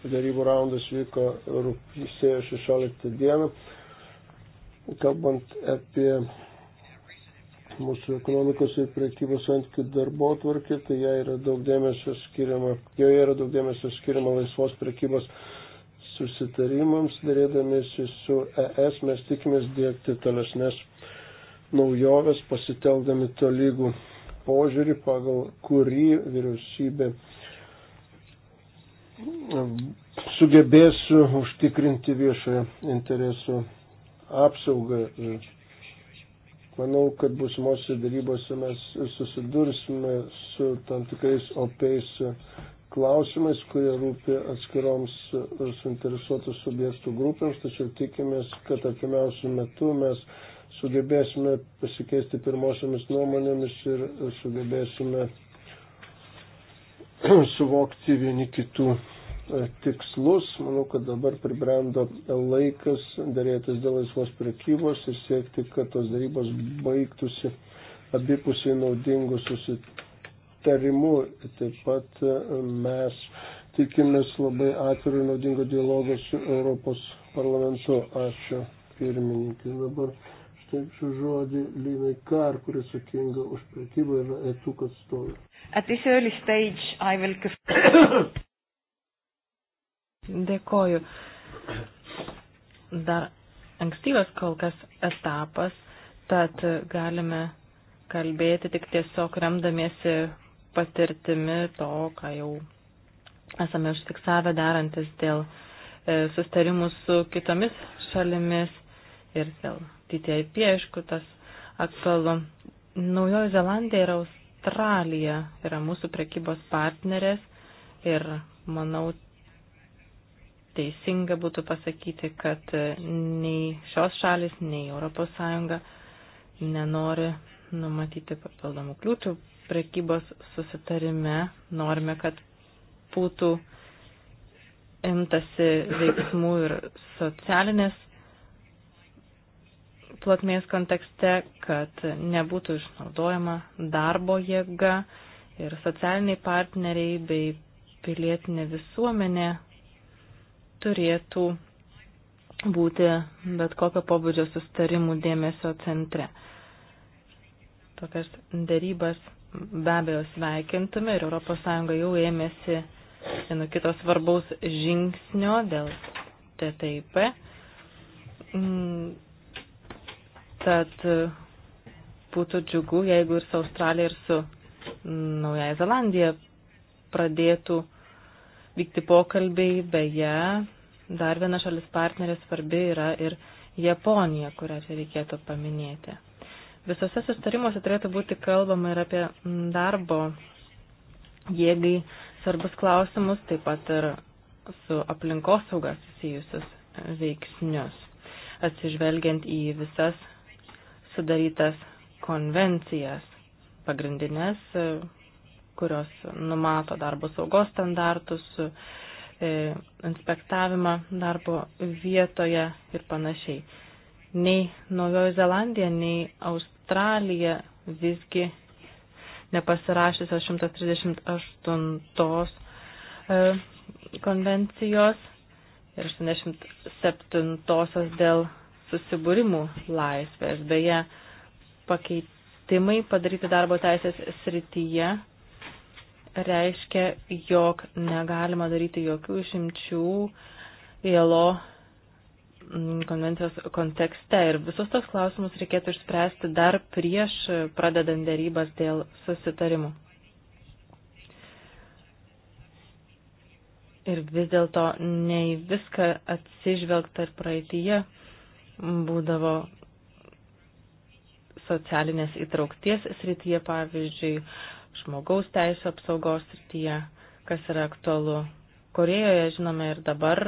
darybų raundas vyko rūpysėjo 16 dieną. Kalbant apie mūsų ekonomikos ir priekybos santykių darbo tvarkė, tai jai yra daug dėmesio skiriama, joje yra daug dėmesio skiriama laisvos priekybos susitarimams, darėdamėsi su ES mes tikimės dėkti tolesnės naujoves pasiteldami tolygų požiūrį, pagal kurį vyriausybė sugebės užtikrinti viešojo interesų apsaugą. Manau, kad būsimosios darybose mes susidursime su tam tikrais opiais klausimais, kurie rūpi atskiroms suinteresuotų subjektų grupėms, tačiau tikimės, kad artimiausių metų mes sugebėsime pasikeisti pirmosiomis nuomonėmis ir sugebėsime suvokti vieni kitų e, tikslus. Manau, kad dabar pribrendo laikas dėrėtis dėl laisvos prekybos ir siekti, kad tos darybos baigtųsi abipusiai naudingų susitarimų. Taip pat e, mes tikimės labai atvirų ir naudingo dialogo su Europos parlamentu. Ačiū pirmininkai. Dabar suteiksiu žodį Linai Kar, kuris atsakinga už prekybą ir etuk atstovė. At this early stage I will... Dėkoju. Dar ankstyvas kol kas etapas, tad galime kalbėti tik tiesiog remdamiesi patirtimi to, ką jau esame užfiksavę darantis dėl e, sustarimų su kitomis šalimis ir dėl TTIP, aišku, tas aktualu. Naujoji Zelandija ir Australija yra mūsų prekybos partnerės ir manau teisinga būtų pasakyti, kad nei šios šalis, nei ES nenori numatyti papildomų kliūčių prekybos susitarime. Norime, kad būtų imtasi veiksmų ir socialinės plotmės kontekste, kad nebūtų išnaudojama darbo jėga ir socialiniai partneriai bei pilietinė visuomenė turėtų būti bet kokio pobūdžio sustarimų dėmesio centre. Tokias darybas be abejo sveikintume ir ES jau ėmėsi vieno kito svarbaus žingsnio dėl TTIP mm, Tad e, būtų džiugu, jeigu ir su Australija, ir su Naujaja Zelandija pradėtų vykti pokalbiai. Beje, dar viena šalis partnerė svarbi yra ir Japonija, kurią čia reikėtų paminėti. Visose sustarimuose turėtų būti kalbama ir apie darbo jėgai svarbus klausimus, taip pat ir su aplinkosauga susijusius veiksnius, atsižvelgiant į visas sudarytas konvencijas pagrindinės, e, kurios numato darbo saugos standartus, e, inspektavimą darbo vietoje ir panašiai. Nei Naujojo Zelandija, nei Australija visgi nepasirašysios 138 e, konvencijos ir 87 dėl susibūrimų laisvę. Ir beje, pakeitimai padaryti darbo teisės srityje reiškia, jog negalima daryti jokių išimčių ILO konvencijos kontekste. Ir visus tos klausimus reikėtų išspręsti dar prieš pradedant dėrybas dėl susitarimų. Ir vis dėlto nei viską atsižvelgta ir praeitįje būdavo socialinės įtraukties srityje, pavyzdžiui, žmogaus teisų apsaugos srityje, kas yra aktualu. Korejoje, žinome, ir dabar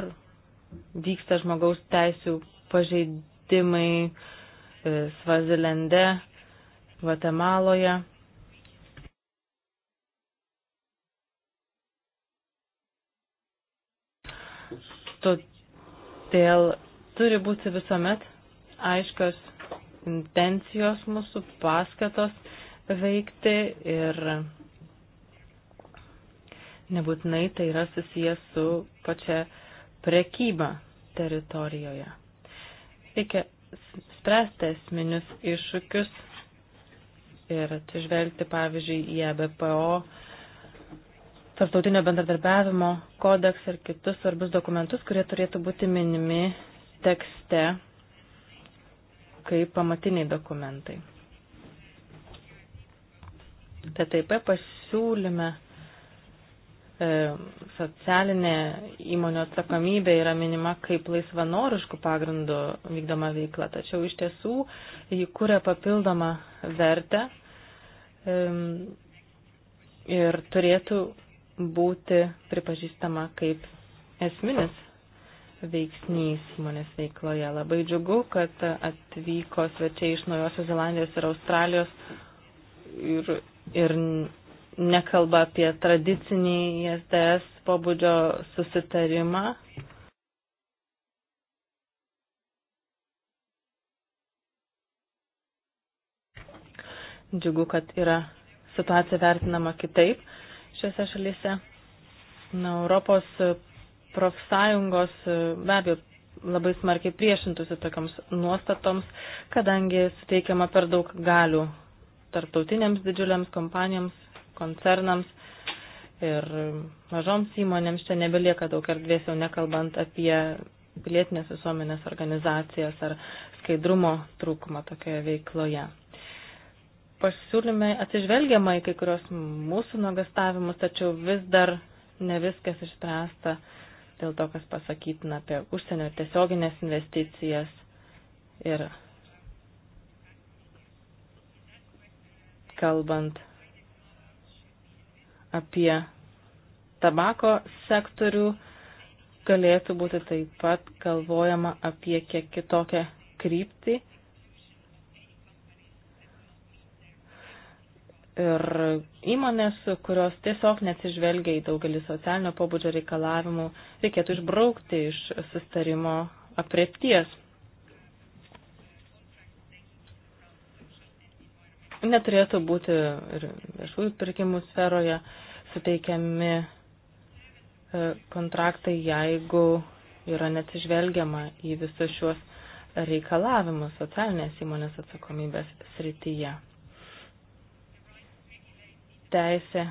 vyksta žmogaus teisų pažeidimai e, Svazilende, Gvatemaloje. Todėl Turi būti visuomet aiškios intencijos mūsų paskatos veikti ir nebūtinai tai yra susijęs su pačia prekyba teritorijoje. Reikia spręsti esminius iššūkius ir atsižvelgti, pavyzdžiui, į EBPO, tarptautinio bendradarbiavimo kodeksą ir kitus svarbius dokumentus, kurie turėtų būti minimi tekste kaip pamatiniai dokumentai. TTIP pasiūlyme e, socialinė įmonių atsakomybė yra minima kaip laisvanoriškų pagrindų vykdoma veikla, tačiau iš tiesų jį kuria papildomą vertę e, ir turėtų būti pripažįstama kaip esminis veiksnys įmonės veikloje. Labai džiugu, kad atvyko svečiai iš Naujosios Zelandijos ir Australijos ir, ir nekalba apie tradicinį ISDS pobūdžio susitarimą. Džiugu, kad yra situacija vertinama kitaip šiuose šalyse. Na, Europos profsąjungos e, be abejo labai smarkiai priešintųsi tokiams nuostatoms, kadangi suteikiama per daug galių tarptautinėms didžiuliams kompanijoms, koncernams ir mažoms įmonėms čia nebelieka daug erdvės, jau nekalbant apie pilietinės visuomenės organizacijas ar skaidrumo trūkumą tokioje veikloje. Pasiūlyme atsižvelgiama į kai kurios mūsų nuogastavimus, tačiau vis dar ne viskas išspręsta dėl to, kas pasakytina apie užsienio tiesioginės investicijas ir kalbant apie tabako sektorių, galėtų būti taip pat galvojama apie kiek kitokią kryptį ir įmonės, kurios tiesiog neatsižvelgia į daugelį socialinio pobūdžio reikalavimų, reikėtų išbraukti iš sustarimo apriepties. Neturėtų būti ir viešųjų pirkimų sferoje suteikiami e, kontraktai, jeigu yra neatsižvelgiama į visus šiuos reikalavimus socialinės įmonės atsakomybės srityje teisė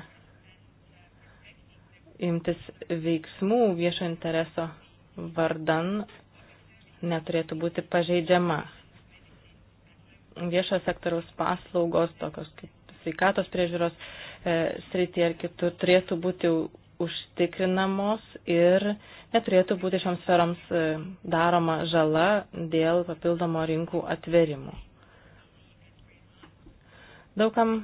imtis veiksmų viešo intereso vardan neturėtų būti pažeidžiama. Viešo sektoriaus paslaugos, tokios kaip sveikatos priežiūros e, srityje ar kitur, turėtų būti užtikrinamos ir neturėtų būti šioms sferoms e, daroma žala dėl papildomo rinkų atverimų. Daugam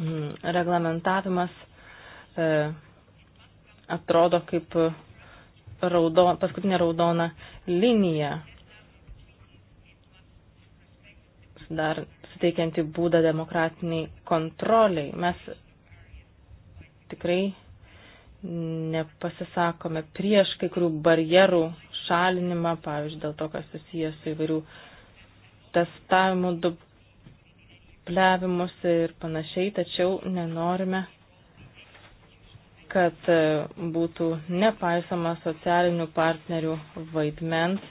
Mm, reglamentavimas e, atrodo kaip raudon, paskutinė raudona linija, dar suteikianti būdą demokratiniai kontroliai. Mes tikrai nepasisakome prieš kai kurių barjerų šalinimą, pavyzdžiui, dėl to, kas susijęs su įvairių testavimų, plevimus ir panašiai, tačiau nenorime, kad e, būtų nepaisoma socialinių partnerių vaidmens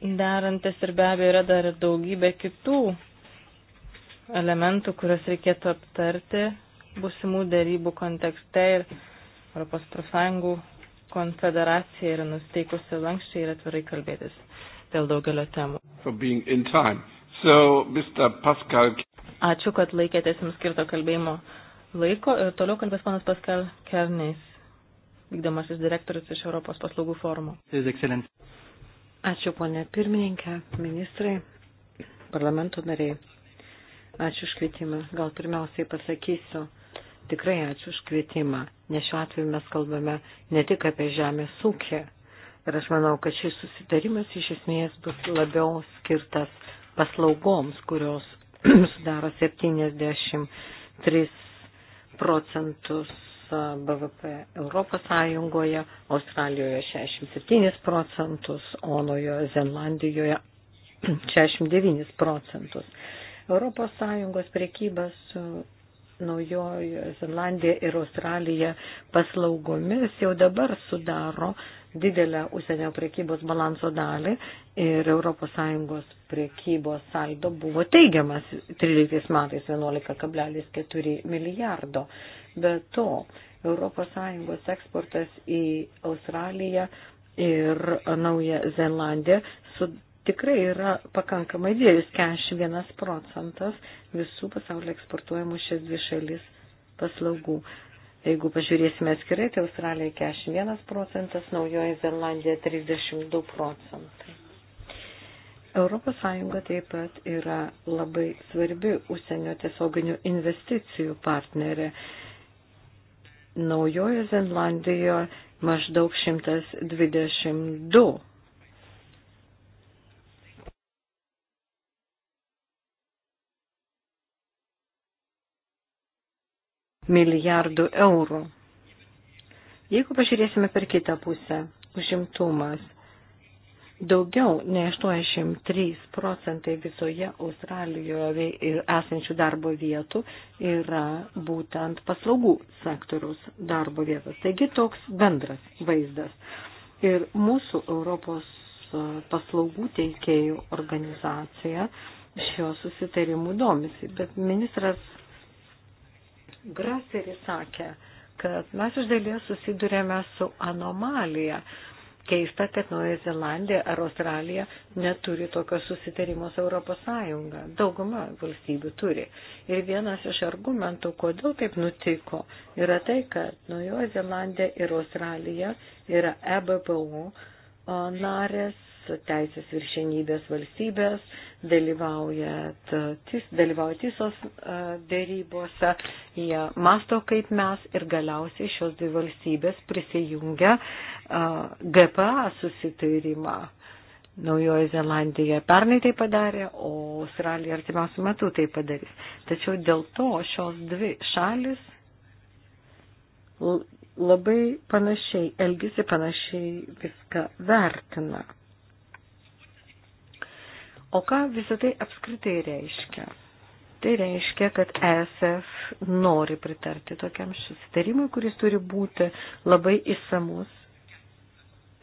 derantis ir be abejo yra dar ir daugybė kitų elementų, kuriuos reikėtų aptarti busimų dėrybų kontekste ir Europos profsąjungų konfederacija yra nusteikusi lankščiai ir atvirai kalbėtis dėl daugelio temų. So, Mr. Pascal. Ačiū, kad laikėtės jums skirto kalbėjimo laiko. Ir toliau kalbės panas Pascal Kerneis, vykdomasis direktorius iš Europos paslaugų forumo. Ačiū, ponė pirmininkė, ministrai, parlamento nariai. Ačiū už kvietimą. Gal pirmiausiai pasakysiu, tikrai ačiū už kvietimą, nes šiuo atveju mes kalbame ne tik apie žemės ūkį. Ir aš manau, kad šis susitarimas iš esmės bus labiau skirtas paslaugoms, kurios sudaro 73 procentus BVP Europos Sąjungoje, Australijoje 67 procentus, o Naujojo Zenlandijoje 69 procentus. Europos Sąjungos priekyba su Naujojo Zelandija ir Australija paslaugomis jau dabar sudaro didelę užsienio priekybos balanso dalį ir ES priekybos saldo buvo teigiamas 13 metais 11,4 milijardo. Be to, ES eksportas į Australiją ir Naują Zelandiją su tikrai yra pakankamai didelis 41 procentas visų pasaulio eksportuojamų šias dvi šalis paslaugų. Jeigu pažiūrėsime atskirai, tai Australija 41 procentas, Naujoji Zelandija 32 procentai. Europos Sąjunga taip pat yra labai svarbi užsienio tiesioginių investicijų partnerė. Naujojo Zelandijoje maždaug 122 milijardų eurų. Jeigu pažiūrėsime per kitą pusę, užimtumas. Daugiau nei 83 procentai visoje Australijoje esančių darbo vietų yra būtent paslaugų sektoriaus darbo vietos. Taigi toks bendras vaizdas. Ir mūsų Europos paslaugų teikėjų organizacija šio susitarimų domisi, bet ministras Graseris sakė, kad mes iš dalies susidurėme su anomalija. Keista, kad Nauja Zelandija ar Australija neturi tokio susitarimo su Europos Sąjunga. Dauguma valstybių turi. Ir vienas iš argumentų, kodėl taip nutiko, yra tai, kad Naujoji Zelandija ir Australija yra EBPO narės teisės viršenybės valstybės, dalyvauja TISOS dėrybose, jie masto kaip mes ir galiausiai šios dvi valstybės prisijungia GPA susitarimą. Naujoji Zelandija pernai tai padarė, o Australija artimiausių metų tai padarys. Tačiau dėl to šios dvi šalis labai panašiai, elgesi panašiai viską vertina. O ką visą tai apskritai reiškia? Tai reiškia, kad ESF nori pritarti tokiam susitarimui, kuris turi būti labai įsamus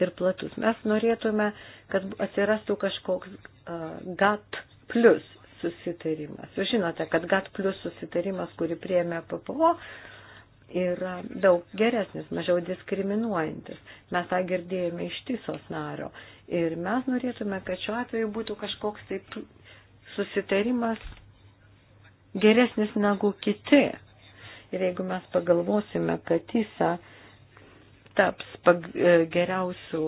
ir platus. Mes norėtume, kad atsirastų kažkoks uh, GAT plus susitarimas. Jūs žinote, kad GAT plus susitarimas, kurį priemė PPO, yra daug geresnis, mažiau diskriminuojantis. Mes tą girdėjome iš tisos nario. Ir mes norėtume, kad šiuo atveju būtų kažkoks taip susitarimas geresnis negu kiti. Ir jeigu mes pagalvosime, kad jisą taps pag, e, geriausių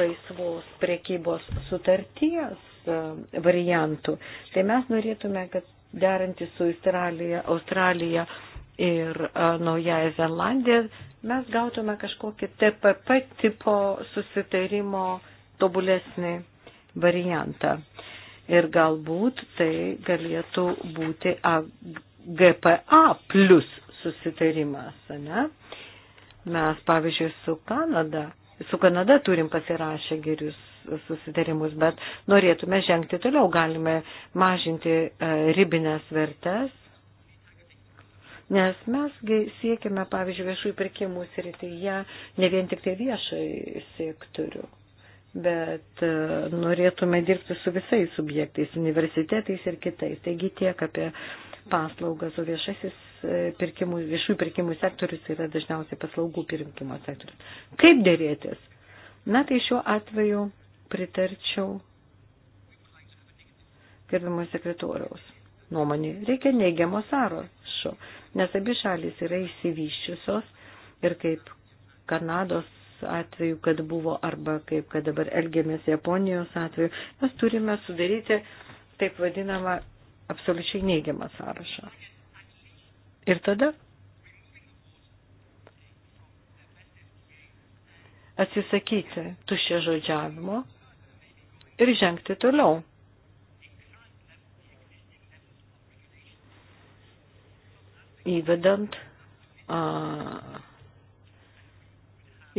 laisvos priekybos sutarties e, variantų, tai mes norėtume, kad derantys su Australija, Australija ir e, Naujaja Zelandija mes gautume kažkokį TPP tipo susitarimo tobulesnį variantą. Ir galbūt tai galėtų būti GPA plus susitarimas, ne? Mes, pavyzdžiui, su Kanada, su Kanada turim pasirašę gerius susitarimus, bet norėtume žengti toliau, galime mažinti e, ribinės vertes, nes mesgi siekime, pavyzdžiui, viešųjų pirkimų srityje ne vien tik tai viešai sektorių bet e, norėtume dirbti su visais subjektais, universitetais ir kitais. Taigi tiek apie paslaugas, o viešasis e, pirkimų, viešųjų pirkimų sektorius yra dažniausiai paslaugų pirkimo sektorius. Kaip dėrėtis? Na tai šiuo atveju pritarčiau gerbimo sekretoriaus nuomonį. Reikia neigiamo sąrašo, nes abi šalis yra įsivyščiusios ir kaip Kanados atveju, kad buvo, arba kaip kad dabar elgiamės Japonijos atveju, mes turime sudaryti taip vadinamą absoliučiai neigiamą sąrašą. Ir tada atsisakyti tuščia žodžiavimo ir žengti toliau. Įvedant a,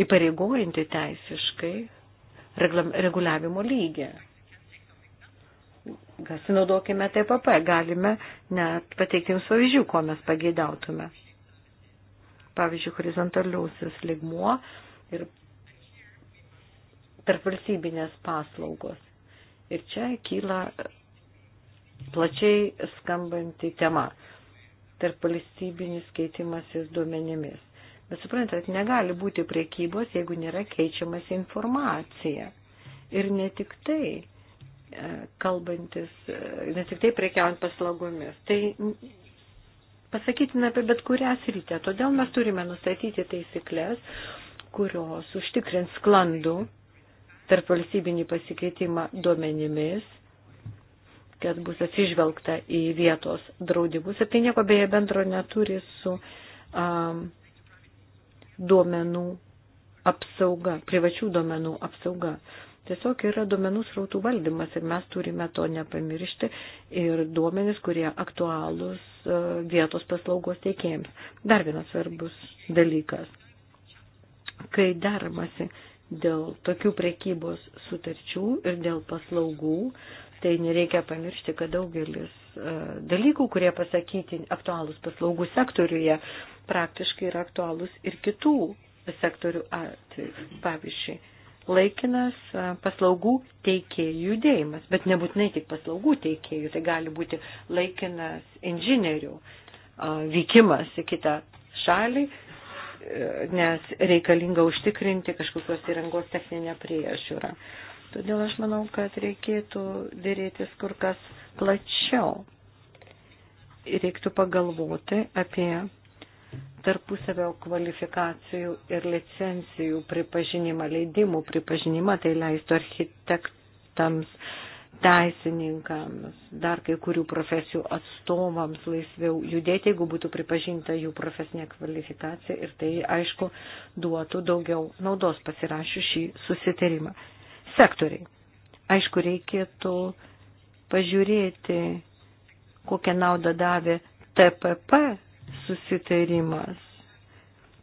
įpareigojanti teisiškai reguliavimo lygį. Pasinaudokime TPP, galime net pateikti jums pavyzdžių, ko mes pageidautume. Pavyzdžiui, horizontaliausias ligmuo ir tarp valstybinės paslaugos. Ir čia kyla plačiai skambanti tema tarp valstybinis keitimasis duomenimis. Bet suprantat, negali būti priekybos, jeigu nėra keičiamas informacija. Ir ne tik tai e, kalbantis, e, ne tik tai priekiaujant paslaugomis. Tai pasakytina apie bet kurią sritę. Todėl mes turime nustatyti taisyklės, kurios užtikrins sklandų tarp valstybinį pasikeitimą duomenimis kad bus atsižvelgta į vietos draudimus. Ir tai nieko beje bendro neturi su um, duomenų apsauga, privačių duomenų apsauga. Tiesiog yra duomenų srautų valdymas ir mes turime to nepamiršti ir duomenys, kurie aktualūs e, vietos paslaugos teikėjams. Dar vienas svarbus dalykas. Kai daromasi dėl tokių prekybos sutarčių ir dėl paslaugų, tai nereikia pamiršti, kad daugelis e, dalykų, kurie pasakyti aktualūs paslaugų sektoriuje, praktiškai yra aktualūs ir kitų sektorių atveju. Pavyzdžiui, laikinas paslaugų teikėjų judėjimas, bet nebūtinai tik paslaugų teikėjų, tai gali būti laikinas inžinierių vykimas į kitą šalį, e, nes reikalinga užtikrinti kažkokios įrangos techninę priežiūrą. Todėl aš manau, kad reikėtų dėrėtis kur kas plačiau. Reiktų pagalvoti apie tarpusavio kvalifikacijų ir licencijų pripažinimą, leidimų pripažinimą, tai leistų architektams, teisininkams, dar kai kurių profesijų atstovams laisviau judėti, jeigu būtų pripažinta jų profesinė kvalifikacija ir tai, aišku, duotų daugiau naudos pasirašius šį susitarimą. Sektoriai. Aišku, reikėtų pažiūrėti, kokią naudą davė TPP susitarimas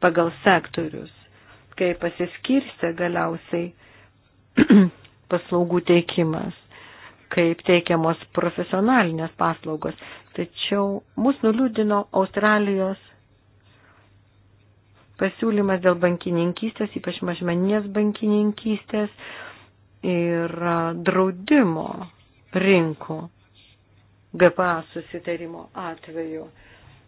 pagal sektorius, kai pasiskirstė galiausiai paslaugų teikimas, kaip teikiamos profesionalinės paslaugos. Tačiau mus nuliūdino Australijos pasiūlymas dėl bankininkystės, ypač mažmeninės bankininkystės ir draudimo rinkų GPA susitarimo atveju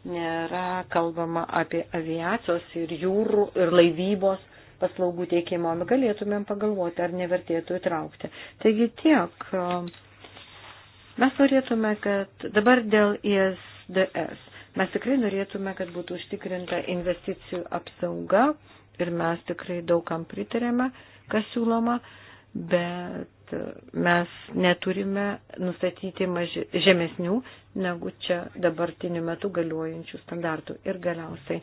nėra kalbama apie aviacijos ir jūrų ir laivybos paslaugų teikimo, galėtumėm pagalvoti, ar nevertėtų įtraukti. Taigi tiek. Mes norėtume, kad dabar dėl ISDS. Mes tikrai norėtume, kad būtų užtikrinta investicijų apsauga ir mes tikrai daugam pritarėme, kas siūloma, bet mes neturime nustatyti maži, žemesnių negu čia dabartiniu metu galiojančių standartų. Ir galiausiai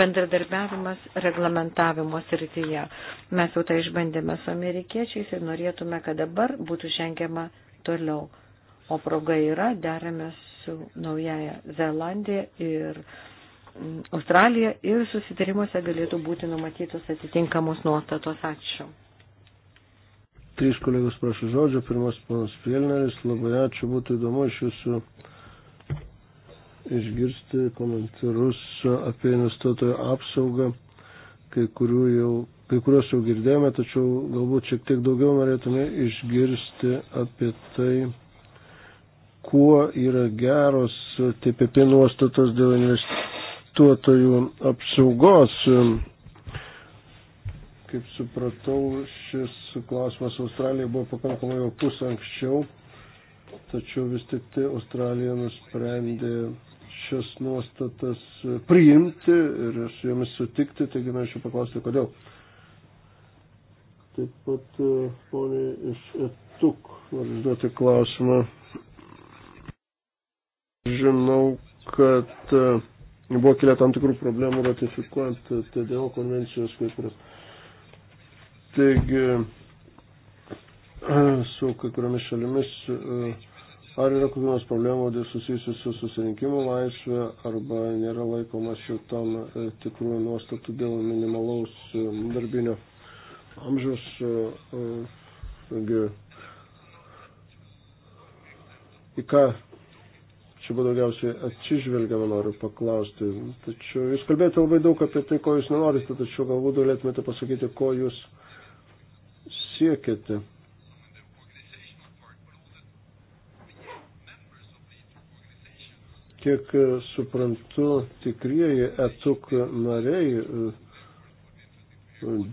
bendradarbiavimas reglamentavimo srityje. Mes jau tai išbandėme su amerikiečiais ir norėtume, kad dabar būtų žengiama toliau. O proga yra, deramės su Naujaja Zelandija ir mm, Australija ir susitarimuose galėtų būti numatytos atitinkamos nuostatos. Ačiū. Trys kolegos prašo žodžio, pirmas panas Pielneris, labai ačiū, būtų įdomu iš jūsų išgirsti komentarus apie investuotojo apsaugą, kai, jau, kai kuriuos jau girdėjome, tačiau galbūt šiek tiek daugiau norėtume išgirsti apie tai, kuo yra geros TPP nuostatos dėl investuotojų apsaugos Kaip supratau, šis klausimas Australijai buvo pakankamai opus anksčiau, tačiau vis tik tai Australija nusprendė šias nuostatas priimti ir su jomis sutikti, taigi norėčiau paklausti, kodėl. Taip pat, e, ponė, iš Etuk noriu užduoti klausimą. Žinau, kad e, buvo kilę tam tikrų problemų ratifikuojant TDO konvencijos kai kurias Taigi, su kai kuriomis šalimis, e, ar yra kokių nors problemų susijusių su susirinkimo laisvė, arba nėra laikomas jau tam e, tikrų nuostatų dėl minimalaus e, darbinio amžiaus. Taigi, į ką čia buvo daugiausiai atsižvelgiama, noriu paklausti. Tačiau jūs kalbėjote labai daug apie tai, ko jūs nenorite, tačiau galbūt galėtumėte pasakyti, ko jūs siekiate. Kiek e, suprantu, tikrieji etuk nariai e,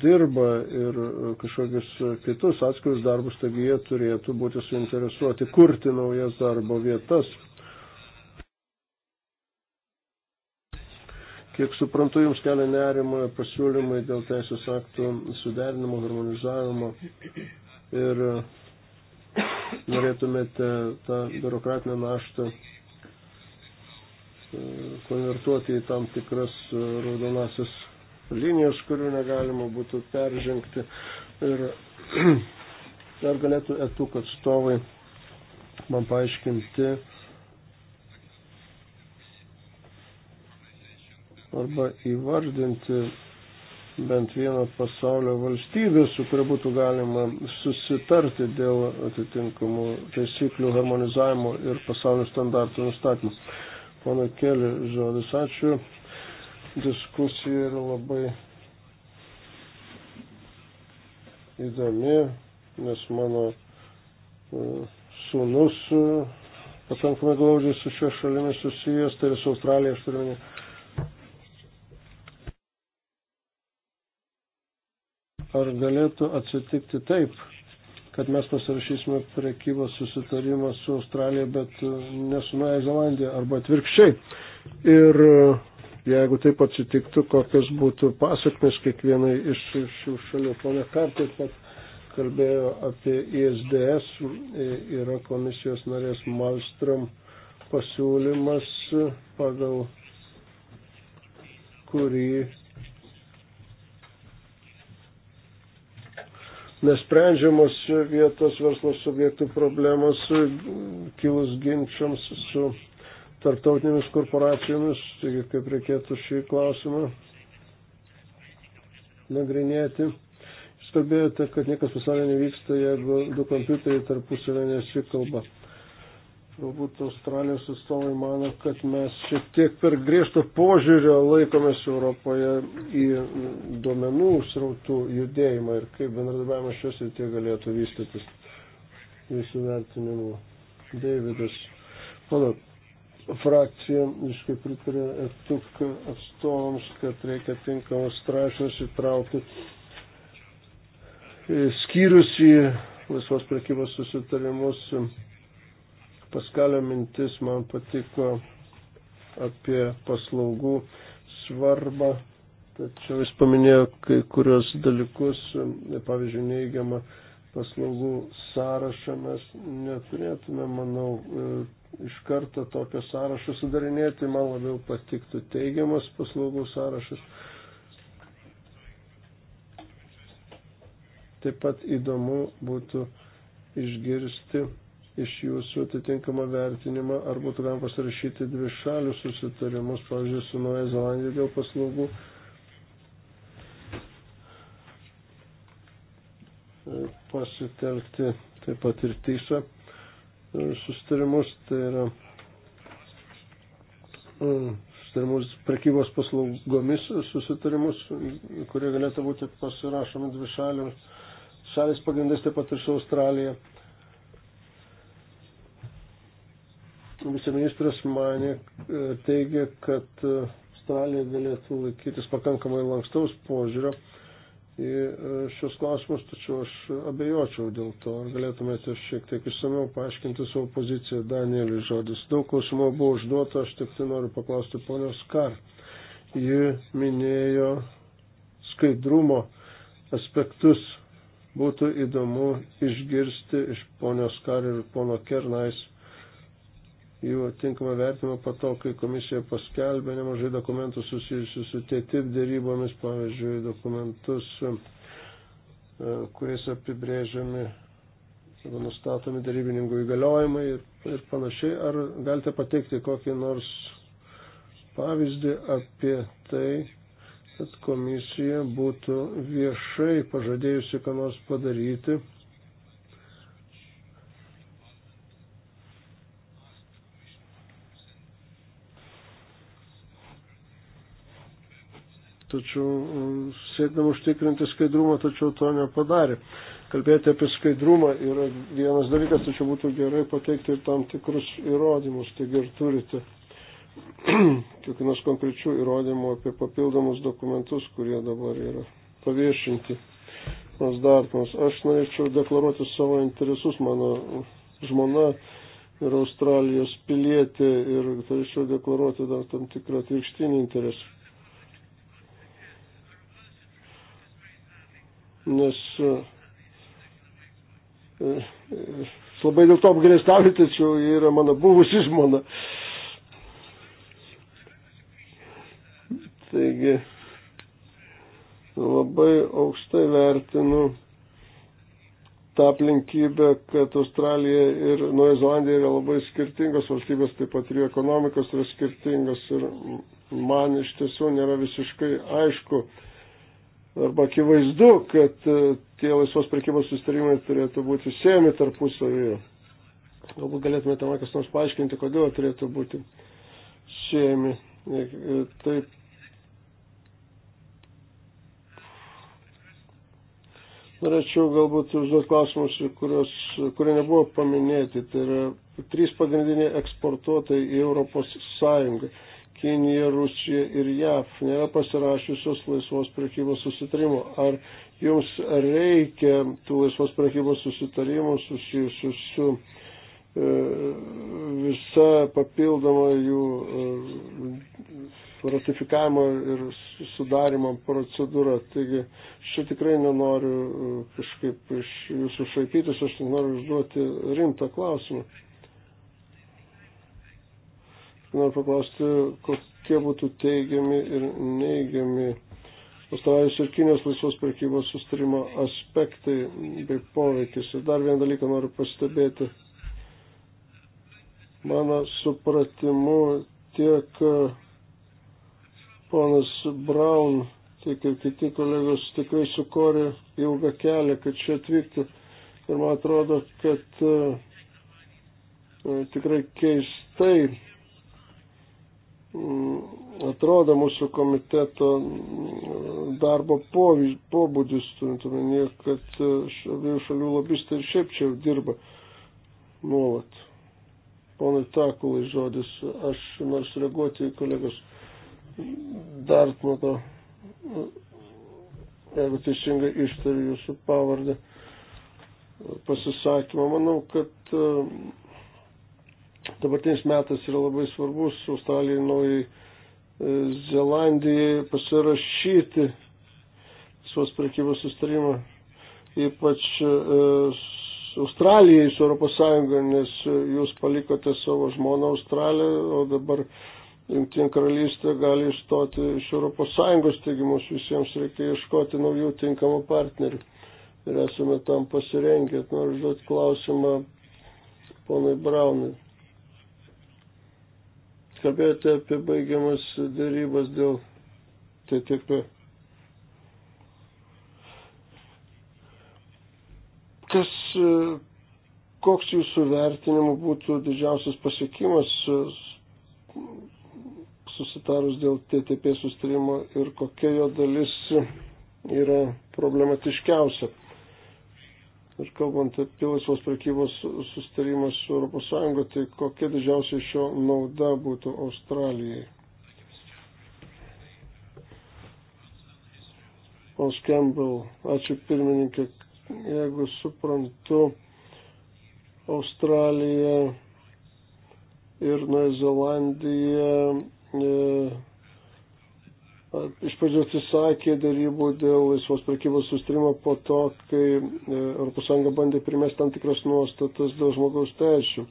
dirba ir e, kažkokius kitus atskirius darbus, taigi jie turėtų būti suinteresuoti kurti naujas darbo vietas. Kiek suprantu, jums kelia nerima pasiūlymai dėl teisės aktų suderinimo, harmonizavimo ir norėtumėte tą biurokratinę naštą e, konvertuoti į tam tikras e, raudonasis linijas, kurių negalima būtų peržengti. Ir dar galėtų etuk atstovai man paaiškinti, arba įvardinti bent vieną pasaulio valstybę, su kuria būtų galima susitarti dėl atitinkamų taisyklių harmonizavimo ir pasaulio standartų nustatymų. Pana Keli, žodis ačiū. Diskusija yra labai įdomi, nes mano e, sūnus e, pakankamai glaudžiai su šia šalimi susijęs, tai yra su Australija, aš turiu minėti ar galėtų atsitikti taip, kad mes pasirašysime prekybos susitarimą su Australija, bet e, ne su Nuoja Zelandija arba atvirkščiai. Ir e, jeigu taip atsitiktų, kokios būtų pasakmes kiekvienai iš šių šalių. Pone Kartai pat kalbėjo apie ISDS, e, yra komisijos narės Malstrom pasiūlymas, pagal kurį nesprendžiamos vietos verslo subjektų problemos kilus ginčiams su tarptautinėmis korporacijomis, taigi kaip reikėtų šį klausimą nagrinėti. Jūs kalbėjote, kad niekas pasaulyje nevyksta, jeigu du kompiuteriai tarpusavę nesikalba. Galbūt Australijos atstovai mano, kad mes šiek tiek per griežto požiūrio laikomės Europoje į duomenų srautų judėjimą ir kaip bendradarbiavimas šios ir tie galėtų vystytis jūsų vertinimu. Davidas, mano frakcija visiškai pritarė tik atstovams, kad reikia tinkamas straipsnius įtraukti skyrius į laisvos prekybos susitarimus Paskalio mintis man patiko apie paslaugų svarbą, tačiau jis paminėjo kai kurios dalykus, pavyzdžiui, neigiamą paslaugų sąrašą mes neturėtume, manau, iš karto tokio sąrašo sudarinėti, man labiau patiktų teigiamas paslaugų sąrašas. Taip pat įdomu būtų išgirsti iš jūsų atitinkamą vertinimą, ar būtų galima pasirašyti dvi šalių susitarimus, pavyzdžiui, su Nuoja Zelandija dėl paslaugų. Pasitelkti taip pat ir teisę e, susitarimus, tai yra e, susitarimus prekybos paslaugomis susitarimus, kurie galėtų būti pasirašomi dvi šalių. Šalis pagrindais taip pat ir su Australija viceministras mane teigia, kad e, Australija galėtų laikytis pakankamai lankstaus požiūrio į e, šios klausimus, tačiau aš abejočiau dėl to. Ar galėtumėte šiek tiek išsameu paaiškinti savo poziciją, Danieliui žodis. Daug klausimų buvo užduota, aš tik tai noriu paklausti ponios Kar. Ji minėjo skaidrumo aspektus. Būtų įdomu išgirsti iš ponios Kar ir pono Kernais jų atinkamą vertimą po to, kai komisija paskelbė nemažai dokumentų susijusių su TTIP dėrybomis, pavyzdžiui, dokumentus, e, kuriais apibrėžiami arba nustatomi dėrybininkų įgaliojimai ir, ir panašiai. Ar galite pateikti kokį nors pavyzdį apie tai, kad komisija būtų viešai pažadėjusi, ką nors padaryti? tačiau e, siekdama užtikrinti skaidrumą, tačiau to nepadarė. Kalbėti apie skaidrumą yra vienas dalykas, tačiau būtų gerai pateikti ir tam tikrus įrodymus, taigi ir turite kiekvienas konkrečių įrodymų apie papildomus dokumentus, kurie dabar yra paviešinti. Mas Dartmas, aš norėčiau deklaruoti savo interesus, mano žmona yra Australijos pilietė ir norėčiau deklaruoti dar tam tikrą atvirkštinį interesą. nes aš e, e, labai dėl to apgrėstauju, tačiau ji yra mano buvusi žmona. Taigi labai aukštai vertinu tą aplinkybę, kad Australija ir Nuoja Zelandija yra labai skirtingos valstybės, taip pat ir ekonomikos yra skirtingos ir man iš tiesų nėra visiškai aišku, arba akivaizdu, kad e, tie laisvos prekybos sustarimai turėtų būti siejami tarpusavyje. Galbūt galėtumėte man kas nors paaiškinti, kodėl turėtų būti siejami. E, e, taip. Norėčiau galbūt užduoti klausimus, kurios, kurie nebuvo paminėti. Tai yra trys pagrindiniai eksportuotojai į Europos Sąjungą. Kinija, Rusija ir JAV nėra pasirašiusios laisvos prekybos susitarimo. Ar jums reikia tų laisvos prekybos susitarimų susijusių su e, visa papildoma jų e, ratifikavimo ir sudarimo procedūra. Taigi aš tikrai nenoriu e, kažkaip iš jūsų šaipytis, aš tik noriu užduoti rimtą klausimą. Noriu paklausti, kokie būtų teigiami ir neigiami Australijos ir Kinijos laisvos prekybos sustarimo aspektai bei poveikis. Ir dar vieną dalyką noriu pastebėti. Mano supratimu tiek ponas Braun, tiek ir kiti kolegos tikrai sukorė ilgą kelią, kad čia atvyktų. Ir man atrodo, kad e, tikrai keistai Mm, atrodo mūsų komiteto mm, darbo pobūdis, turint omenyje, kad e, abiejų šalių lobistai ir šiaip čia dirba nuolat. Ponai Takulai žodis, aš nors reaguoti į kolegos Dartmato, e, jeigu teisingai ištariu jūsų pavardę, e, pasisakymą. Manau, kad Dabartinis metas yra labai svarbus Australijai, Naujai e, Zelandijai pasirašyti visos prekybos sustarimą, ypač e, Australijai su Europos Sąjunga, nes jūs palikote savo žmoną Australiją, o dabar Junktinė karalystė gali išstoti iš Europos Sąjungos, taigi mums visiems reikia ieškoti naujų tinkamų partnerių. Ir esame tam pasirengę. Noriu žodžiu klausimą ponui Braunui kalbėjote apie baigiamas darybas dėl TTP. Kas, e, koks jūsų vertinimu būtų didžiausias pasiekimas e, susitarus dėl TTP sustarimo ir kokia jo dalis yra problematiškiausia? Ir kalbant apie laisvos prekybos sustarimą su ES, tai kokia didžiausia šio nauda būtų Australijai? Pons Campbell, ačiū pirmininkė, jeigu suprantu, Australija ir Nuoja Zelandija. E, iš pradžių atsisakė darybų dėl laisvos prekybos sustrimo po to, kai ES bandė primesti tam tikras nuostatas dėl žmogaus teisų.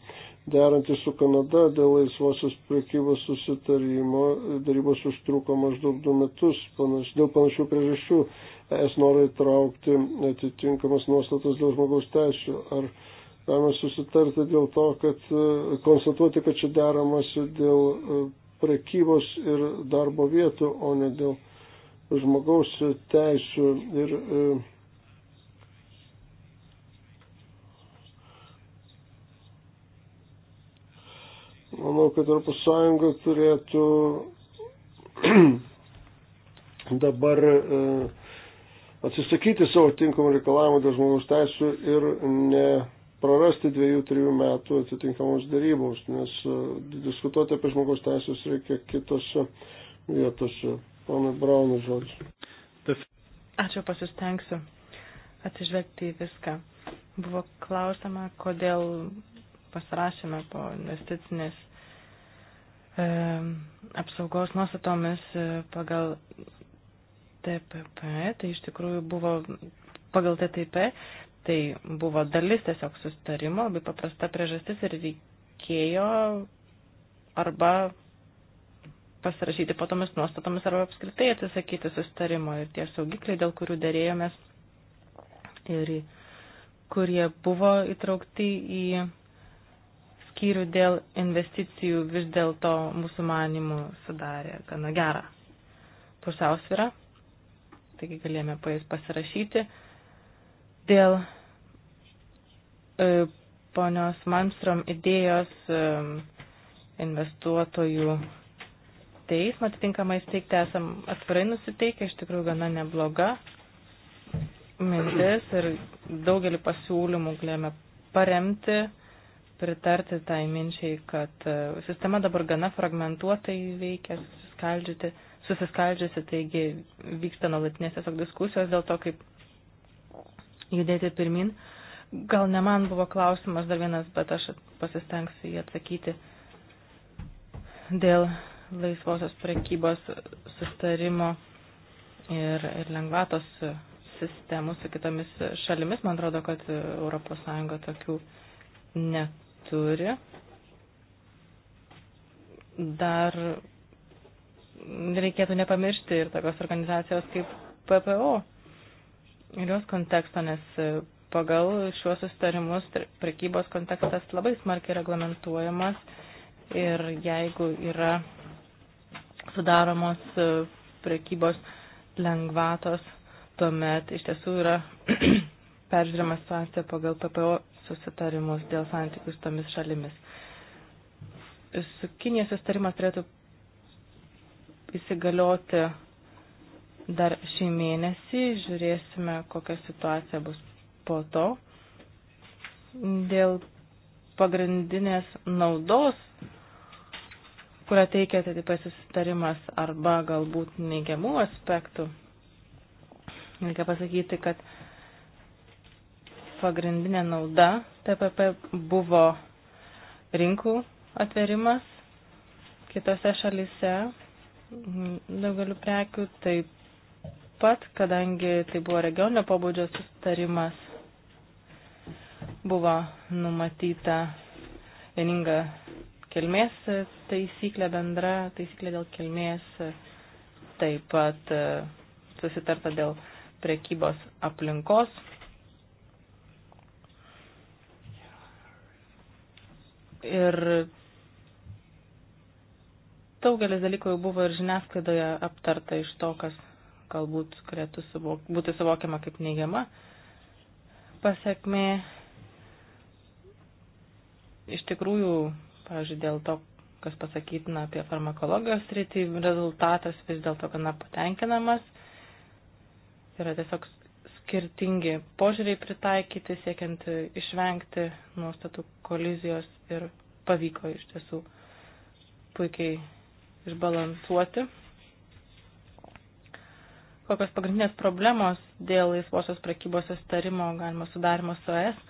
Derantys su Kanada dėl laisvosios prekybos susitarimo e, darybos užtruko maždaug du metus panaš, dėl panašių priežasčių. Es nori įtraukti atitinkamas nuostatas dėl žmogaus teisų. Ar galima susitarti dėl to, kad e, konstatuoti, kad čia deramasi dėl e, prekybos ir darbo vietų, o ne dėl žmogaus teisų ir e, manau, kad Europos Sąjunga turėtų dabar e, atsisakyti savo tinkamų reikalavimų dėl žmogaus teisų ir ne prarasti dviejų, trijų metų atitinkamoms daryboms, nes e, diskutuoti apie žmogaus teisės reikia kitose vietose. Pana Braunų žodžiu. Ačiū pasistengsiu atsižvelgti į viską. Buvo klausima, kodėl pasirašėme po investicinės e, apsaugos nuostatomis e, pagal TPP, tai iš tikrųjų buvo pagal TTP Tai buvo dalis tiesiog sustarimo, labai paprasta priežastis ir reikėjo arba pasirašyti po tomis nuostatomis arba apskritai atsisakyti sustarimo ir tie saugikliai, dėl kurių dėrėjomės ir kurie buvo įtraukti į skyrių dėl investicijų vis dėlto mūsų manimų sudarė gana gerą pusiausvyrą, taigi galėjome po jais pasirašyti Dėl e, ponios Malmstrom idėjos e, investuotojų teismą atitinkamai steigti esam atvirai nusiteikę, iš tikrųjų gana nebloga mintis ir daugelį pasiūlymų galėjome paremti, pritarti tai minčiai, kad e, sistema dabar gana fragmentuotai veikia, susiskaldžiusi, taigi vyksta nuolatinės tiesiog diskusijos dėl to, kaip judėti pirmin. Gal ne man buvo klausimas dar vienas, bet aš pasistengsiu jį atsakyti dėl laisvosios prekybos sustarimo ir, ir lengvatos sistemų su kitomis šalimis. Man atrodo, kad ES tokių neturi. Dar reikėtų nepamiršti ir tokios organizacijos kaip PPO ir jos konteksto, nes e, pagal šiuos sustarimus prekybos kontekstas labai smarkiai reglamentuojamas ir jeigu yra sudaromos e, prekybos lengvatos, tuomet iš tiesų yra peržiūrima situacija pagal PPO susitarimus dėl santykių su tomis šalimis. Su Kinija susitarimas turėtų įsigalioti dar šį mėnesį, žiūrėsime, kokia situacija bus po to. Dėl pagrindinės naudos, kurią teikia atitipas susitarimas arba galbūt neigiamų aspektų, reikia pasakyti, kad pagrindinė nauda TPP buvo rinkų atverimas kitose šalise daugeliu prekių, taip pat, kadangi tai buvo regioninio pobūdžio sustarimas, buvo numatyta vieninga kilmės taisyklė bendra, taisyklė dėl kilmės, taip pat e, susitarta dėl prekybos aplinkos. Ir daugelis dalykų jau buvo ir žiniasklaidoje aptarta iš to, kas galbūt galėtų suvok, būti suvokiama kaip neigiama pasiekmė. Iš tikrųjų, pavyzdžiui, dėl to, kas pasakytina apie farmakologijos rytį, rezultatas vis dėlto gana patenkinamas. Yra tiesiog skirtingi požiūriai pritaikyti, siekiant išvengti nuostatų kolizijos ir pavyko iš tiesų puikiai išbalansuoti kokios pagrindinės problemos dėl laisvosios prekybos sustarimo galima sudarimo su ES,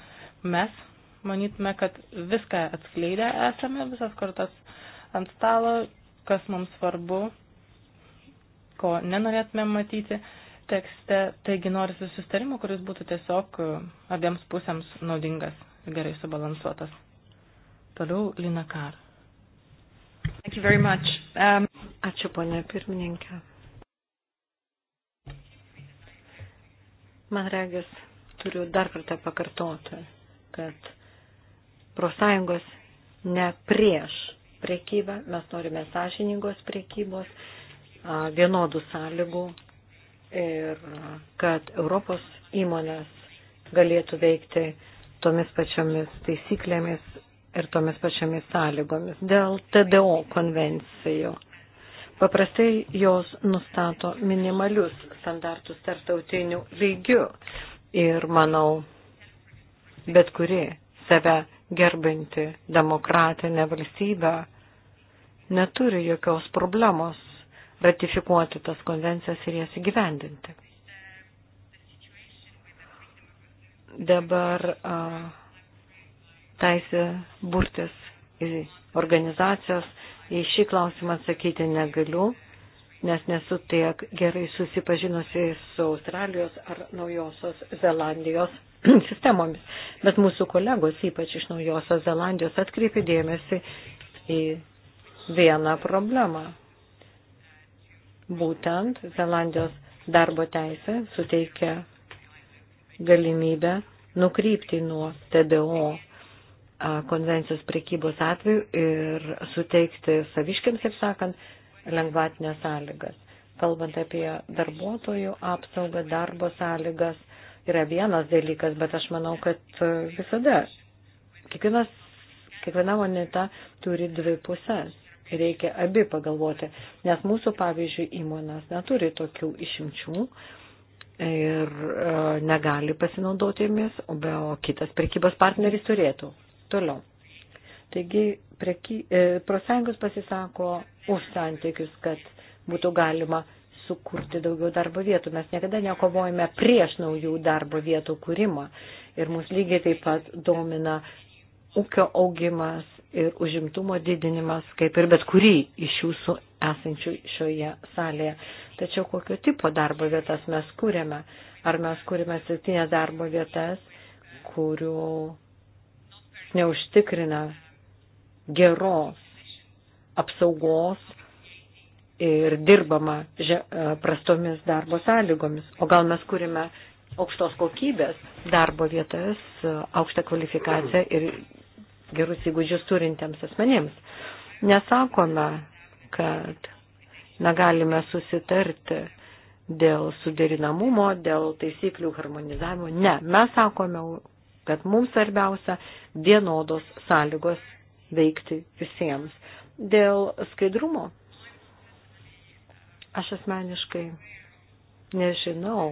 mes manytume, kad viską atskleidę esame, visas kortas ant stalo, kas mums svarbu, ko nenorėtume matyti tekste, taigi norisi sustarimo, kuris būtų tiesiog abiems pusėms naudingas ir gerai subalansuotas. Toliau Lina Kar. Um, ačiū, ponė pirmininkė. Man regis, turiu dar kartą pakartoti, kad profsąjungos ne prieš priekybą, mes norime sąžiningos priekybos, vienodų sąlygų ir kad Europos įmonės galėtų veikti tomis pačiomis taisyklėmis ir tomis pačiomis sąlygomis. Dėl TDO konvencijų Paprastai jos nustato minimalius standartus tarptautinių lygių ir manau, bet kuri save gerbinti demokratinę valstybę neturi jokios problemos ratifikuoti tas konvencijas ir jas įgyvendinti. Dabar a, taisė burtis į organizacijas Į šį klausimą atsakyti negaliu, nes nesu tiek gerai susipažinusi su Australijos ar Naujosios Zelandijos sistemomis. Bet mūsų kolegos, ypač iš Naujosios Zelandijos, atkreipė dėmesį į vieną problemą. Būtent Zelandijos darbo teisė suteikia galimybę nukrypti nuo TDO konvencijos prekybos atveju ir suteikti saviškiams, kaip sakant, lengvatinės sąlygas. Kalbant apie darbuotojų apsaugą, darbo sąlygas, yra vienas dalykas, bet aš manau, kad visada kiekvienas, kiekviena moneta turi dvi pusės. Reikia abi pagalvoti, nes mūsų, pavyzdžiui, įmonės neturi tokių išimčių ir e, negali pasinaudotimis, o, be, o kitas prekybos partneris turėtų toliau. Taigi preky, e, prosąjungos pasisako už santykius, kad būtų galima sukurti daugiau darbo vietų. Mes niekada nekovojame prieš naujų darbo vietų kūrimą. Ir mus lygiai taip pat domina ūkio augimas ir užimtumo didinimas, kaip ir bet kurį iš jūsų esančių šioje salėje. Tačiau kokio tipo darbo vietas mes kūrėme? Ar mes kūrėme siltinės darbo vietas, kurių neužtikrina geros apsaugos ir dirbama e, prastomis darbo sąlygomis. O gal mes kūrime aukštos kokybės darbo vietas, e, aukštą kvalifikaciją ir gerus įgūdžius turintiems asmenėms. Nesakome, kad negalime susitarti dėl suderinamumo, dėl taisyklių harmonizavimo. Ne, mes sakome kad mums svarbiausia vienodos sąlygos veikti visiems. Dėl skaidrumo aš asmeniškai nežinau,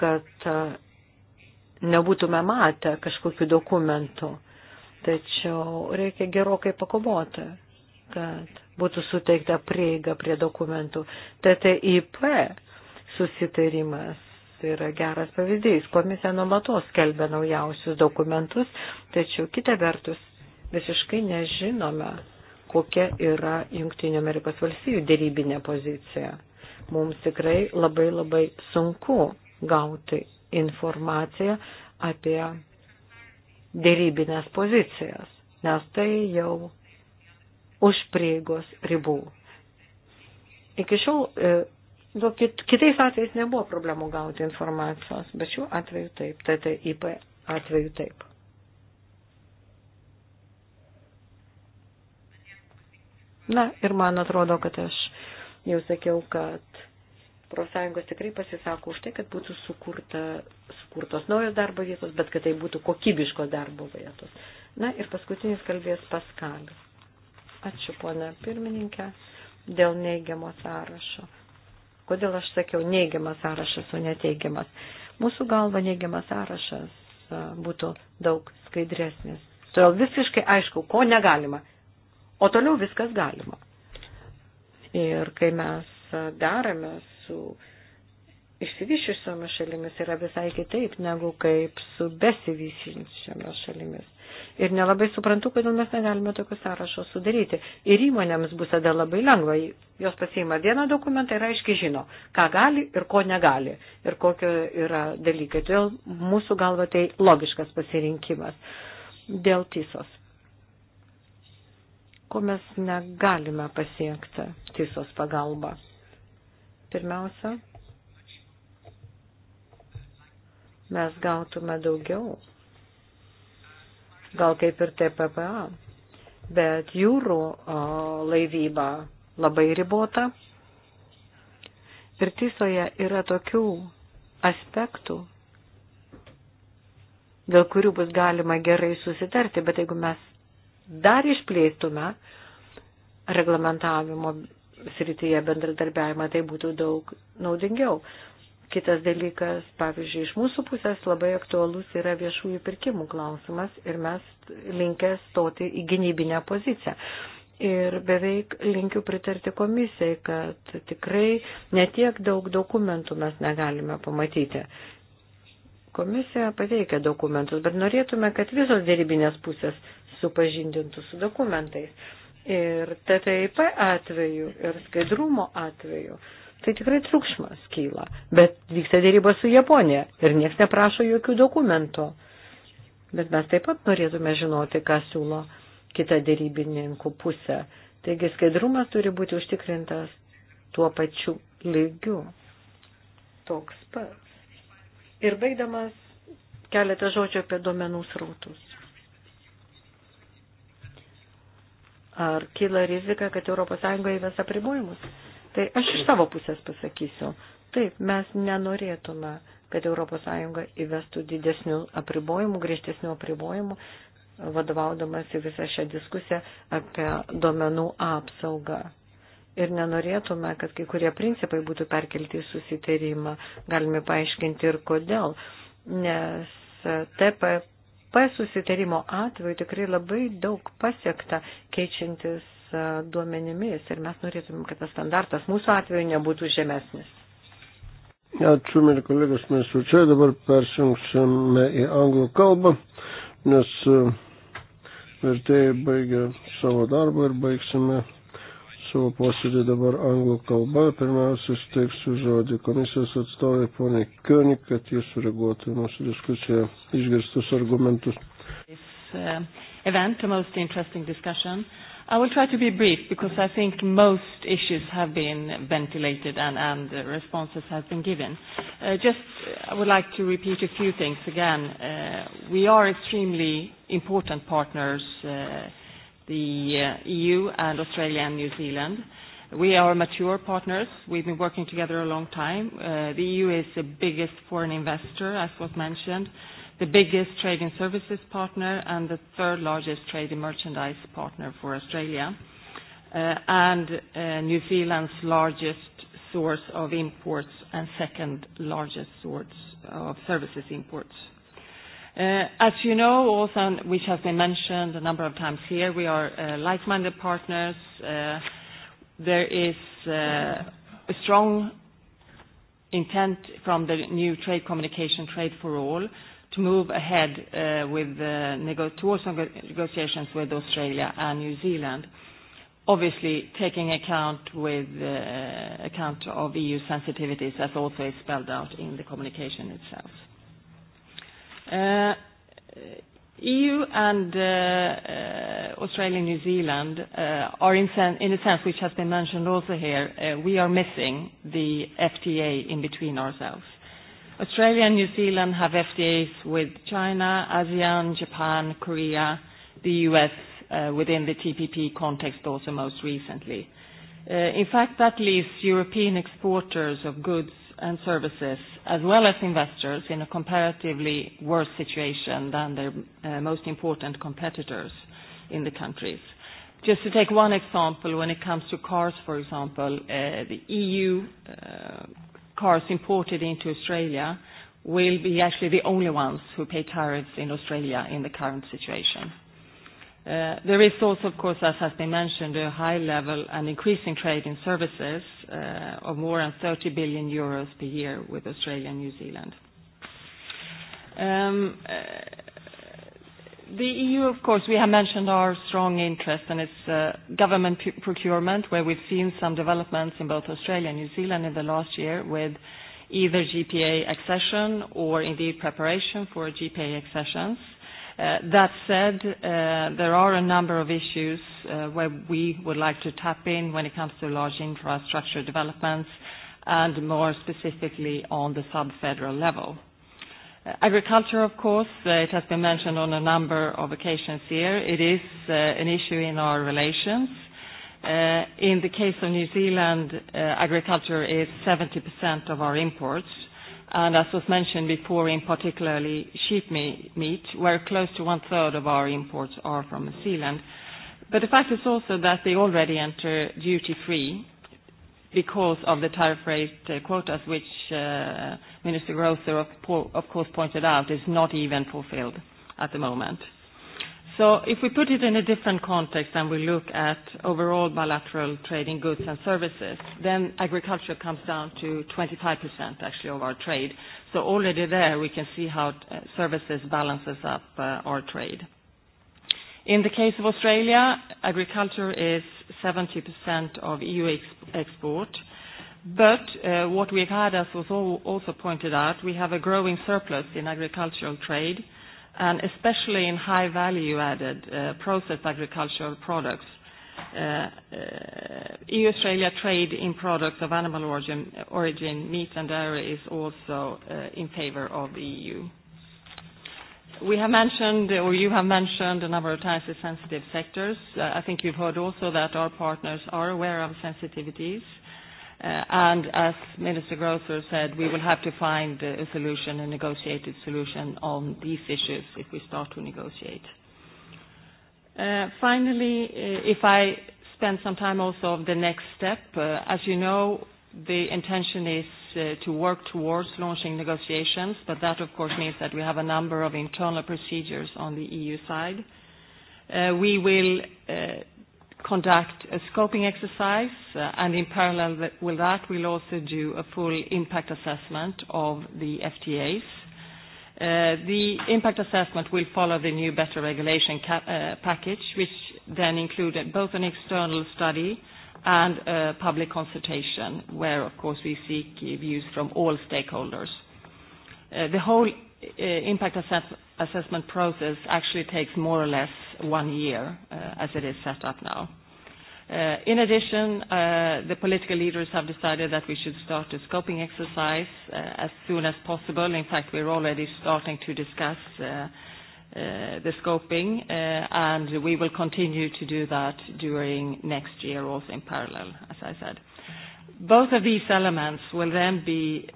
kad e, nebūtume matę kažkokių dokumentų, tačiau reikia gerokai pakovoti, kad būtų suteikta prieiga prie dokumentų. TTIP susitarimas tai yra geras pavyzdys. Komisija nuolatos skelbia naujausius dokumentus, tačiau kita vertus visiškai nežinome, kokia yra Junktinio Amerikos valstybių dėrybinė pozicija. Mums tikrai labai labai sunku gauti informaciją apie dėrybinės pozicijas, nes tai jau už prieigos ribų. Iki šiol e, Kitais atvejais nebuvo problemų gauti informacijos, bet šiuo atveju taip, TTIP tai, atveju taip. Na ir man atrodo, kad aš jau sakiau, kad profsąjungos tikrai pasisako už tai, kad būtų sukurta, sukurtos naujos darbo vietos, bet kad tai būtų kokybiškos darbo vietos. Na ir paskutinis kalbės Paskalis. Ačiū, pona pirmininkė, dėl neigiamo sąrašo. Kodėl aš sakiau neigiamas sąrašas, o neteigiamas? Mūsų galva neigiamas sąrašas būtų daug skaidresnis. Todėl visiškai aišku, ko negalima. O toliau viskas galima. Ir kai mes darame su išsivyščiusiomis šalimis, yra visai kitaip negu kaip su besivyščiusiomis šalimis. Ir nelabai suprantu, kodėl mes negalime tokio sąrašo sudaryti. Ir įmonėms bus tada labai lengva. Jos pasiima vieną dokumentą ir aiškiai žino, ką gali ir ko negali. Ir kokie yra dalykai. Todėl mūsų galva tai logiškas pasirinkimas. Dėl tisos ko mes negalime pasiekti tiesos pagalba. Pirmiausia, mes gautume daugiau gal kaip ir TPPA, bet jūrų laivyba labai ribota. Ir tisoje yra tokių aspektų, dėl kurių bus galima gerai susitarti, bet jeigu mes dar išplėstume reglamentavimo srityje bendradarbiavimą, tai būtų daug naudingiau. Kitas dalykas, pavyzdžiui, iš mūsų pusės labai aktualus yra viešųjų pirkimų klausimas ir mes linkę stoti į gynybinę poziciją. Ir beveik linkiu pritarti komisijai, kad tikrai netiek daug dokumentų mes negalime pamatyti. Komisija pateikia dokumentus, bet norėtume, kad visos dėrybinės pusės supažindintų su dokumentais. Ir TTIP atveju ir skaidrumo atveju tai tikrai triukšmas kyla. Bet vyksta dėryba su Japonija ir niekas neprašo jokių dokumentų. Bet mes taip pat norėtume žinoti, ką siūlo kita dėrybininkų pusė. Taigi skaidrumas turi būti užtikrintas tuo pačiu lygiu. Toks pats. Ir baigdamas keletą žodžių apie duomenų srautus. Ar kyla rizika, kad ES įves apribojimus? Tai aš iš savo pusės pasakysiu. Taip, mes nenorėtume, kad ES įvestų didesnių apribojimų, griežtesnių apribojimų, vadovaudamas į visą šią diskusiją apie domenų apsaugą. Ir nenorėtume, kad kai kurie principai būtų perkelti į susitarimą. Galime paaiškinti ir kodėl. Nes TPP susitarimo atveju tikrai labai daug pasiekta keičiantis duomenimis ir mes norėtumėm, kad tas standartas mūsų atveju nebūtų žemesnis. Ačiū, mėly kolegos, mes jau čia dabar persijungsime į anglų kalbą, nes e, vertėjai baigė savo darbą ir baigsime savo posėdį dabar anglų kalba. Pirmiausia, steiksiu žodį komisijos atstovai poniai Kionik, kad jis sureaguotų mūsų diskusiją išgirstus argumentus. This, uh, event, a most interesting discussion. Uh, I will try to be brief because I think most issues have been ventilated and, and responses have been given. Uh, just uh, I would like to repeat a few things again. Uh, we are extremely important partners, uh, the uh, EU and Australia and New Zealand. We are mature partners. We've been working together a long time. Uh, the EU is the biggest foreign investor, as was mentioned the biggest trade in services partner and the third largest trade in merchandise partner for Australia, uh, and uh, New Zealand's largest source of imports and second largest source of services imports. Uh, as you know, also, which has been mentioned a number of times here, we are uh, like-minded partners. Uh, there is uh, a strong intent from the new trade communication, Trade for All, to move ahead uh, with the uh, nego towards negotiations with Australia and New Zealand, obviously taking account with uh, account of EU sensitivities, as also is spelled out in the communication itself. Uh, EU and uh, uh, Australia and New Zealand uh, are in, sen in a sense, which has been mentioned also here, uh, we are missing the FTA in between ourselves. Australia and New Zealand have FTAs with China, ASEAN, Japan, Korea, the US uh, within the TPP context also most recently. Uh, in fact, that leaves European exporters of goods and services, as well as investors, in a comparatively worse situation than their uh, most important competitors in the countries. Just to take one example, when it comes to cars, for example, uh, the EU uh, cars imported into Australia will be actually the only ones who pay tariffs in Australia in the current situation. Uh, there is also, of course, as has been mentioned, a high level and increasing trade in services uh, of more than 30 billion euros per year with Australia and New Zealand. Um, uh, the EU, of course, we have mentioned our strong interest in its uh, government procurement, where we've seen some developments in both Australia and New Zealand in the last year with either GPA accession or indeed preparation for GPA accessions. Uh, that said, uh, there are a number of issues uh, where we would like to tap in when it comes to large infrastructure developments and more specifically on the sub-federal level. Uh, Uh, agriculture, of course, uh, it has been mentioned on a number of occasions here. It is uh, an issue in our relations. Uh, in the case of New Zealand, uh, agriculture is 70% of our imports, and as was mentioned before, in particularly sheep me meat, where close to one-third of our imports are from New Zealand. But the fact is also that they already enter duty-free because of the tariff rate uh, quotas, which uh, Minister Grosser, of course, pointed out, is not even fulfilled at the moment. So if we put it in a different context and we look at overall bilateral trade in goods and services, then agriculture comes down to 25% actually of our trade. So already there, we can see how uh, services balances up our trade. In the case of Australia, agriculture is 70% of EU ex export. But, uh, what we've had, as was also pointed out, we have a growing surplus in agricultural trade, and especially in high value-added uh, processed agricultural products. Uh, uh EU-Australia trade in products of animal origin, origin, meat and dairy is also uh, in favor of the EU. We have mentioned, or you have mentioned a number of times the sensitive sectors. Uh, I think you've heard also that our partners are aware of sensitivities. Uh, and as Minister Grosser said, we will have to find a solution, a negotiated solution on these issues if we start to negotiate. Uh, finally, uh, if I spend some time also on the next step, uh, as you know, the intention is uh, to work towards launching negotiations, but that, of course, means that we have a number of internal procedures on the EU side. Uh, we will uh, conduct a scoping exercise, uh, and in parallel with that, we'll also do a full impact assessment of the FTAs. Uh, the impact assessment will follow the new better regulation ca- uh, package, which then included both an external study uh, and public consultation, where, of course, we seek views from all stakeholders. Uh, the whole uh, impact assess assessment process actually takes more or less one year, uh, as it is set up now. Uh, in addition, uh, the political leaders have decided that we should start a scoping exercise uh, as soon as possible. In fact, we're already starting to discuss Uh, the scoping, uh, and we will continue to do that during next year also in parallel, as I said. Both of these elements will then be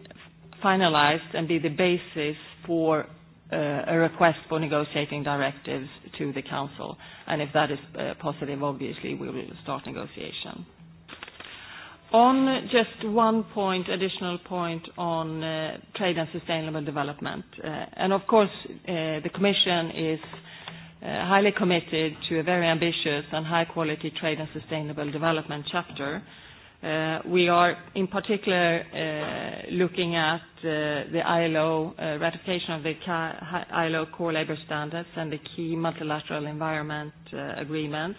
finalized and be the basis for uh, a request for negotiating directives to the council. And if that is positive, obviously, we will start negotiation. On just one point, additional point on uh, trade and sustainable development. Uh, and of course, uh, the Commission is uh, highly committed to a very ambitious and high-quality trade and sustainable development chapter. Uh, we are, in particular, uh, looking at the ILO ratification of the ILO core labor standards and the key multilateral environment agreements,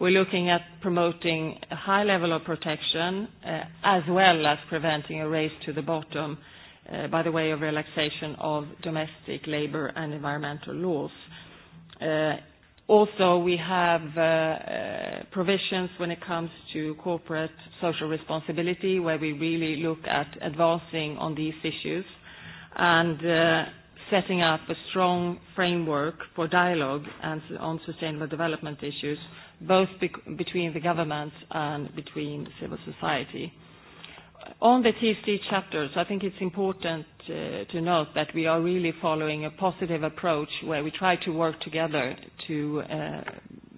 We're looking at promoting a high level of protection, uh, as well as preventing a race to the bottom uh, by the way of relaxation of domestic labor and environmental laws. Uh, also, we have uh, uh, provisions when it comes to corporate social responsibility, where we really look at advancing on these issues and uh, setting up a strong framework for dialogue on sustainable development issues both bec- between the government and between civil society. On the TSD chapters, I think it's important uh, to note that we are really following a positive approach where we try to work together to uh,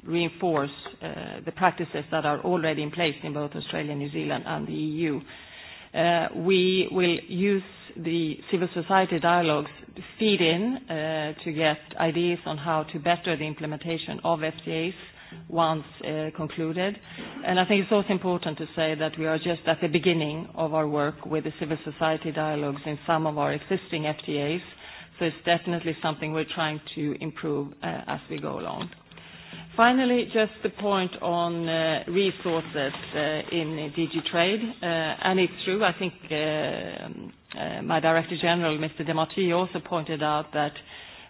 reinforce uh, the practices that are already in place in both Australia, New Zealand, and the EU. Uh, we will use the civil society dialogues to feed in uh, to get ideas on how to better the implementation of FTAs once uh, concluded. And I think it's also important to say that we are just at the beginning of our work with the civil society dialogues in some of our existing FTAs, so it's definitely something we're trying to improve uh, as we go along. Finally, just the point on uh, resources uh, in DG TRADE. Uh, it's true, I think uh, um, my Director General, Mr. de Martino, also pointed out that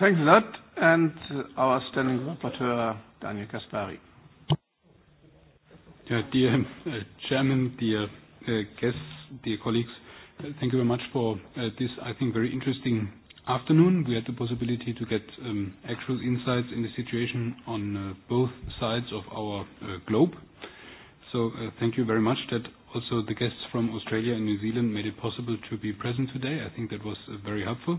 Thanks a lot, and our standing rapporteur, Daniel Caspari. Yeah, dear uh, Chairman, dear uh, guests, dear colleagues, uh, thank you very much for uh, this, I think, very interesting afternoon. We had the possibility to get um, actual insights in the situation on uh, both sides of our uh, globe. So, thank you very much that also the guests from Australia and New Zealand made it possible to be present today. I think that was very helpful.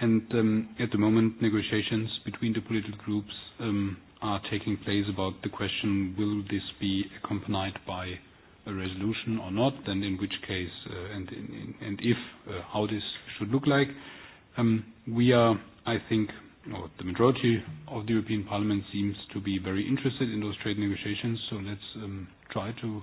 And um, at the moment, negotiations between the political groups um, are taking place about the question, will this be accompanied by a resolution or not, and in which case, uh, and, in, in, and if, uh, how this should look like. Um, we are, I think, or the majority of the European Parliament seems to be very interested in those trade negotiations, so let's um, try to